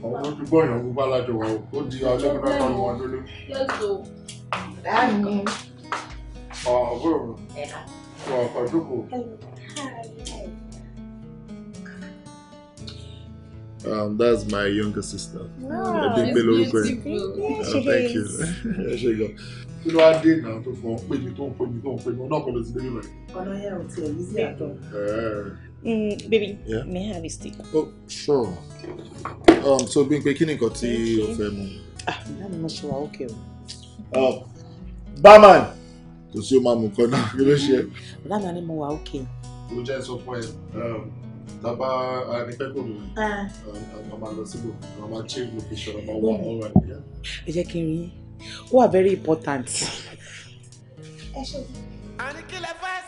ọ̀pọ̀ tó gbọ́ ìyàn gbogbo alájọ wa ó di ọjọ́ mẹ́ta kan wọn lólú. ọ̀bùrù ọ̀pọ̀ dúkù. Um, that's my younger sister. Wow, Ebi beautiful. orúkọ uh, ẹ̀. Thank you. Ẹ ṣe gan. Kí ló wá dé ìnáwó tó fọ́ péjú tó ń péjú tó ń péjú náà kọ́ ló ti dé nílò yìí. Ọ̀nà yẹn ò tiẹ̀ mm, Baby, may I have a stick? Oh, sure um, so Bímpé kí ni nǹkan tí o fẹ́ mu. Ah, ìyá mi mo ṣe wà ókè o. Um, barman kò sí o máa mú nǹkan náà kí ló ṣe. ọ̀la mi ni mo wà ókè. mo jẹ́ sọ fún ẹ taba anipẹ́kọ̀ mi a máa lọ síbò a máa change location a máa wá ọ̀rọ̀ àìyá. ẹ jẹ́ kí n rí yín ó very important. ẹ ṣe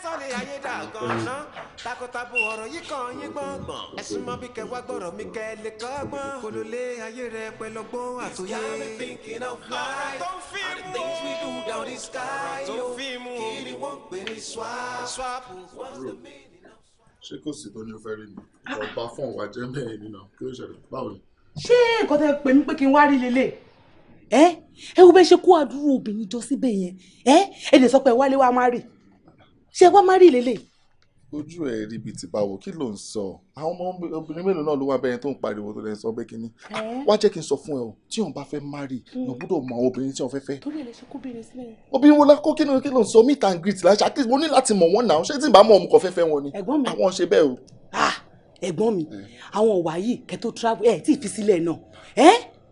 sọ́ọ̀lì ayé dà gan-an takọtabo ọ̀rọ̀ yìí kan yín gbọ̀ngbọ̀n ẹ̀sùn mọ́ bí kẹwàá gbọ́rọ̀ mi kẹ́ lè kọ́ gbọ́n kololé ayé rẹ pẹ̀lú ọgbọ́n àtòyé. ọ̀rọ̀ tó ń fi mú ọ̀rọ̀ tó ń oh. fi mú kí ni wọ́n pè ní swap ṣé kò sí tó ní fẹ́ rí mi ọba fún ọ̀wá jẹ́ mẹ́rin nínú kí ló ṣẹlẹ̀ báwo ni. ṣé nǹkan tẹ pè mí pé kí n wá rí lélẹ̀ ẹ ẹ wo bẹ ṣe kó àdúrà obìnrin jọ síbẹ̀ yẹn ẹ ẹ lè sọ pé wálé wa máa rè ṣé wá má rí lélẹ̀. ojú ẹ rí bíi ti báwo kí ló ń sọ àwọn ọmọ obìnrin mélòó náà ló wá bẹyẹn tó ń pariwo tó lẹ sọ bẹ kínní wá jẹ́ kí n sọ fún ẹ o tí òun bá fẹ́ má rí yóò gbọ́dọ̀ mọ àwọn obìnrin tí òun fẹ́ fẹ́. obìnrin wo la kó kí ló ń sọ meet and greet láṣà at least mo ní láti mọ̀ wọ́n náà ṣé tí n bá mọ̀ ọmọ kan fẹ́ fẹ́ wọn ni àwọn ṣe bẹ́ẹ̀ o. Ah, ẹ̀gbọ́n mi eh. àwọn wàyí kẹ́ tó travel ẹ̀ tí ì fi sílẹ̀ náà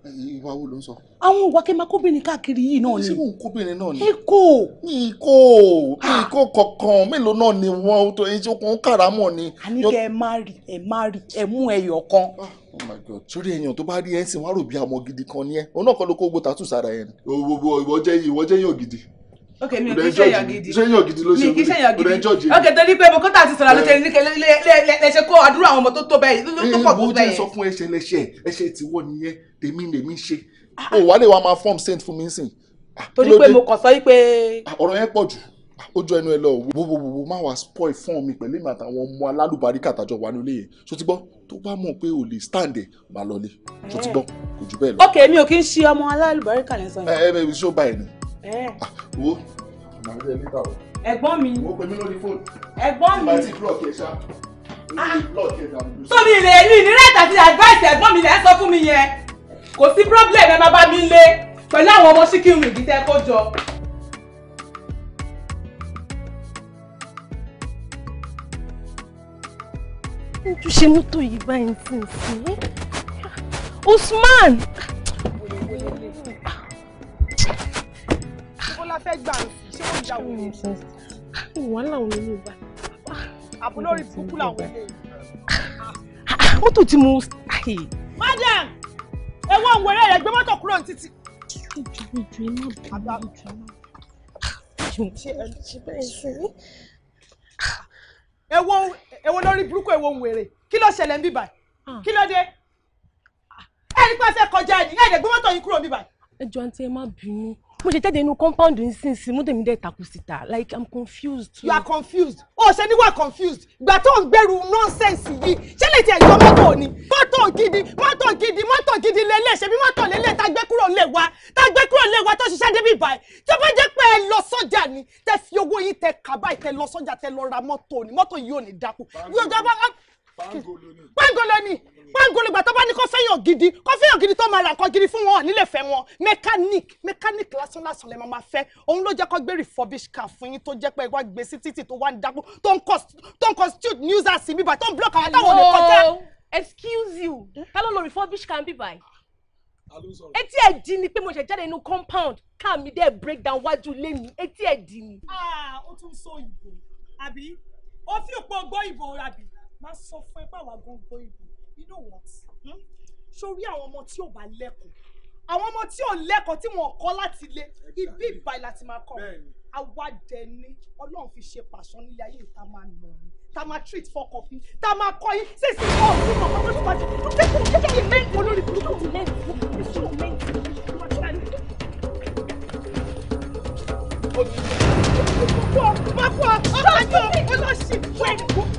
ìwà wo ló ń sọ. àwọn ìwà kí n máa kóbìnrin káàkiri yìí náà ni. ṣé mò ń kóbìnrin náà ni. èkó. mi ìkó mi ìkó kankan mélòó náà ni wọn tó ẹni tó kún kàràmọ ni. àníkẹ́ ẹ má rí ẹ má rí ẹ mú ẹyọ kan. Ah, oh my god sórí èèyàn tó bá rí ẹ ń sìn wọn á rò bí ọmọ gidi kan ni ẹ òun náà kọ́ ló kó gbó tàtù sára ẹ ni. ìwọ jẹ́ ìwọ jẹ́ yàn gidi ok mi ò kí sẹ́yàn gidi ṣé yàn gidi ló ṣe mi kí sẹ́yàn gidi ok torí pé bokota àti sọ̀rọ̀ ló ṣe ní lẹ́sẹ̀ kó àdúrà àwọn ọmọ tó tó bẹ́ẹ̀ ló pọ̀ tó bẹ́ẹ̀. mo jẹ́ sọ fún ẹsẹ̀ lẹ́sẹ̀ ẹsẹ̀ tiwọ nìyẹn tèmi lèmi ṣe ah, o ah. wà lè wa máa form saint fún mi nsìn. torí ah, pé mo kàn sọ yí pé. ọ̀rọ̀ yẹn pọ̀ jù ojú ẹnu ẹ lọ wo wo wo má wàá spoil fún mi pẹ̀lú ìmọ̀ àtàwọn ọmọ alálùbáríkà tàjọ wà nílé yẹn so ti gbọ́ tó bá mọ̀ pé o lè stand ẹ̀ máa lọ lé so ti eh. gbọ́ kò jù bẹ́ẹ̀ lọ. ok mi ò kí ń ṣe ọmọ alálùbáríkà ní sàn. ẹ ẹ bẹ ibi tí ó bá ẹ ni wo màá rí ẹ níta o. ẹ̀gbọ́n mi. mo pè mí lórí fóònù. ẹ̀gbọ́n mi. bá ti block ẹ ṣá. Ah. tómi ilé ní ìnírẹ̀ àti advice ẹ̀gbọ́n mi lẹ́ sọ fún mi yẹn kò sí problem ẹ máa bá mi lé pẹ̀lú àwọn ọmọ ṣíkìrì ìdítẹ́ kó jọ. ń tún ṣe mọ́tò yìí báyìí tí ń sìn Usman. fẹ́ gbà ń sì ṣé wọ́n ya òun. ìwà làwọn olóyè wa. àbúlórí burúkú làwọn eléyìí. ó tún ti mú. madam ewu òǹwé rẹ̀ gbé mọ́tò kúrò ní títì. ìjọ ìjọ ẹ má bọ̀ ìjọ ewo ewo lórí burúkú ewo nwèrè kí ló ṣẹlẹ̀ ń bíbà ah. kí ló dé ah. ẹni pàṣẹ kọjá ẹni ẹni gbé mọ́tò yín kúrò ń bíbà. ẹ jọ àǹtí ẹ má bínú mo ṣe jáde inú compound nsinsin mú tèmi dé takú síta like i'm confused. you are confused o ṣe ni wà confused ìgbà tó ń gbẹrù nonsense yìí ṣé lè ti ẹ̀yọ́ mọ́tò ni mọ́tò gidi mọ́tò gidi mọ́tò gidi lélẹ̀ ṣebí mọ́tò lélẹ̀ tá gbé kúrò lè wa tá gbé kúrò lè wa tó ṣiṣẹ́ débi ìbàyẹ̀ tó bá jẹ́ pé ẹ lọ sọ́jà ni tẹ fi owó yín tẹ kà báyìí tẹ lọ sọ́jà tẹ lọ ra mọ́tò ni mọ́tò yìí ò ní dákú pangolo ni pangolo ìgbà tó bá ní kó fẹ́yàn gidi kó fẹ́yàn gidi tó máa ra nǹkan gidi fún wọn nílé fẹ́ wọn mechanic mechanic lásán lásán lè máa fẹ́ òun ló jẹ́ kó gbé refurbish car fún yín tó jẹ́ pé wá gbé sí títì tó wá ń dákú tó ń constitute news àti bíbá tó ń block àwọn táwọn olè kọjá. excuse you ta ló lo refurbish car bíbá yìí etí ẹ̀ di ni pé mo ṣe jáde inú compound car mi dẹ̀ break down wájú lé mi etí ẹ̀ di ni. Ah, ó tún sọ ìbò àbí ó fi òpó gbọ́ ìbò àbí máa sọ fún ẹ pé àwa gan gbọ́ ìbò inú wọn ti sórí àwọn ọmọ tí ò bá lẹ́kọ̀ọ́ àwọn ọmọ tí ò lẹ́kọ̀ọ́ tí wọ́n kọ́ láti lé ibi ìbàyìí láti máa kọ́ awádẹni ọlọ́run fi ṣe pàṣọ nílé ayé ìta máa nà ní ta máa treat for coffee ta máa kọ́ yín ṣe sí ọ̀ sí ọ̀ ọ̀dọ́ tó bá ti tó kẹ́kọ̀ọ́ kẹ́kọ̀ọ́ mẹ́rin olórí burúkú ti mẹ́rin burúkú ti mẹ́rin burúkú ti mẹ́rin.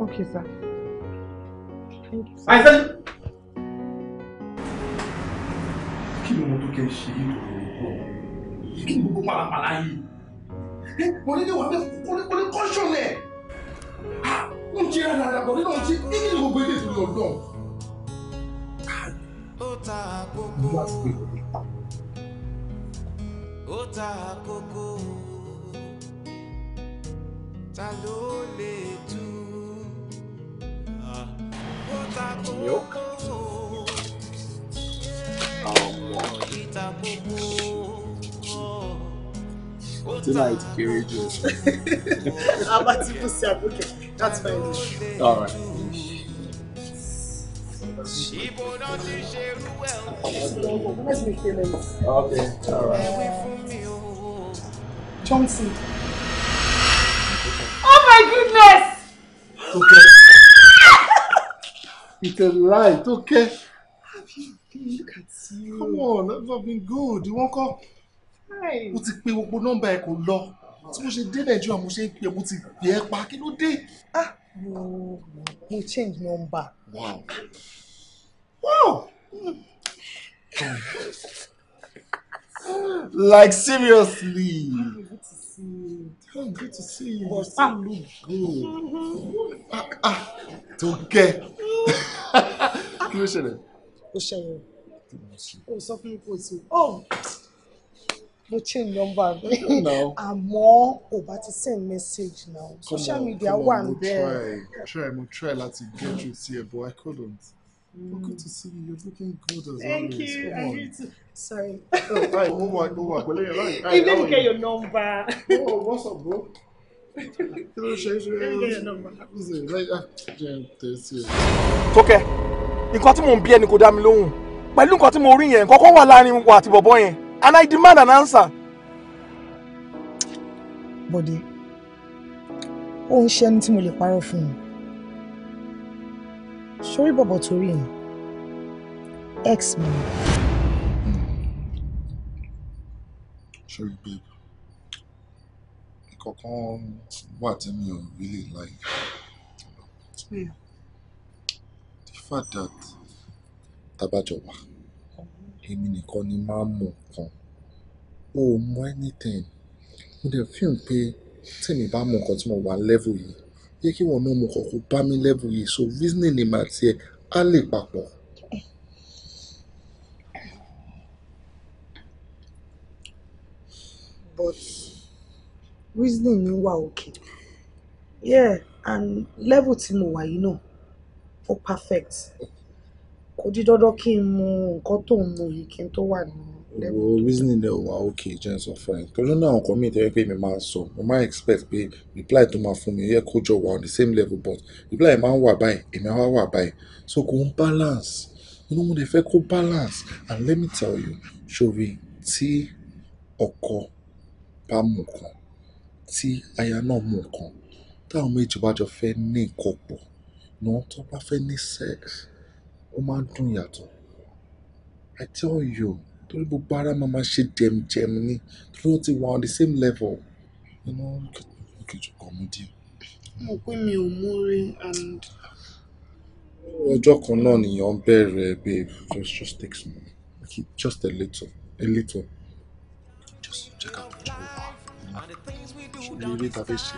Okay, sir. Thank you, sir. I said. Kí ni mo tó kẹ́ ṣe yìí tó lè kọ́? Kí ni gbogbo pàlàpàlà yìí? Mo ní ní wà bẹ́ẹ̀ kó lè kọ́ṣọ̀ lẹ̀. N jẹ́ rárá bọ̀ nínú ọtí kí ni gbogbo ilé ìtúlẹ̀ ọ̀dọ́? Mo ti pè é ó ta kókó ta ló lè tú. Milk. Um, Tonight, period. juice. about you put your book? That's fine. Alright. Okay, Alright. right. Johnson. Oh my goodness! Okay. It's a lie, Have you been? look at you. Come on, I've been good. You won't call. Hi. Mo ti pe gbogbo nọ́mbà ẹ kò lọ. Tí mo ṣe dé Nàìjíríà, mo ṣe going to mo ti pè ẹ́ pa. Kí ló Ah, mo change number. Wow. Wow. like seriously. Hey, good to see you. You still look good. Mm-hmm. Ah, ah, Tókẹ́. Mm-hmm. Kí ló ṣẹlẹ̀? Ó ṣẹlẹ̀. Ó sọ fún mi kò sí. Oh! mo change number mi àmọ́ kò bá ti send message now social media wà níbẹ̀. mo try mo try láti get you sí ẹ but I couldn't. Mm. good to see you you're looking good as Thank always. Thank you, I need to. Sorry. oh, right, move on, move on. Well, right, right, Even if you get your number. oh, what's up, bro? Tókẹ́, ah, nǹkan tí mò ń bí ẹni kò dá mi lóhùn. Pẹ̀lú nǹkan tí mo rí yẹn, nǹkan kan wà láàrin wa àti bọ̀bọ̀ yẹn. And I demand an answer. Bọ̀dé, ó ń ṣe ẹni tí mo lè parọ́ fún un. Sórí bọ̀bọ̀ torí yẹn, ex mi. sorry babe nǹkan kan wà tí mi ò really like hmm. the fact that tabajọ wà èmi nìkan ni máa ń mọ nǹkan o ò mọ anything mo dẹ̀ fíìmù pé tèmi bá mọ nǹkan tí mo wà level yìí yẹ kí wọn náà mọ nǹkan kó bá mi level yìí so reasoning ni màá tiẹ̀ á lè papọ̀. but reasoning mi wà okay. yeah and level tí mo wà yìí náà ó perfect kò di dandan kí n mu nǹkan tó ń mu yìí kí n tó wà ní level. o reasoning dẹ̀ wà òkè jẹun sọ fún ẹ torí náà àwọn kan mi pé mi máa sọ mo máa expect pé reply tó máa fún mi yẹ kó jọ wà on the same level but reply máa ń wà báyìí èmi máa wà báyìí so kò ń balance inú mo lè fẹ́ kó balance and let me tell you ṣòrí tí ọkọ bá mú nǹkan, tí aya náà mú nǹkan, táwọn méjì bá jọ fẹ́ ní nǹkan pọ̀, náà tó bá fẹ́ ní sex, ó máa ń dùn yàtọ̀. I tell you, torí gbogbo ara máa ma ṣe jẹmjẹm ni, torí wọ́n ti wà on the same level. Inú kejì kan mú díẹ̀. Mo pé mi ò mú rí and. Ọjọ́ kan náà nìyẹn bẹ̀rẹ̀ babe, just just take some, just a little, a little. Just check out the job. Ah. ṣe eré ta fẹ́ ṣe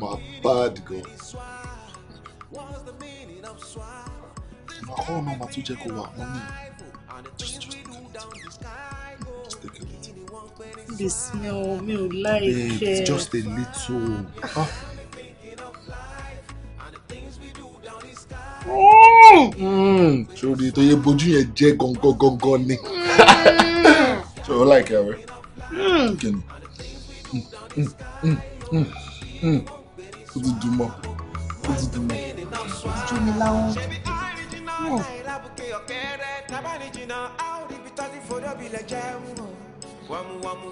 máa bad gan. ìmọ̀ ọ̀nà máa tún jẹ́ kó wà wọ́n ní just a little. mi ò like ẹ. just a little. Ah. Mm. tó yẹ bójú yẹn jẹ gangan gangan ni. Mm. so like ẹ rẹ. Mm. kí ó ti dùn mọ́ ó ti dùn mọ́ ojú mi láwọn wọ̀. wàmù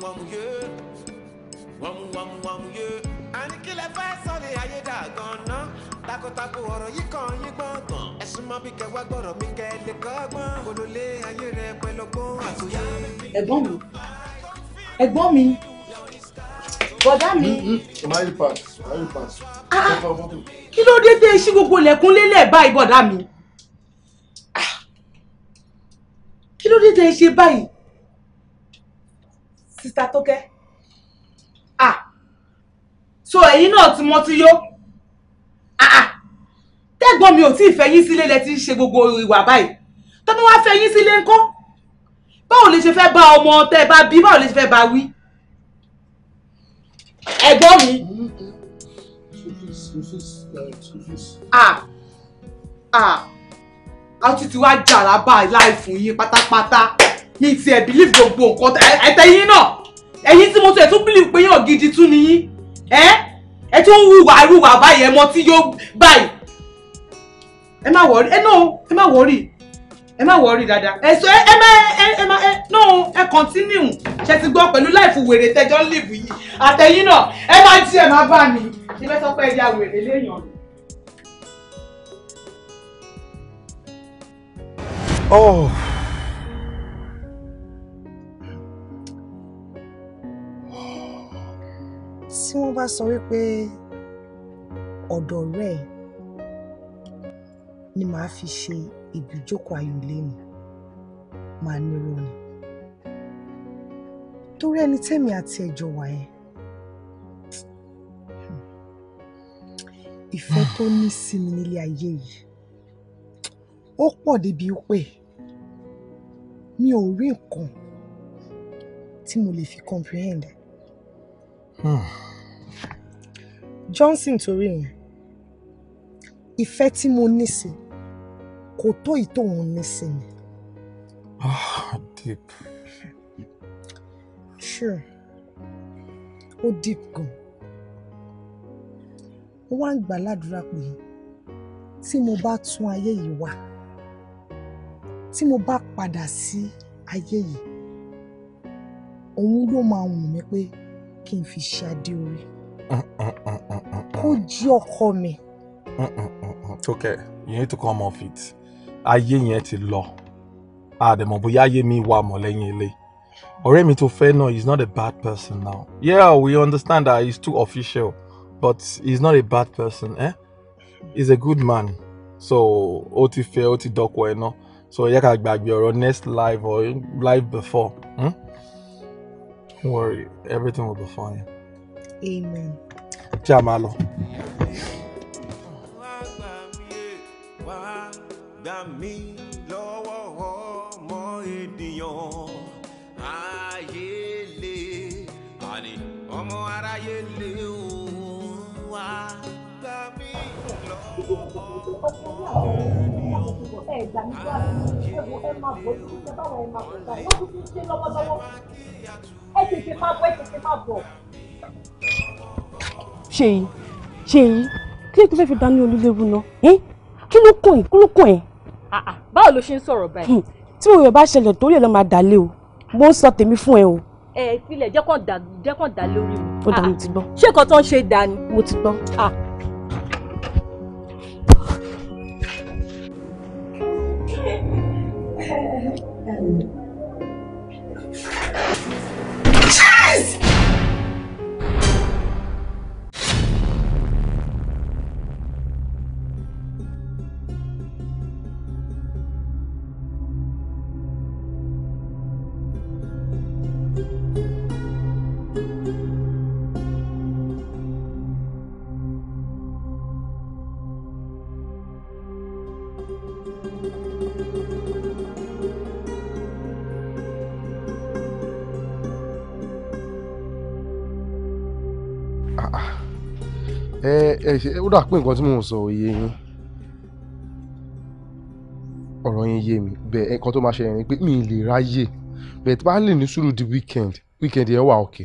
takotako ọ̀rọ̀ yìí kan yín gbọ̀ngàn ẹ̀sùn máa bí kẹwàá gbọ́rọ̀ mi kẹ́ lè kọ́gbọ́n olólè ayé rẹ pẹ̀lú ọgbọ́n àtòyá. ẹ̀gbọ́n mi ẹ̀gbọ́n mi bọ̀dá mi. mari mm-hmm. pass mari pass. Ah, ah. kí ló dé tẹ́ ẹ ṣí gbogbo ilẹ̀kùn lélẹ̀ báyìí bọ̀dá mi. Ah. kí ló dé tẹ́ ẹ ṣe báyìí. sista tókẹ́. so ẹ̀yin náà ti mọ́ ti yó. tẹ́gbọ́n mi ò tí ì fẹ́ yín sílé lẹ ti ń ṣe gbogbo ìwà báyìí tọ́ni wá fẹ́ yín sílé ńkọ́ báwo lè ṣe fẹ́ bá ọmọ tẹ́ ẹ bá bí báwo lè ṣe fẹ́ bá wí ẹ̀gbọ́n mi. ah ah a tún ti wá jàrá báyìí láì fún yín pátápátá mi ti ẹ̀ bílíf gbogbo nǹkan ẹ̀tẹ̀yìn náà ẹ̀yin tí mo tẹ̀ tún bílíf pé yàn gidi tún ni yín ẹ ẹ tún wùwà irúwà báyìí ẹ mọ tí yóò báyìí ẹ má wọrí ẹ náà ẹ má wọrí ẹ má wọrí dáadáa ẹ sọ ẹ má ẹ má ẹ no ẹ kọ́ntínú ṣe ti gbọ́ pẹ̀lú láìfù wèrè tẹjọ́ ń lìbù yìí àtẹ̀yìn náà ẹ má tí ẹ má bá mi ṣe fẹ́ sọ pé ẹ já wèrè léèyàn Oh. tí wọ́n bá sọ wípé ọ̀dọ̀ rẹ̀ ni màá fi ṣe ibi ìjókòó ayọ̀ ilé mi máa nírò ni torí ẹni tẹ́mi àti ẹ̀jọ̀ wà yẹn ìfẹ́ tó ní sí mi nílé ayé yìí ó pọ̀ débi pé mi ò rí nǹkan tí mo lè fi comprehend hmm. Johnson torí yẹn ìfẹ́ tí mo ní sí i kò tó yìí tóun ní ah deep. sure ó deep gan mo wá ń gbà ládùúrà pé tí mo bá tún ayé yìí wá tí mo bá padà sí ayé yìí òun ló máa wù mí pé kí n fi ṣe adé orí ah, ah, ah, kó jí ọkọ mi. tókẹ́ you need to come off it ayé yẹn ti lọ àdèmọ̀ bóyá ayé mi wà mọ́ lẹ́yìn ilé ọ̀rẹ́ mi tó fẹ́ náà he's not a bad person now yeah we understand that he's too official but he's not a bad person eh? he's a good man so ó ti fẹ́ ó ti dọ́kọ̀ ẹ̀ náà so ẹ yẹ ká gbàgbé ọ̀rọ̀ next life or life before hmm? don't worry everything will be fine. amen. tí a máa lọ. wàá gbà mí lọ́wọ́ ọmọ ènìyàn ayé le àní ọmọ aráyé le o wá gbà mí lọ́wọ́ ọmọ ènìyàn ayé le o ṣèyí ṣèyí kí ló tó fẹ́ fi dání olúléwu náà kí ló kàn ẹ́ kí ló kàn ẹ́ báwo ló ṣe ń sọ̀rọ̀ báyìí. Hmm. tí mo yọ̀ bá ṣẹlẹ̀ torí ẹ̀ lọ́ máa dà o mo ń sọ tèmi fún ẹ o. ẹ ìpìlẹ̀ jẹ́ kàn dà lórí mi. ó dà ah, mo ti gbọ́. ṣé nǹkan tó ń ṣe dà ni. mo ti gbọ́. Thank ah. you. ẹ ṣe ó dà pé nǹkan tí mò ń sọ òye yín ọ̀rọ̀ yín yé mi bẹ́ẹ̀ nǹkan tó máa ṣe yẹn pé mi ì lè ráyè bẹ́ẹ̀ tí bá lè ní sùúrù di weekend weekend yẹn wà òkè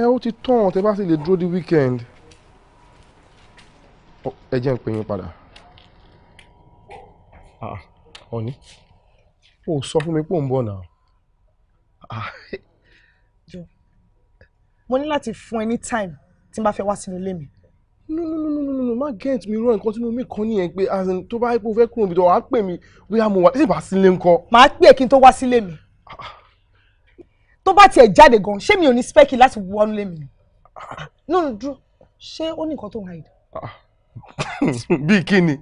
ẹ ó ti tán tẹ bá sì lè dúró di weekend ẹ jẹ́ ń pè yín padà ah, ah. ọ̀ní ó sọ fún mi pé ó ń bọ̀ náà. Ah, mo ní láti fún ẹ ní time tí n bá fẹ́ wá sínú ilé mi. no no no no no no má get mi wrong nǹkan tí mo mi kan nìyẹn pé as in tó bá yẹ pé o fẹ́ kúrò níbi tó wàá pè mí bóyá mo wà tí ìbá sílé ńkọ́. màá pè kí n tó wá sílé mi. tó bá tiẹ̀ jáde gan ṣé mi ò ní spẹ́kì láti wọnú lé mi. no no dúró ṣé ó ní nǹkan tó ń hide. bíi kí ni.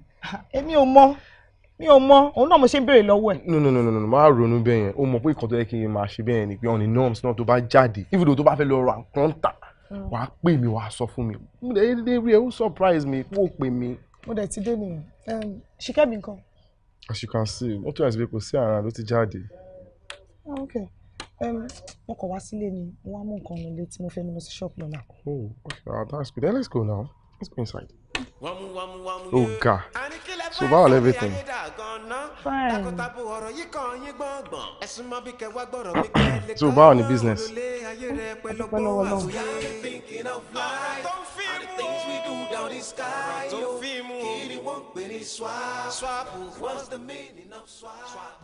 èmi ò mọ mi ò mọ òun náà mo ṣe ń béèrè lọ́wọ́ ẹ̀. no no no no no ronú bẹ́ẹ̀ yẹn o mọ̀ pé ìkọ́tọ̀ yẹ kí n máa ṣe bẹ́ẹ̀ yẹn ni pé ọ̀nì norms náà tó bá jáde even tó bá fẹ́ lọ ra nǹkan Mm. wà á pè mí wà á sọ fún mi déédéé rí ẹ ó surprise mi kó o pè mí. mo dẹ̀ ti dé nìyẹn um, ṣìkẹ́mi nǹkan. as you can see mọ́tò àìsàn kò sí àrà ló ti jáde. Ah, ok um, mo kàn wá sílé ni wọ́n á mú nǹkan mi létí mo fẹ́ mú lọ sí ṣọ́ọ̀pù lọ́la. oh okay uh, that's good then let's go now let's go inside. Oga, oh, so So about everything. Fine. so about the business.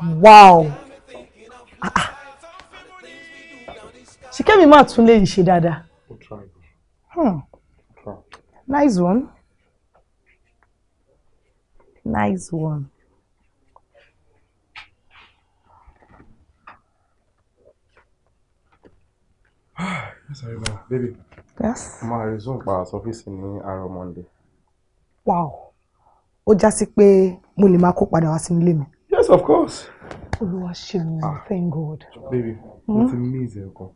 Wow. She came Ṣìkẹ́mi máa tún she, Dada? Hmm. Nice one. Nice one. Sorry, ma. Baby. Yes. Ma resume pa office ní àárọ̀ Monday. Wow. Ó já sí pé mo lè máa kó padà wá sínú ilé mi. Yes, of course. Olúwa ṣeun, ah. thank God. Baby, mo hmm? ti miss ẹ kan.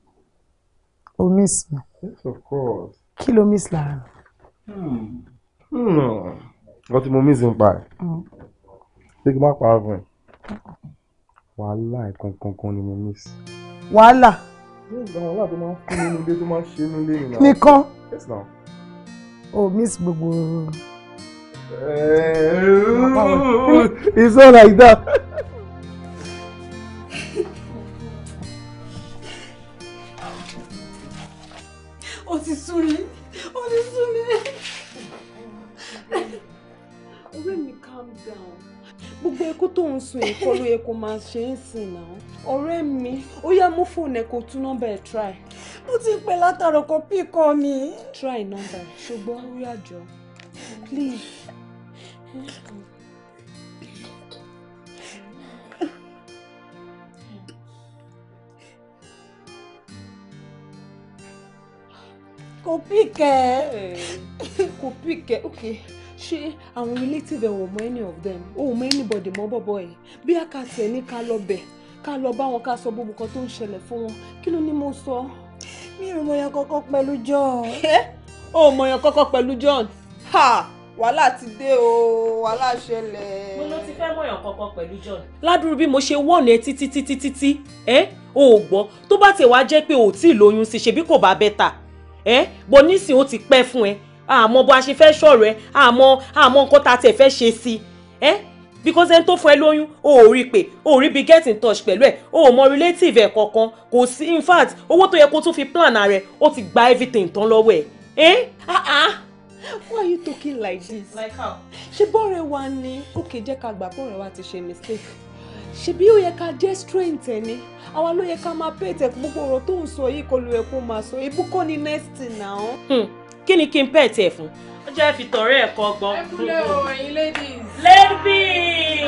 O miss me. Yes, of course. Kilo miss lára? Hmm. Hmm wọ́n ti mú mísìn pa ẹ̀ mm. ṣé kí n má pa á fún ẹ wàhálà ẹ̀kan kankan ni mo miss. wàhálà. wàhálà tó máa ń fún mi nílé tó máa ń ṣe mí lé nìyàwó. nìkan. yes na. o miss gbogbo. Eh, it's all like that. ó ti sú mi ó ti sú mi ọ̀rẹ́ mi calm down gbogbo ẹkọ tó ń sun èkó ló yẹ kó máa ṣe é sìn náà ọ̀rẹ́ mi ó yá mú fóònù ẹ kó tún nọ́mbà ẹ try. mo ti pè látàrọ kan píkọ mi. try nọ́mbà ẹ ṣùgbọ́n orí àjọ please. kò píkẹ́. kò píkẹ́ okay ṣé àwọn relative ẹ̀ wọ̀n mọ any of them òun mọ anybody mọ bọ̀bọ̀ ẹ̀ bí àkàtì ẹ̀ ní ká lọ bẹ̀ ká lọ bá wọn ká sọ gbogbo kan tó ń ṣẹlẹ̀ fún wọn kí ló ní mo sọ. mi ò mọyàn kankan pẹ̀lú John. ó mọyàn kankan pẹ̀lú John. ha wàhálà ti dé o wàhálà ṣẹlẹ̀. mo ló ti fẹ́ mọyàn kankan pẹ̀lú John. ládùúrú bí mo ṣe wọ̀nà ẹ títí títí títí ẹ ò gbọ́ tó bá tẹ̀ wá jẹ́ pé ò tí ì lóyún sí ṣebí kò bá bẹ́ẹ̀ ẹ bọ́ nísìnyí ó ti pẹ́ fún ẹ àmọ́ bó a ṣe fẹ́ ṣọ̀rọ̀ ẹ àmọ́ àmọ́ nǹkan tá a tẹ̀ fẹ́ ṣe sí ẹ because ẹni tó fún ẹ lóyún o ò rí pé o ò rí bí get in touch pẹ̀lú ẹ o ò mọ relative ẹ kankan kò sí in fact owó tó yẹ kó tún fi plan rẹ ó ti gba everything tán lọ́wọ́ ẹ ẹ ah ah why are you talking like this like how ṣe bọ́ọ̀rẹ̀ wa ni òkè jẹ́ ká gbà bọ́ọ̀rẹ̀ wa ti ṣe mistake ṣebí ó yẹ ká jẹ́ strength ẹ̀ ni àwa ló yẹ ká máa pay tẹ̀ gbogbo ọ̀rọ̀ tó ń sọ yìí kọlu ẹ̀ kó máa sọ ibùkọ́ ni next now. Hmm kí ni kí n pẹ́ẹ̀tì ẹ̀ fún. ó jẹ́ fi tọ̀rẹ́ ẹ̀ kọ́ gbọ́n. ẹ kúlẹ̀ o ẹ̀yin ladies. ladies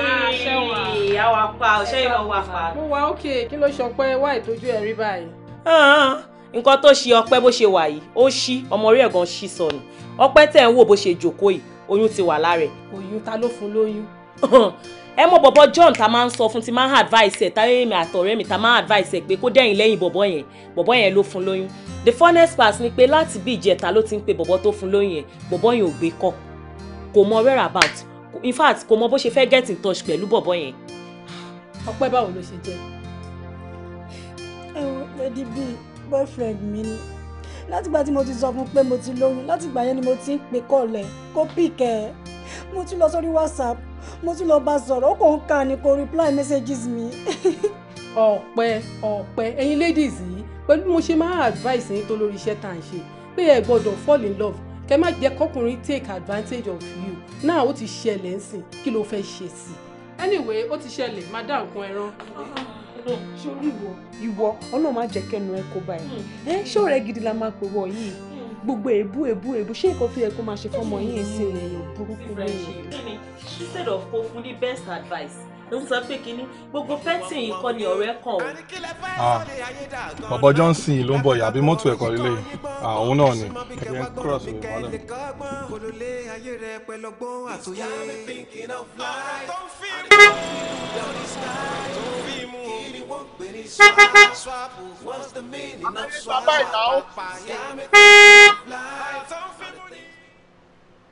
ah, àwa pa ọ̀ṣẹ́ ìwọ wà pa. mo wà ókè kí ló ṣọpẹ́ wá ìtọ́jú ẹ̀ rí báyìí. Ah, nǹkan tó ṣe ọpẹ́ bó ṣe wà yìí ó ṣí ọmọ orí ẹ̀gàn ṣí sọnù ọpẹ́ tẹ̀ ń wò bó ṣe jòkó yìí oyún ti wà lára ẹ̀. oyún ta ló fún lóyún. ẹ mọ bọ̀bọ̀ John ta máa ń sọ fún ti máa advice ẹ̀ táyé mi àtọ̀rẹ́ mi ta máa advice ẹ̀ pé kó dẹ̀yìn lẹ́yìn bọ̀bọ̀ yẹn bọ̀bọ̀ yẹn ló fún lóyún the funnest part ni pé láti bí ìjẹta ló ti ń pe bọ̀bọ̀ tó fún lóyún yẹn bọ̀bọ̀ yẹn ò gbé kọ́ kò mọ where about in fact kò mọ bó ṣe fẹ́ get in touch pẹ̀lú bọ̀bọ̀ yẹn. ọpẹ́ báwo ló ṣe jẹ́. ẹ̀wọ̀n lady b boyfriend mi ni látìgbà tí mo ti sọ fún pé mo ti lóyún látìgbà yẹn ni mo ti ń pe kọ́ọ̀lẹ̀ kó pìkẹ́ mo ti lọ sórí whatsapp mo tún lọ bá sọ̀rọ̀ ó kò ń kà ní kò reply messages mi. ọ̀pẹ ọ̀pẹ ẹ̀yin ladies yìí pẹ̀lú mo ṣe máa advice yín tó lórí iṣẹ́ tá à ń ṣe pé ẹ gbọ́dọ̀ fall in love kẹ má jẹ́ kọkùnrin take advantage of you náà ó ti ṣẹlẹ̀ ń sìn kí ló fẹ́ ṣe sí anyway ó ti ṣẹlẹ̀ Madam, dá nǹkan ẹran ṣé orí ìwọ ìwọ ọlọ́run má jẹ́ kẹ́nu ẹ kó báyìí hmm. ṣé ọ̀rẹ́ gidi la máa pè wọ yìí gbogbo èébú èébú èébú ṣé nǹkan fi ẹ̀kọ́ máa ṣe fọ́mọ yín sí èèyàn burúkú lẹ́yìn. instead of kó fún ní best advice ń sọ pé kínní gbogbo fẹ́tì yìí kọ́ ni ọ̀rẹ́ kàn ah. ó. bàbá johnson ló ń bọ̀ yàbí mọ́tò ẹ̀kọ́ líle àwọn ah, náà ni ẹ̀jẹ̀ ń cross rẹ̀ mọ́lẹ̀.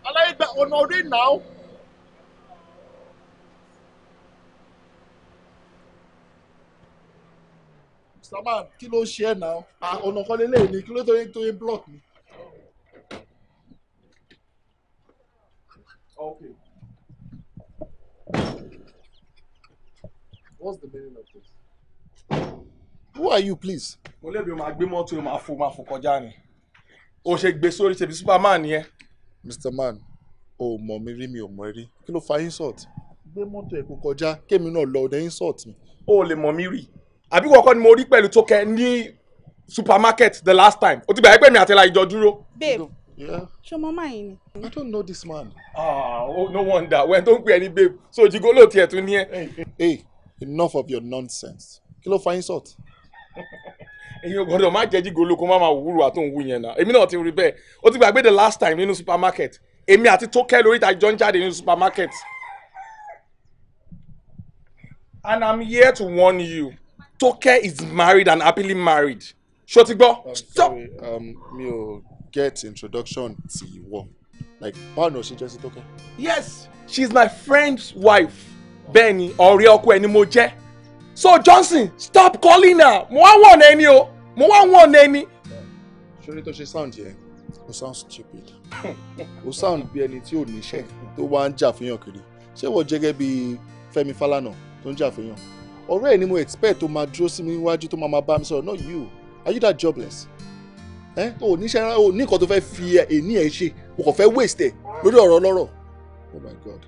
Aláìgbà ọ̀nà orí náà. Saman kí ló ṣe ẹ̀ náà ọ̀nà kan lélẹ̀ ni kí ló tó yẹ tó yẹ block mi. Okay. What's the meaning of this? Who are you please? Mo lè bí o máa gbé mọ́tò o máa fò máa fò kọjá ni. O ṣe gbé sórí ṣe bí Superman yẹn. Mr. Man, o ò mọ̀ mi rí mi ò mọ̀ rí. Kí ló fa insult? Gbé mọ́tò ẹ̀ kó kọjá, kémi náà lọ ọ̀dẹ̀ insult mi. O ò lè mọ̀ mi rí àbí wọ́kọ́ ni mo rí pẹ̀lú tókẹ́ ní supermarket the last time o ti gbà pé mi àtẹlà ìjọ dúró. babe ṣé ọmọ máa yín I don't know this man. ah oh, no wonder wẹ́n tó ń pè ẹ́ ní babe so jigolo ló tiẹ̀ tún ní ẹ. hey enough of your nonsense kí ló fa insult. èyí ò gbọ́dọ̀ má jẹ́ jígo lóko má máa wúrò àtúnwò wú yẹn náà èmi náà ti rí bẹ́ẹ̀ o ti gbàgbé the last time nínú supermarket èmi àti tókẹ́ lórí ìta jọ ń jáde nínú supermarket and I'm here to warn you. Tókẹ́ is married and happily married ṣó ti gbọ́. stop um, mi ò get introduction ti ìwọ like báwo ni o ṣe jẹ́ sí Tókẹ́. yes she is my friend's wife bẹ́ẹ̀ ni ọ̀rẹ́ ọkọ ẹni mo jẹ́ so Johnson stop calling her mo wá wọ̀n ẹni o mo wá wọ̀n ẹni. ṣorí tó ṣe sound yẹn o sound stupid o sound bí ẹni tí ò níṣẹ́ tó wá ń jà fihàn kiri ṣé wọ́n jẹ́ gẹ́gẹ́ bí Fẹ́mi Fálànà tó ń jà fihàn ọ̀rẹ́ ẹ̀ ni mo expect tó máa dúró sí mi níwájú tó máa máa bá mi sọ̀rọ̀ not you are you that jobless? ẹ o ní sẹ́ra o ní nǹkan tó fẹ́ fi èní ẹ̀ ṣe o kò fẹ́ waste ẹ̀ lórí ọ̀rọ̀ ọlọ́rọ̀. oh my god.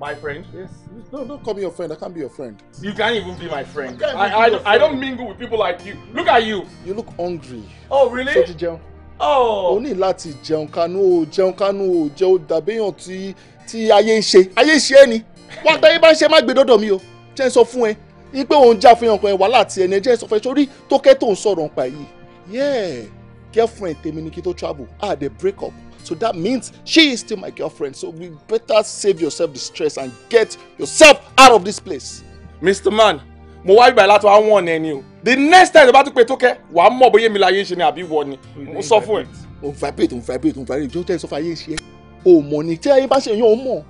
my friend. yes no don't call me your friend i can't be your friend. you can't even be my friend. i i, I, friend. I don't mingle with people like you look at you. you look hungry. oh really. ṣé ti jẹun. oh. o ní láti jẹun kánú o jẹun kánú o jẹun dàbíyàn tí tí ayé ń ṣe ayé ń ṣe é ni wọn àtàyè bá ń ṣe má gbé dọ́dọ̀ mi o ṣé ń sọ fún ẹ ipe òun já fihàn kan ẹwà láti ẹni ẹjẹ ìsọfẹ sórí tó kẹ́ tó ń sọ̀rọ̀ nípa yìí yeah girlfriend tèmi ni kí tó travel ah they break up so that means she is still my girlfriend so we better save yourself the stress and get yourself out of this place. mr man mo wá ibà láti wá wọ̀n ẹni o the next time tó bá tún pe tókẹ́ wàá mọ̀ bóyá èmi láyé ń ṣe ni àbí wọ ni mo sọ fún ẹ. òun vibrate òun vibrate òun vibrate jókòó tẹ́ ẹ ṣe é o mọ̀ ní tí ayé bá ṣe yàn ó mọ̀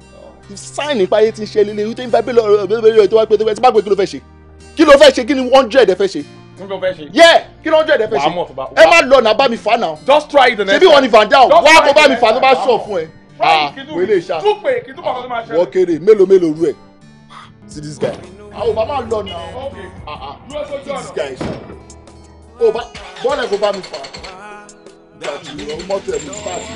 sáìnì pa ayé ti ń ṣe líle wípé nípa bí lọ́rọ̀ bẹ́ẹ̀ tó wá pé tó fẹ́ tí bá gbé kí ló fẹ́ ṣe kí ló fẹ́ ṣe kí ni hundred ẹ fẹ́ ṣe. kí ló fẹ́ ṣe. yẹ kí ló hundred ẹ fẹ́ ṣe. ẹ má lọ nà bá mi fà náà. just try the next time. ṣé bí wọn ni van down wá kó bá mi fà tó bá sọ fún ẹ. Ah, wẹ́lẹ̀ ṣá wọ́n kéré mélòó mélòó rú ẹ̀ see this guy. àwọn ah, bàbá lọ nà ọ́ ah, see this guy ṣá. bọ́ọ̀lù ẹ̀ kó bá mi fà. mọ́tò ẹ̀ mi fà sí.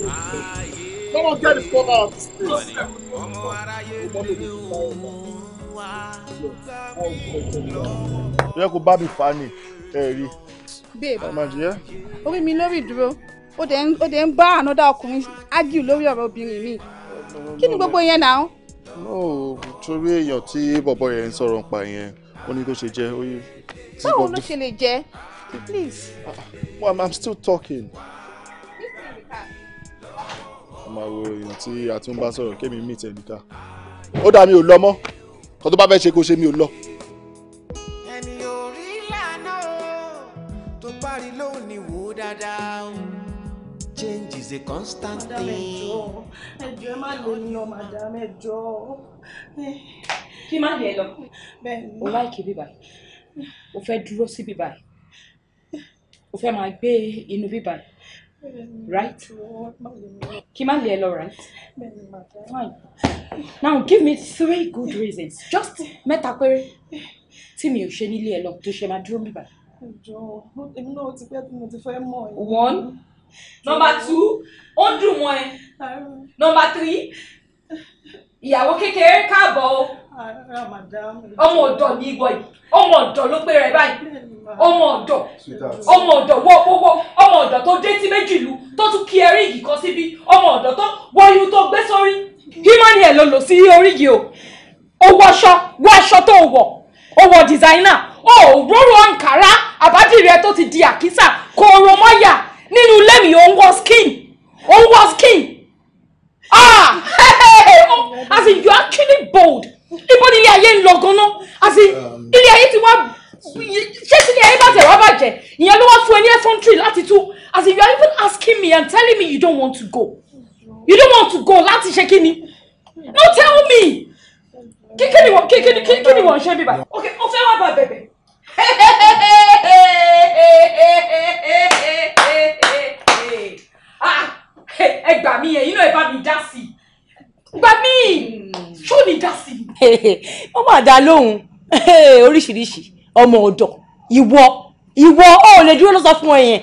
Come on, get it for us. of this place. Ṣé kò bá mi fà ni? Ẹ rí. Babe, orí mi lórí ìdúró, ó dẹ̀ ń bá ànádà ọkùnrin ágìl lórí ọ̀rọ̀ obìnrin mi. Kí ni gbogbo yẹn náà? No, torí èèyàn tí bọ̀bọ̀ yẹn ń sọ̀rọ̀ nípa yẹn, ó ní tó ṣe jẹ́. Báwo ló ṣe lè jẹ́? Please. Ah, ah. Well, I'm still talking máa wo èèyàn tí a tún bá sọ̀rọ̀ kémi mí tẹ̀ níta ó dà mí ò lọ mọ́ kó tó bá fẹ́ ṣe kó ṣe mí ò lọ. ẹni orí lànà tó parí lóhùn wò dáadáa change is a constant thing. ẹjọ ẹ má lè ní ọmọ àdámẹ ẹjọ kí má lè lọ. o láìkí bíbá yìí o fẹ́ dúró sí bíbá o fẹ́ máa gbé inú bíbá yìí right? Kí má lé right? Fine. Now give me three good reasons. Just mẹ́ta péré tí mi she ṣe nílé ẹ lọ tó ṣe máa dúró mi bá. Ìjọ èmi to ti more. One. Number two, on ń dùn Number three, ìyàwó kékeré káàbọ̀ o ọmọ ọ̀dọ̀ ní ìwọ yìí ọmọ ọ̀dọ̀ ló gbéra ẹ báyìí ọmọ ọ̀dọ̀ ọmọ ọ̀dọ̀ wọ owó ọmọ ọ̀dọ̀ tó dé tí méjì lu tó tún kí ẹrí yìí kan síbi ọmọ ọ̀dọ̀ tó wọ irú tó gbé sórí kí má ní ẹ lọ lò sí orí yìí o owó aṣọ wọ aṣọ tó wọ owó dìsáínà ó róró àǹkárá àbájìrẹ tó ti di àkísà kò rọmọyà nínú ilé mi ò ń wọ skin ò ń wọ skin ah hey, hey, hey. Oh, as in you are actually bold ibo ni ilé ayé ń lọ ganan àti um, ilé ayé ti wá ṣé tí ilé ayé bá tẹ̀ wá bàjẹ́ ìyẹn ló wá fún ẹ ní ẹfọ́ntì láti tú àti you are even asking me and telling me you don't want to go you don't want to go láti ṣe kí ni no tell me kí ni wọ́n kí ni wọ́n ṣe bíbá ok o fẹ́ wá bá bẹ̀bẹ̀. Ah, ẹ gbà mí yẹn yín náà ẹ bá mi dá sí i gbà mí ṣó ní dá sí i. wọ́n máa dá lóhùn oríṣiríṣi ọmọ ọ̀dọ̀ ìwọ ìwọ ò lè dúró lọ́sọ̀ fún ẹ yẹn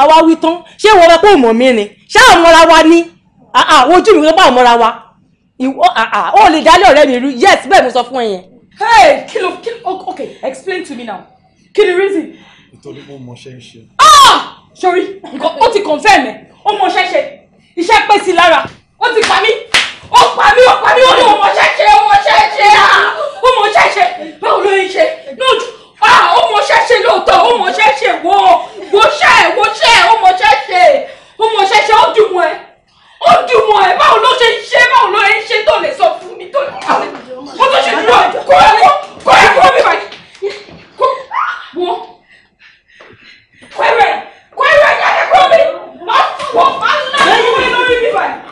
àwa wí tán ṣé ìwọ ọ̀rẹ́ pé òmò mi ni ṣé àmọ́ra wa ni ojú mi ló bá àmọ́ra wa ìwọ ò lè dálé ọ̀rẹ́ mi rú yes bẹ́ẹ̀ mo sọ fún ẹ yẹn. hey kí ló kí ló okay explain to me now kí ni reason. nítorí mo mọ ṣe ń ṣe. Ah! sori nǹkan ti confirm ẹ ó mọ ṣe ṣe iṣẹ́ pẹ́ sí lára ó ti pa mí pa mí ó pa mí ó ní ọmọ ṣẹṣẹ ọmọ ṣẹṣẹ ọmọ ṣẹṣẹ báwo ló ń ṣe náà jù ọmọ ṣẹṣẹ lóòótọ́ ọmọ ṣẹṣẹ wo wo ṣẹ wo ṣẹ ọmọ ṣẹṣẹ ọmọ ṣẹṣẹ ó dùn mọ́ ẹ ó dùn mọ́ ẹ báwo ló ṣe ń ṣe báwo ló ń ṣe tó lè sọ fún mi tó lè sọ fún tó ṣe dúró kó ẹ kó kó mi bàjẹ́ kó wo kó ẹ kó ẹ rẹ kó mi má fún wọn má ń lọ sí wọn lórí mi bàjẹ́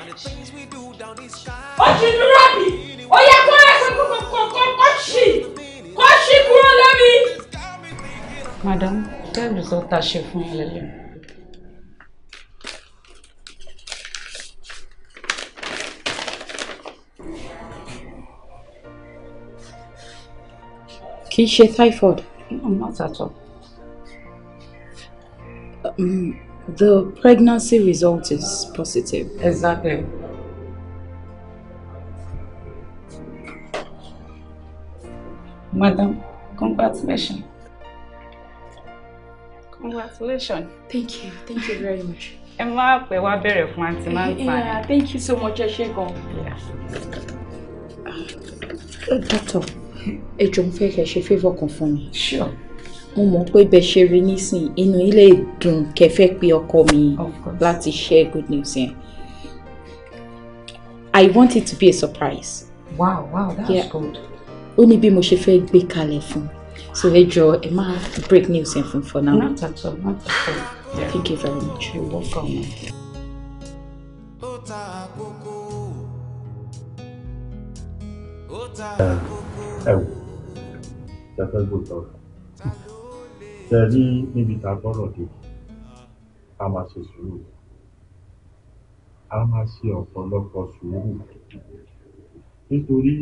madam tell me sort ta ṣe fún yín lẹ́lẹ́. kì í typhoid no not at all. Um, the pregnancy result is positive. Exactly. Madam, congratulations. Congratulations. Thank you. Thank you very much. Ẹ we pẹ́ very bẹ̀rẹ̀ fún àǹtí Thank you so much, ẹ ṣé gan. Dọ́tọ̀, ẹ jọ̀ọ́ ń fẹ́ kẹ́ ṣe favour kan fún mi. Sure. Mo mọ̀ pé bẹ́ẹ̀ ṣe rí nísìn inú ilé ìdùn kẹfẹ́ pé ọkọ mi láti share good news yẹn. I want it to be a surprise. Wow, wow, that's yeah. good ó ní bí mo ṣe fẹ́ gbé kalẹ̀ fún so ẹ jọ ẹ máa break news yẹn fún for now. not at all not at all. Yeah. thank you very much. you're welcome. ẹ wò ẹ fẹ́ gbòòtọ́ ṣe rí níbi tá a gbọ́dọ̀ dé a máa ṣe sùúrù a máa ṣe ọ̀pọ̀lọpọ̀ sùúrù nítorí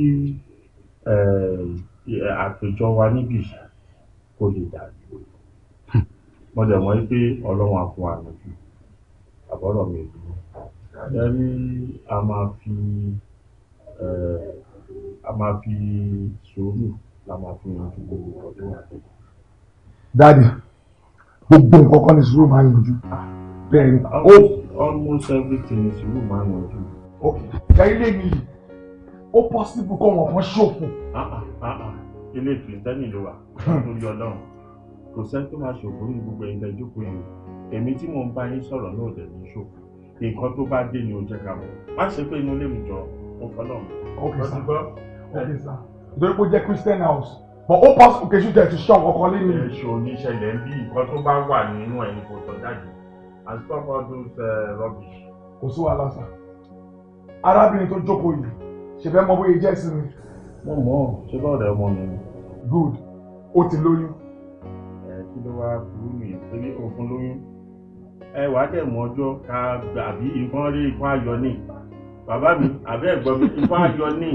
àpéjọ wa níbí kó lè dàbí mo dẹ̀ mọ́ pé ọlọ́run á fún wa àbọ̀rọ̀ mi ìlú ẹni a máa fi a máa fi sùúrù la máa fi yanjú gbogbo ọdún wa. dáàdi gbogbo nǹkan kan ní sùúrù máa ń yanjú bẹ́ẹ̀ ni. almost everything ní sùúrù máa ń yanjú. ok kẹ́hìndé mi yìí ó possible kọ́ wọn kan ṣòfò. ilé kìrìtẹ́nì ló wà lórí ọlọ́run kò sẹ́ni tó máa ṣòfò ní gbogbo ẹ̀yìn lẹ́jọ́kọ̀ yìí èmi tí mò ń bá yín sọ̀rọ̀ náà dẹ̀ ní ṣòfò nǹkan tó bá dé ni ó jẹ́ ká mọ̀ má ṣe pé inú ilé mi jọ ó fọlọ́ mi. ok sir ok sir nítorí pé ó jẹ́ christian house but ó possible kejì jẹ́ ti ṣọ́ ọkọ lé mi. èso oníṣẹ̀lẹ̀ ń bí nǹkan tó bá wà nínú ẹ̀yìn kò tọ́ jáde and stop all those uh, rubbish. kò sí wàhálà sir arábìnrin tó jókòó yìí ṣe fẹ́ mọ bóyá jẹ́ sí mi. mo mọ̀ ọ́ ṣé bá ọ̀dà ọmọ mi ni. good o ti lóyún. ẹ kí ló wá burú nìyẹn torí òfin lóyún ẹ wà á tẹ̀ mọ́ ọjọ́ ká àbí nǹkan rí nǹkan ayọ̀ ni bàbá mi àbẹ́ ẹ̀gbọ́n mi nǹkan ayọ̀ ni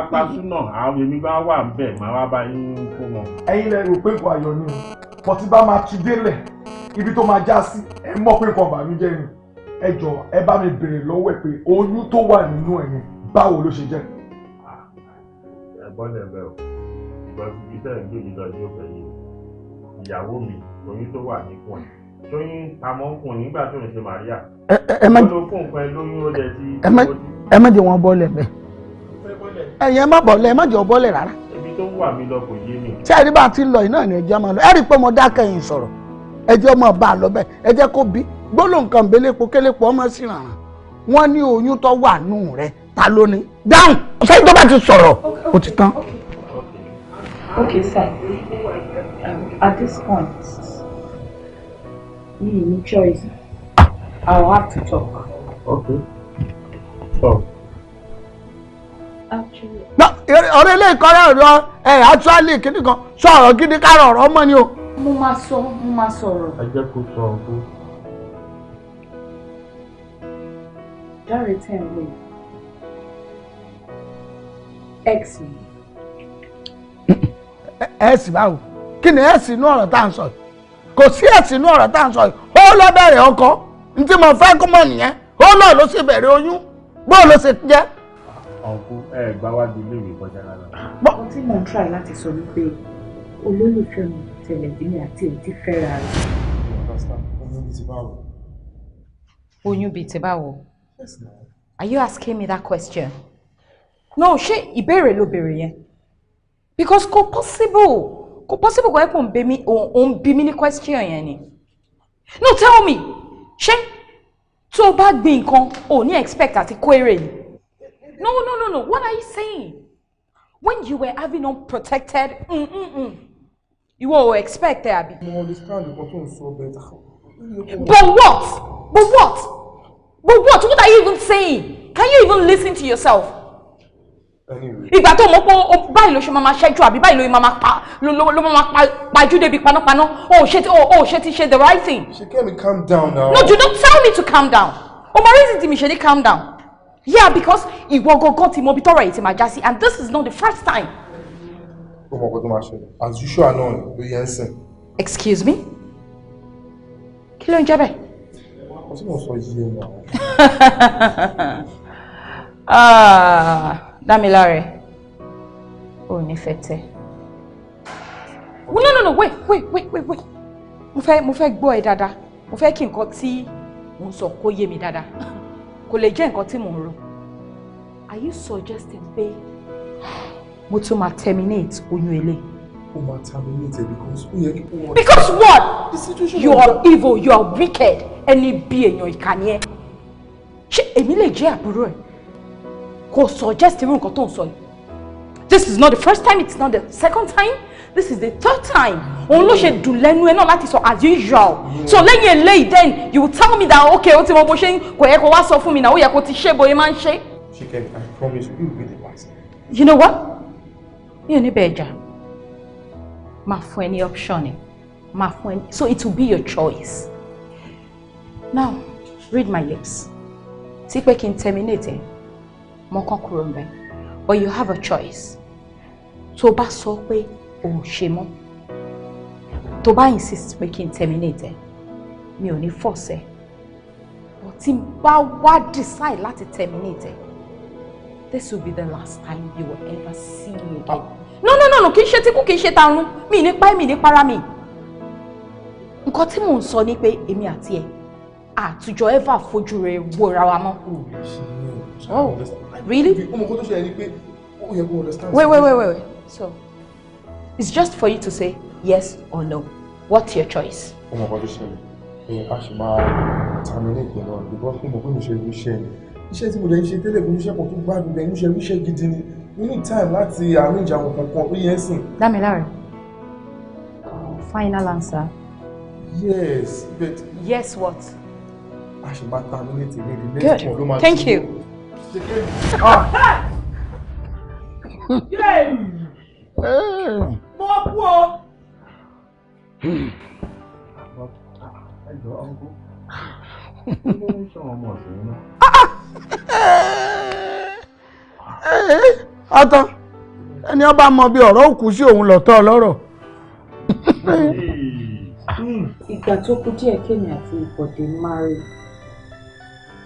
apasúnà àwọn èmi bá wà ń bẹ̀ máa wá bá yín kó wọn. ẹ̀yin lẹ rò pé nǹkan ayọ̀ ni o bọ̀ tí bá máa ti délẹ̀ ibi tó máa já sí ẹ mọ̀ pé nǹkan bàmí jẹ́ ni ẹ jọ ẹ bá mi béèrè lọ́wọ́ ẹ pé oyún tó wà nínú ẹ̀yìn báwo ló ṣe jẹ́. Ah, ẹ̀gbọ́n ẹ̀bẹ̀ o ìgbà tí tẹ̀ ń gbé yìí lọ yóò fẹ́ yìí ìyàwó mi oyún tó wà nípò ẹ̀ lóyún àmọ́ kùn nígbà tó ń ṣe màríà olókùn pẹ́ lóyún ó jẹ ti. ẹ má jẹ́ wọn bọ́lẹ̀ bẹ́ẹ̀ ẹ̀yin ẹ má bọ́lẹ̀ ẹ má jẹ́ ọ bọ́lẹ̀ rárá. ibi tó wà mí lọ kò yé mi. ṣé ẹni bá ti lọ iná ni ẹjọ́ máa lọ ẹ rí i pé mo dákẹ́ yìí sọ̀rọ̀ ẹjọ́ máa bá a lọ bẹ́ẹ̀ ẹ jẹ́ kó bí gbólóǹkan bẹ́lẹ́po kélépo ọmọ sí ràn wọ́n ní oyún tó wà nù rẹ̀ ta ló ní dáhùn ṣé tó bá ti sọ̀rọ̀ ó ti tán. okay sir um, at this point mi ní choice i will have to talk. okay. Oh. actually. ọ̀rẹ́ ilé ìkọ́rẹ́ ọ̀rọ̀ ẹ̀ actually kìíní kan sọ̀rọ̀ gidi kárọ̀ ọ̀rọ̀ ọmọ ni o. mo máa sọ mo máa sọ̀rọ̀. ẹ jẹ́ kó sọ ọ̀hún. dáre tẹ̀ ń wò x mi. x báwo kí ni x inú ọ̀rọ̀ tá à ń sọ yìí kò sí x inú ọ̀rọ̀ tá à ń sọ yìí ó lọ bẹ̀rẹ̀ ọkọ n tí mo fẹ́ kó mọ̀ nìyẹn ó náà ló sì bẹ̀rẹ̀ oyún bóò ló ṣe jẹ́. ọ̀nkú ẹ gbá wájú ilé ìwé kọjá rárá. ohun tí mo try láti sọ ni pé olólùfẹ́ mi tẹ́lẹ̀ bí mi àti èyí ti fẹ́ra rẹ̀. oyún bíi ti báwo. oyún bíi ti báwo. Are you asking me that question? no ṣé ìbéèrè ló béèrè yẹn because kò possible kò possible kò ẹ kò ń bí mi ò ń bí mi ní question yẹn ni no tell me ṣé tó o bá gbin nǹkan ò ní expect àti kó èrè ni no no no no what are you saying when you were having unprotected mm mm mm you were expect there àbí. mo understand nǹkan tó ń better. but what but what but what what are you even saying can you even listen to yourself ìgbà tó mọ̀ pé báyìí ló ṣe máa ṣẹ́jú àbí báyìí ló máa pa ló máa pajú débi panápaná o ṣe ti o ṣe ti ṣe the right thing. She ṣe kẹ́mi calm down now. no do not tell me to calm down o mọ reason tí mi ṣe ní calm down yeah because ìwọ gangan ti mọ ibi tọrọ yìí ti máa já sí and this is not the first time. ó mọ̀ kó tó máa ṣe as usual náà ló yẹ ń sìn. excuse me kí ló ń jẹ́ bẹ́ẹ̀. ọtí mo sọ yìí ẹ̀ náà. Damilare, o ò ní fẹ́ tẹ́. No, no, no, wait, wait, wait, wait, wait. Mo fẹ́ mo fẹ́ gbọ́ ẹ dáadáa. Mo fẹ́ kí nǹkan tí mò sọ kó yé mi dáadáa. Kò lè jẹ́ nǹkan tí mò ń rò. Are you suggesting pé mo tún máa terminate oyún eléyìí? who are terminated because who because what. the situation you are evil you are wicked ẹni bí èèyàn ìkànnì ẹ ṣé èmi lè jẹ́ àbúrò ẹ̀ kò suggest irú nǹkan tó ń sọ yìí this is not the first time it's not the second time this is the third time òun ló ṣe dùn lẹ́nu ẹ náà láti sọ as usual so lẹ́yìn eléyìí then you tell me that okay o ti mọ bó ṣe kò yẹ kó wá sọ fún mi náà ó yẹ kó ti ṣe bóyá máa ń ṣe. Chike, I promise you will be the last. You know what? mi ò ní bẹ́ẹ̀ jà máa fún ẹ ní option ẹ máa fún ẹ ní so it will be your choice now read my lips sí pé kí n terminate ẹ. Eh? mọ́kàn kúrò ń bẹ̀ but you have a choice tó bá sọ pé ò ń ṣe mọ́ tó bá insist pé kí n terminate ẹ mi ò ní force ẹ but tí n bá wá decide láti terminate ẹ this will be the last time you will ever see me again. Ah. no no no no kì í ṣe tíkú kì í ṣe tarun mi ní pa mi ní para mi nǹkan tí mò ń sọ ni pé èmi àti ẹ àtújọ ever fojú rẹ̀ wòra wa mọ́. oh, oh really. wait wait wait wait so it's just for you to say yes or no what's your choice. ọmọ kan tó ṣẹlẹ̀ ẹ a ṣì máa terminate yẹn náà because mo mọ̀ pé mo ṣe irú iṣẹ́ ni iṣẹ́ tí mo lè ṣe tẹ́lẹ̀ kò ní iṣẹ́ kan tó gbádùn lẹ́nu iṣẹ́ iṣẹ́ gidi ni we need time láti arrange àwọn kankan ó yẹ sìn. dámiláre final answer. yes but. yes what àṣìbáta ló ní tèmi ìdílé ìpọ̀ ló máa ti. thank you. mo More. o. ẹjọ ọgbó kí ló ń sọ ọmọ ọ̀sìn náà. ọtọ ẹni ọba mọ bí ọ̀rọ̀ òkú sí òun lọ́tọ̀ ọlọ́rọ̀ ìgbà tó kù díẹ̀ kémi àti ìpọ̀dé máa rí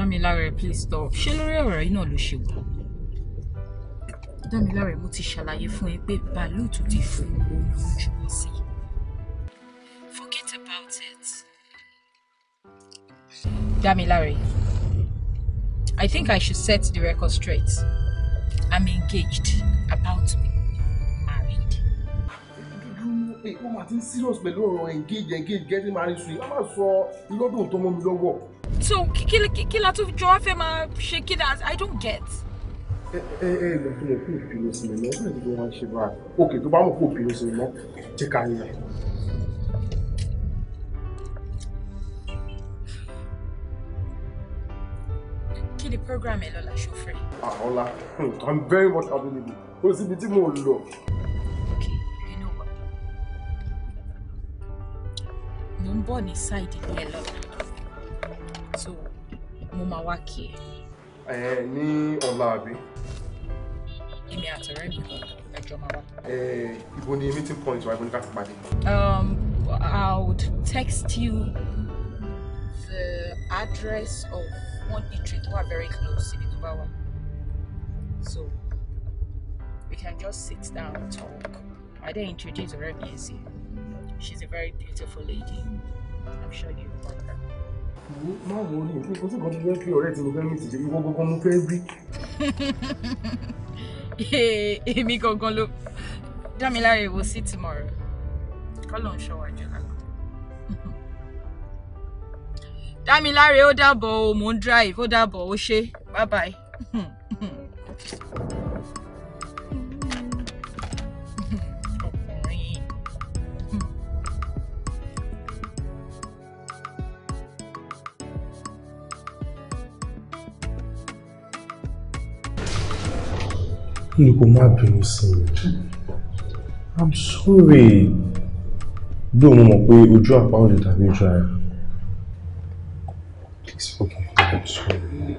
Dámiláre please stop ṣé lórí ọ̀rọ̀ yìí náà ló ṣe wù Dámiláre mo ti ṣàlàyé fún ẹ pé bàálùtù ti fún òun lójúmọ́ sí forget about it. Dámiláre I think I should set the record straight I'm engaged about to be married. ó mà ti ń serious pẹ̀lú ọ̀rọ̀ engage engage getting married soon a máa sọ ilọ́dún tó mọ́ mi lọ́wọ́ so kí la tún jọ wá fẹ́ máa ṣe kí i don't get. ẹ ẹ ẹ lọ fún mi kó ìpinnu sí mi náà bẹ́ẹ̀ ni mo máa ń ṣe báyìí òkè tó bá mọ̀ kó ìpinnu sí mi náà jẹ́ ká yẹ. kí ni program ẹ lọ́la ṣòfẹ́. àọ́lá ah, i'm very much available kò síbi tí mo lọ. mo ń bọ̀ ní ṣáìdì yẹn lọ́la so mo máa wá kí ẹ. ẹ ní ọ̀la àbí. èmi àtọ̀rẹ́ mi kan ẹjọ́ máa wá. ibo ni meeting point wa ibo ni ká ti pàdé. um i would text you the address of one eatery tó wà very close ibi tó bá wà so we can just sit down and talk. I didn't introduce Remy Izzy. She's a very beautiful lady. I'm sure you will má wo ni èyí kò sí kan tó fẹ́ fi ọ̀rẹ́ tí mo fẹ́ mi ti ṣe ìwọ mo fẹ́ rí. èmi gangan ló dámiláre wo sí tomorrow kọ́lọ̀ ń ṣọwọ́ àjọ lálọ́. dámiláre ó dàbọ̀ o mò ń drive ó dàbọ̀ o ṣe bye bye. Please kò má bínú sí mi. I'm sorry. Bí o mọ̀ pé ojú àpá ò lè tàbí you ara. Please forgive me, I'm sorry.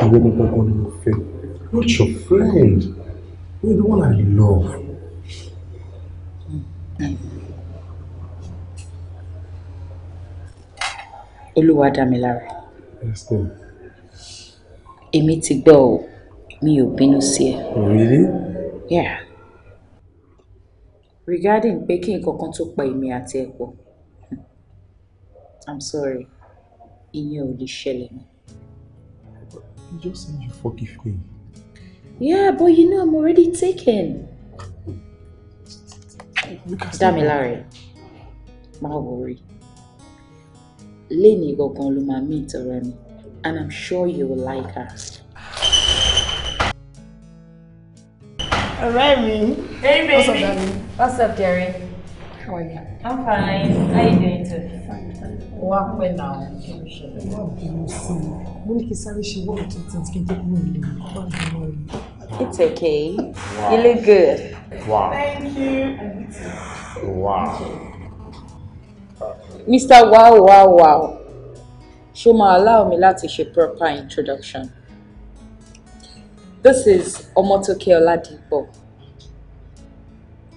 Àwọn ọmọ kankan on your face. Not your friend. You're the one I love. Olúwa dá mi lára. Yes, dear. Èmi ti gbọ́ o mi ò bínú sí ẹ. Oh, really? yeah. regarding pé kí nǹkan kan tó pa èmi àti ẹ pọ̀ i'm sorry ìyẹn ò lè ṣẹlẹ̀ mọ́. you just said you forgive me. yeah but you know i'm already taken. Dámiláre má worry lẹ́ni gangan ló máa meet ọ̀rẹ́ mi and i'm sure you will like her. Ọ̀rẹ́ mi. Hey baby. What's up, darling? What's up, Jerry? How are you? I'm fine. How are you doing today? Fine, fine. Wá pẹ́ náà. Wá bínú sí i. Mo ní kí sáré ṣe wọ́n tó tí kí n tó kúrò nílé mi. Wá bínú rẹ̀. It's okay. Wow. You look good. Wow. Thank you. Wow. Mr. Wow Wow Wow. Ṣo máa allow mi láti ṣe proper introduction? This is Omotoke Oladipo.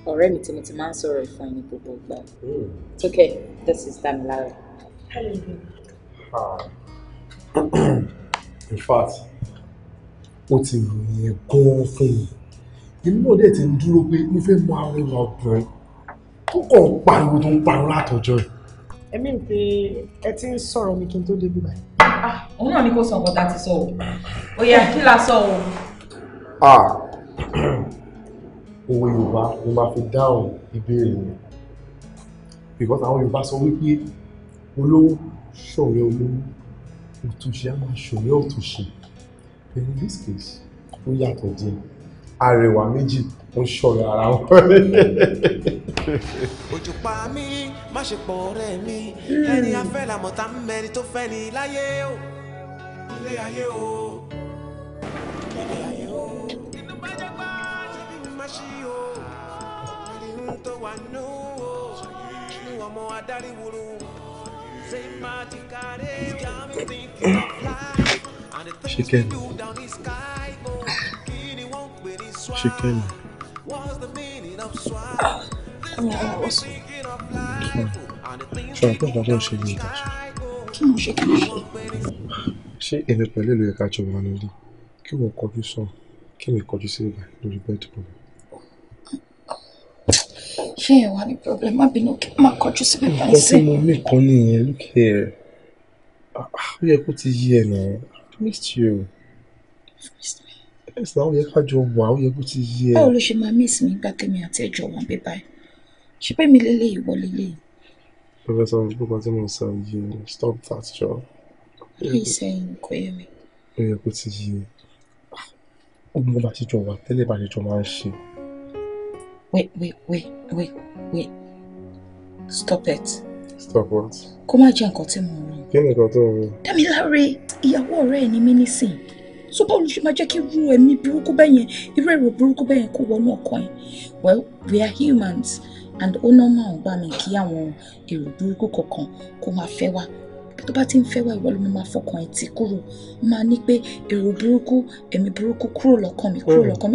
Ọ̀rẹ́ mi tèmi ti máa ń sọ̀rọ̀ ìfún ẹni gbogbo It's hmm. okay. this is Damilára. Hello. Ah. In fact, ó ti ròyìn ẹ̀ gan-an fún mi. Èmi náà dẹ̀ ti ń dúró pé mo fẹ́ mọ àwọn ọmọ ọkùnrin tó kàn ń pariwo tó ń pariwo látọjọ́ ẹ̀. Ẹ̀mí pé ẹ ti ń sọ̀rọ̀ mi kí n tó débi báyìí. Ah, òun náà ni kò sọ nǹkan tá a ti sọ ah òwe yorùbá ni máa fi dáhùn ìbéèrè yẹn because àwọn yorùbá sọ wípé olówó ṣọ̀rẹ́ olówó òtúnṣe á máa ṣọ̀rẹ́ òtúnṣe but in this case ó yàtọ̀ díẹ̀ arẹwà méjì ó ṣọ̀rẹ́ ara wọn. ojú pa mí má ṣe pọ̀ ọ̀rẹ́ mi ẹni afẹ́ làmọ̀tá mẹ́rin tó fẹ́ ni láyé o ilé ayé o ilé ayé o. wanu o nu ọmọ adarí wuru say magical e got me thinking of life and the things we do down the sky oh kini wọ́n pè ní swag what's the meaning of swag ah, this girl was thinking of life the things we do down the sky oh kini wọ́n pè ní swag ṣé èmi pẹ̀lú ìlú ẹ̀ka jọ̀wọ́ nílé ṣé ẹ wà ní problem má bínú kí má kọjú sí bíbá ẹ sí. nǹkan tí mo kan nìyẹn look here ah, ah, ó yẹ kó ti yí ẹ nà I you. ẹ sàn ó yẹ ká jọ wà ó yẹ kó ti yí ẹ. báwo ló ṣe máa miss mi gbá tèmi àti ẹjọ wọn bí báyìí ṣé bẹ́ẹ̀ mi lélẹ̀ ìwọ lélẹ̀. Professor gbogbo tí mo sọ yìí stop that jọ. please ẹyin kò yé mi. ó yẹ kó ti yí ẹ. ó mú bá ṣe jọ wà tẹ́lẹ̀ bá ṣe jọ máa ń ṣe wait wait wait wait wait stop it. stop what. Come má jẹ́ cut tí mo rò. kí ni nǹkan tó ń rò. dámiláre ìyàwó ọ̀rẹ́ ni so báwo ló ṣe máa jẹ́ kí irú ẹ̀mí were bẹ́ẹ̀ yẹn irú èrò burúkú bẹ́ẹ̀ yẹn well we are humans and ó nọ́mà ń gbà mí kí àwọn èrò burúkú kọ̀ọ̀kan kó máa fẹ́ wá tó bá ti ń fẹ́ wá ìwọ ló máa fọkàn ẹ ti kúrò máa ní pé èrò burúkú ẹ̀mí burúkú kúrò lọ́kàn mi kúrò mm. lọ́kàn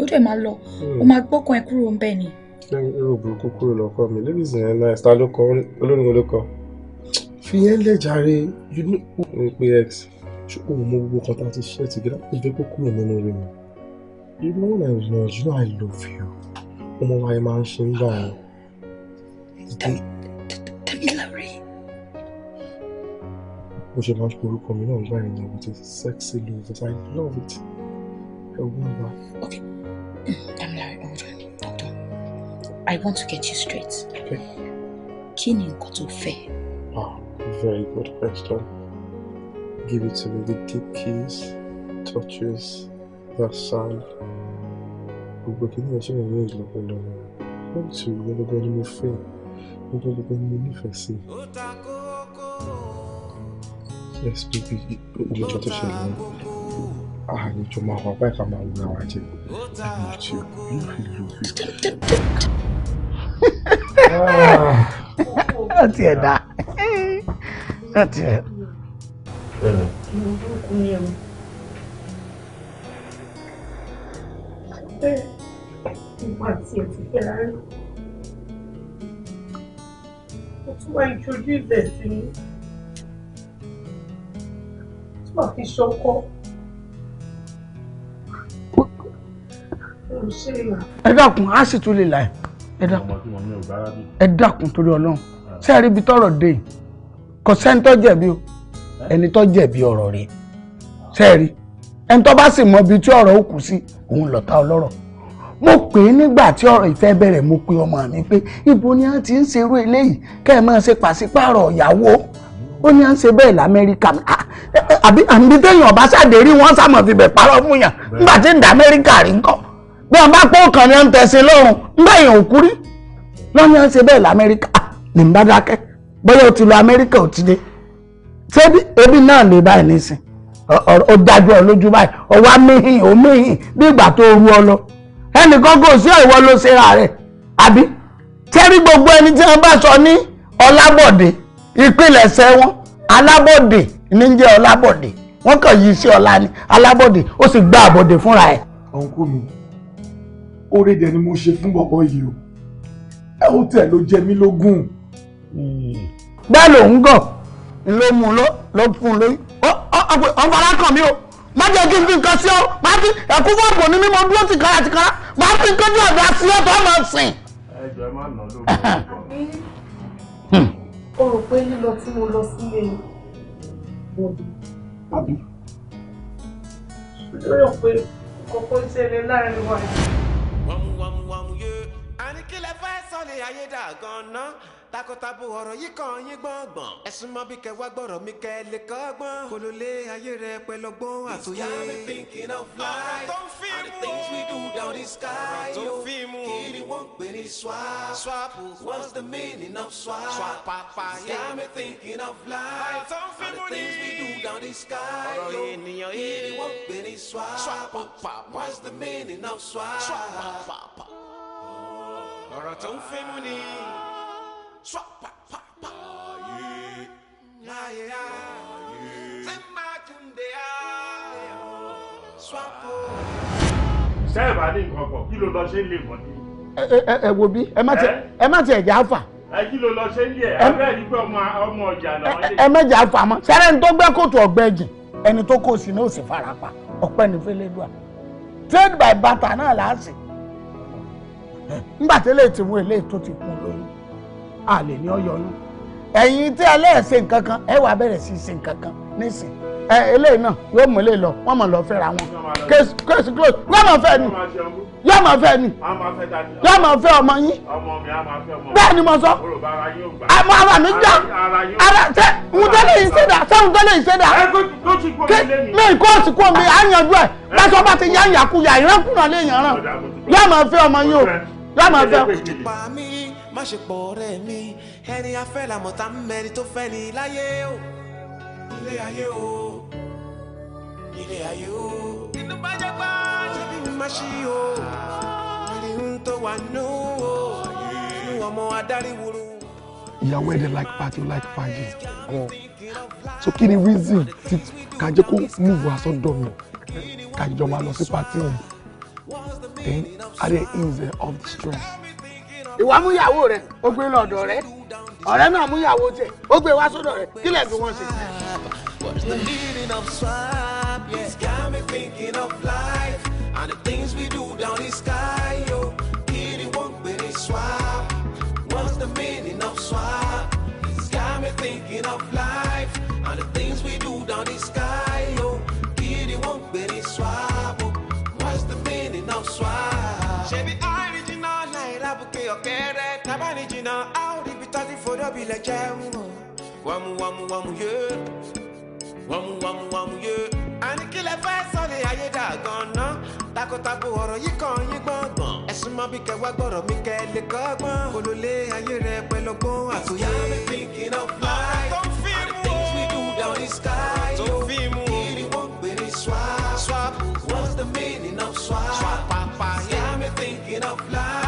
mi irú burúkú kúrò lọ́kọ mi ladies yẹn náà ta ló kọ olórin olókọ fi yẹn lẹ́jàre ní pé x ṣé òun mọ gbogbo kan tá a ti ṣe ti gíra ìjọ kó kúrò nínú rẹ mi you know when I was you know I love you ọmọ wa máa ń ṣe ń bá ọ. tẹ̀mí lórí. mo ṣe máa ń pe orúkọ mi náà ń gbà yẹn náà with sexy love it, I love it. ẹ wọ́n bá. okay. I want to get you straight. Kí ni nǹkan tó fẹ́? Ah, very good question. Give it to me the deep keys, touches, that sound. Gbogbo kí ni ẹ ṣe ń rí ìlọ́pọ̀ lọ́wọ́? Wọ́n ti rí gbogbo ẹni mo fẹ́, gbogbo gbogbo ẹni mo nífẹ̀ẹ́ sí. Yes, baby, olùjọ́ tó ṣẹlẹ̀ náà. Ah, you told my wife I'm not going to watch it. I need you. You feel you feel ó tiẹ̀ dá ó tiẹ̀. Ìgbà tí ẹ ti fẹ́ rárá, ó tún wá ìjọjú ìbẹ̀ sí mi wà fi ṣọkọ. ẹ dákun á sì tún lè là ẹ ẹ dákun torí ọlọ́run ṣé ẹ rí ibi tọ́rọ̀ dé kò sẹ́ni tó jẹ̀bi o ẹni tó jẹ̀bi ọ̀rọ̀ rẹ̀ ṣé ẹ rí ẹni tó bá sì mọ ibi tí ọ̀rọ̀ ó kù sí òun lọ̀tá ọlọ́rọ̀ mo pè é nígbà tí ọ̀rọ̀ ìfẹ́ bẹ̀rẹ̀ mo pe ọmọ mi pé ibo ni a ti ń ṣerú eléyìí kẹ́ ẹ máa ṣe pàṣípààrọ̀ ìyàwó ó ní à ń ṣe bẹ́ẹ̀ l'Amẹ́ríkà àbí àbí téèyàn ọba ṣàdérí wọn sàmọ̀ fìbẹ̀ parọ́ fún yàn nígbà tí ń da Amẹ́ríkà rí nǹkan bí wọn bá kó kàn ní ẹ̀ńtẹ̀sìn lọ́rùn ńgbà èèyàn ò kú rí lọ́nà ẹ̀ ń ṣe bẹ́ẹ̀ lamẹ́ríkà lè ń bá o ti lọ amẹ́ríkà ò ti dé ṣébi ebi náà lè báyìí nísìn ó dájú ọ lójú báyìí ọwọ́ amíhìn omíhìn bí ìgbà tó ru ọ lọ ẹnìkan kò sí ìwọ ló ṣe ra rẹ̀ àbí tẹ́rí gbogbo ẹni tí wọ́n bá sọ ní ọlábọ̀dé ìpilẹ̀ṣẹ̀ wọn alábọ̀dé ní jẹ́ ọlábọ̀dé wọ́n kàn yí sí ọlá ní alábọ̀dé ó sì gba àbọ̀dé fúnra ẹ̀. ọ̀nkú oore dẹ̀ ni mo ṣe fún bọ̀bọ̀ yìí o ẹ ó tẹ̀ ló jẹ mí lógún. bẹ́ẹ̀ ló ń gọ̀ ló mú ló ló fún un lóyún ọ̀n fara kàn mí o má jẹ́ kí n fi nǹkan sí ọ má fi ẹ̀kú fọ́ọ̀bù ní mímọ dúró ti kára ti kára má fi nǹkan ní ọ̀dà sí ọ tó máa sìn. ẹ jẹ́ má nà lóko. o rò pé lílọ tí mo lọ sílé wọn àbí. o rò pé kókó ń ṣẹlẹ̀ láàrin wa wàmúwàmúwàmú yé àníkílẹ̀ fẹ́ sọ lè ayé dà gan-an takọtabo ọ̀rọ̀ yìí kan yín gbọ̀ngbọ̀n ẹ̀sùn mọ́ bí kẹ́ gbọ́rọ̀ mi kẹ́ lè kọ́ gbọ́n kólólé ayé rẹ pẹ̀lú àtòyé. It's got thinking of life and the things we do down in sky yo kí ni wọ́n pè ní swap swap what's the meaning of swap swap papa yé. It's got thinking of life and the things we do down in sky yo kí ni wọ́n pè ní swap swap papa what's the meaning of swap swap papa oh. ọ̀rọ̀ tó ń fẹ́ mú ni swap, pop, pop, pop. Yeah, ya yeah. sẹ́ẹ̀ bá ní nǹkan kan kí ló lọ ṣe ń lè mọ́ ni. ẹ ẹ wo bí ẹ má tiẹ̀ jà fà ẹjí ló lọ ṣe ń yẹ abẹ́ yìí pé ọmọ ọmọ ọjà náà. ẹ mẹ́jà fàmọ́ sẹ́rẹ́ ní tó gbẹ́ kòtò ọ̀gbẹ́ jì ẹni tó kó sí náà sì fara ọ̀pẹ́ ní fẹ́lẹ́dùà trade by barter náà là ńgbà tí eléyìí ti wú eléyìí tó ti kún lórí a lè ní ọyọnu ẹ̀yin tí ẹlẹ́ẹ̀ṣe nǹkan kan ẹ wàá bẹ̀rẹ̀ sí í ṣe nǹkan kan nísìn ẹ eléyìí náà yóò mú eléyìí lọ wọ́n mọ̀ lọ fẹ́ra wọn case close wọ́n mọ̀ fẹ́ ni yóò mọ̀ fẹ́ ni yóò mọ̀ fẹ́ ọmọ yín bẹ́ẹ̀ ni mo sọ àmọ́ ara mi já ara ṣe ń tẹ́lẹ̀ yìí ṣe dà ṣe ń tẹ́lẹ̀ yìí ṣe dà mi kò kó mi à yanjú ẹ̀ báṣọ bá ti yán yàkuyà ìránkùnà lè yàn ràn yóò mọ̀ fẹ́ ọmọ yín o yóò mọ̀ fẹ́ má ṣe pọ̀ ọ̀rẹ́ mi ẹni afẹ́ làmọ̀tá mẹ́ni tó fẹ́ ni láyé o ilé ayé o ilé ayé o inú bá jẹ́ pa ṣẹ́bí mi má ṣí o ìrì ń tó wà nù o inú ọmọ adarí wúru. ìyàwó ẹ̀ dẹ̀ like party like party wọn so kí ni reason ti kàjẹ́ kó move wá sọ́dọ̀ mi kàjọ máa lọ sí party yẹn then adé is of the stress ìwà múyàwó rẹ ó gbé lọ́dọ̀ rẹ ọ̀rẹ́ náà múyàwó tiẹ̀ ó gbé wá sọ́dọ̀ rẹ kílẹ̀ bí wọ́n ṣe. What's the meaning of swap? It's got me thinking of life and the things we do down the sky. Yo, did it work with a swap? What's the meaning of swap? It's got me thinking of life and the things we do down the sky. ẹni jìnnà a ó rí ibi tásí fòdóbi lẹ jẹun o wàmù wàmù wàmù yé wàmù wàmù wàmù yé. àní kí lẹ fẹ́ sọ ní ayé dà gan-an takọtabo kan yín gbọ̀ngàn ẹ̀sùn máa bí kẹwàá gbọ́rọ̀ mi kẹ́ lè kọ́gbọ́n olólè ayé rẹ pẹ̀lú ọgbọ́n àtòyé. yàrá thinking of life tó fi mú o and the things we do down in sky tó fi mú o kiri wọ́n pè ní swap swap what's the meaning of swap swap papa yàrá thinking of life.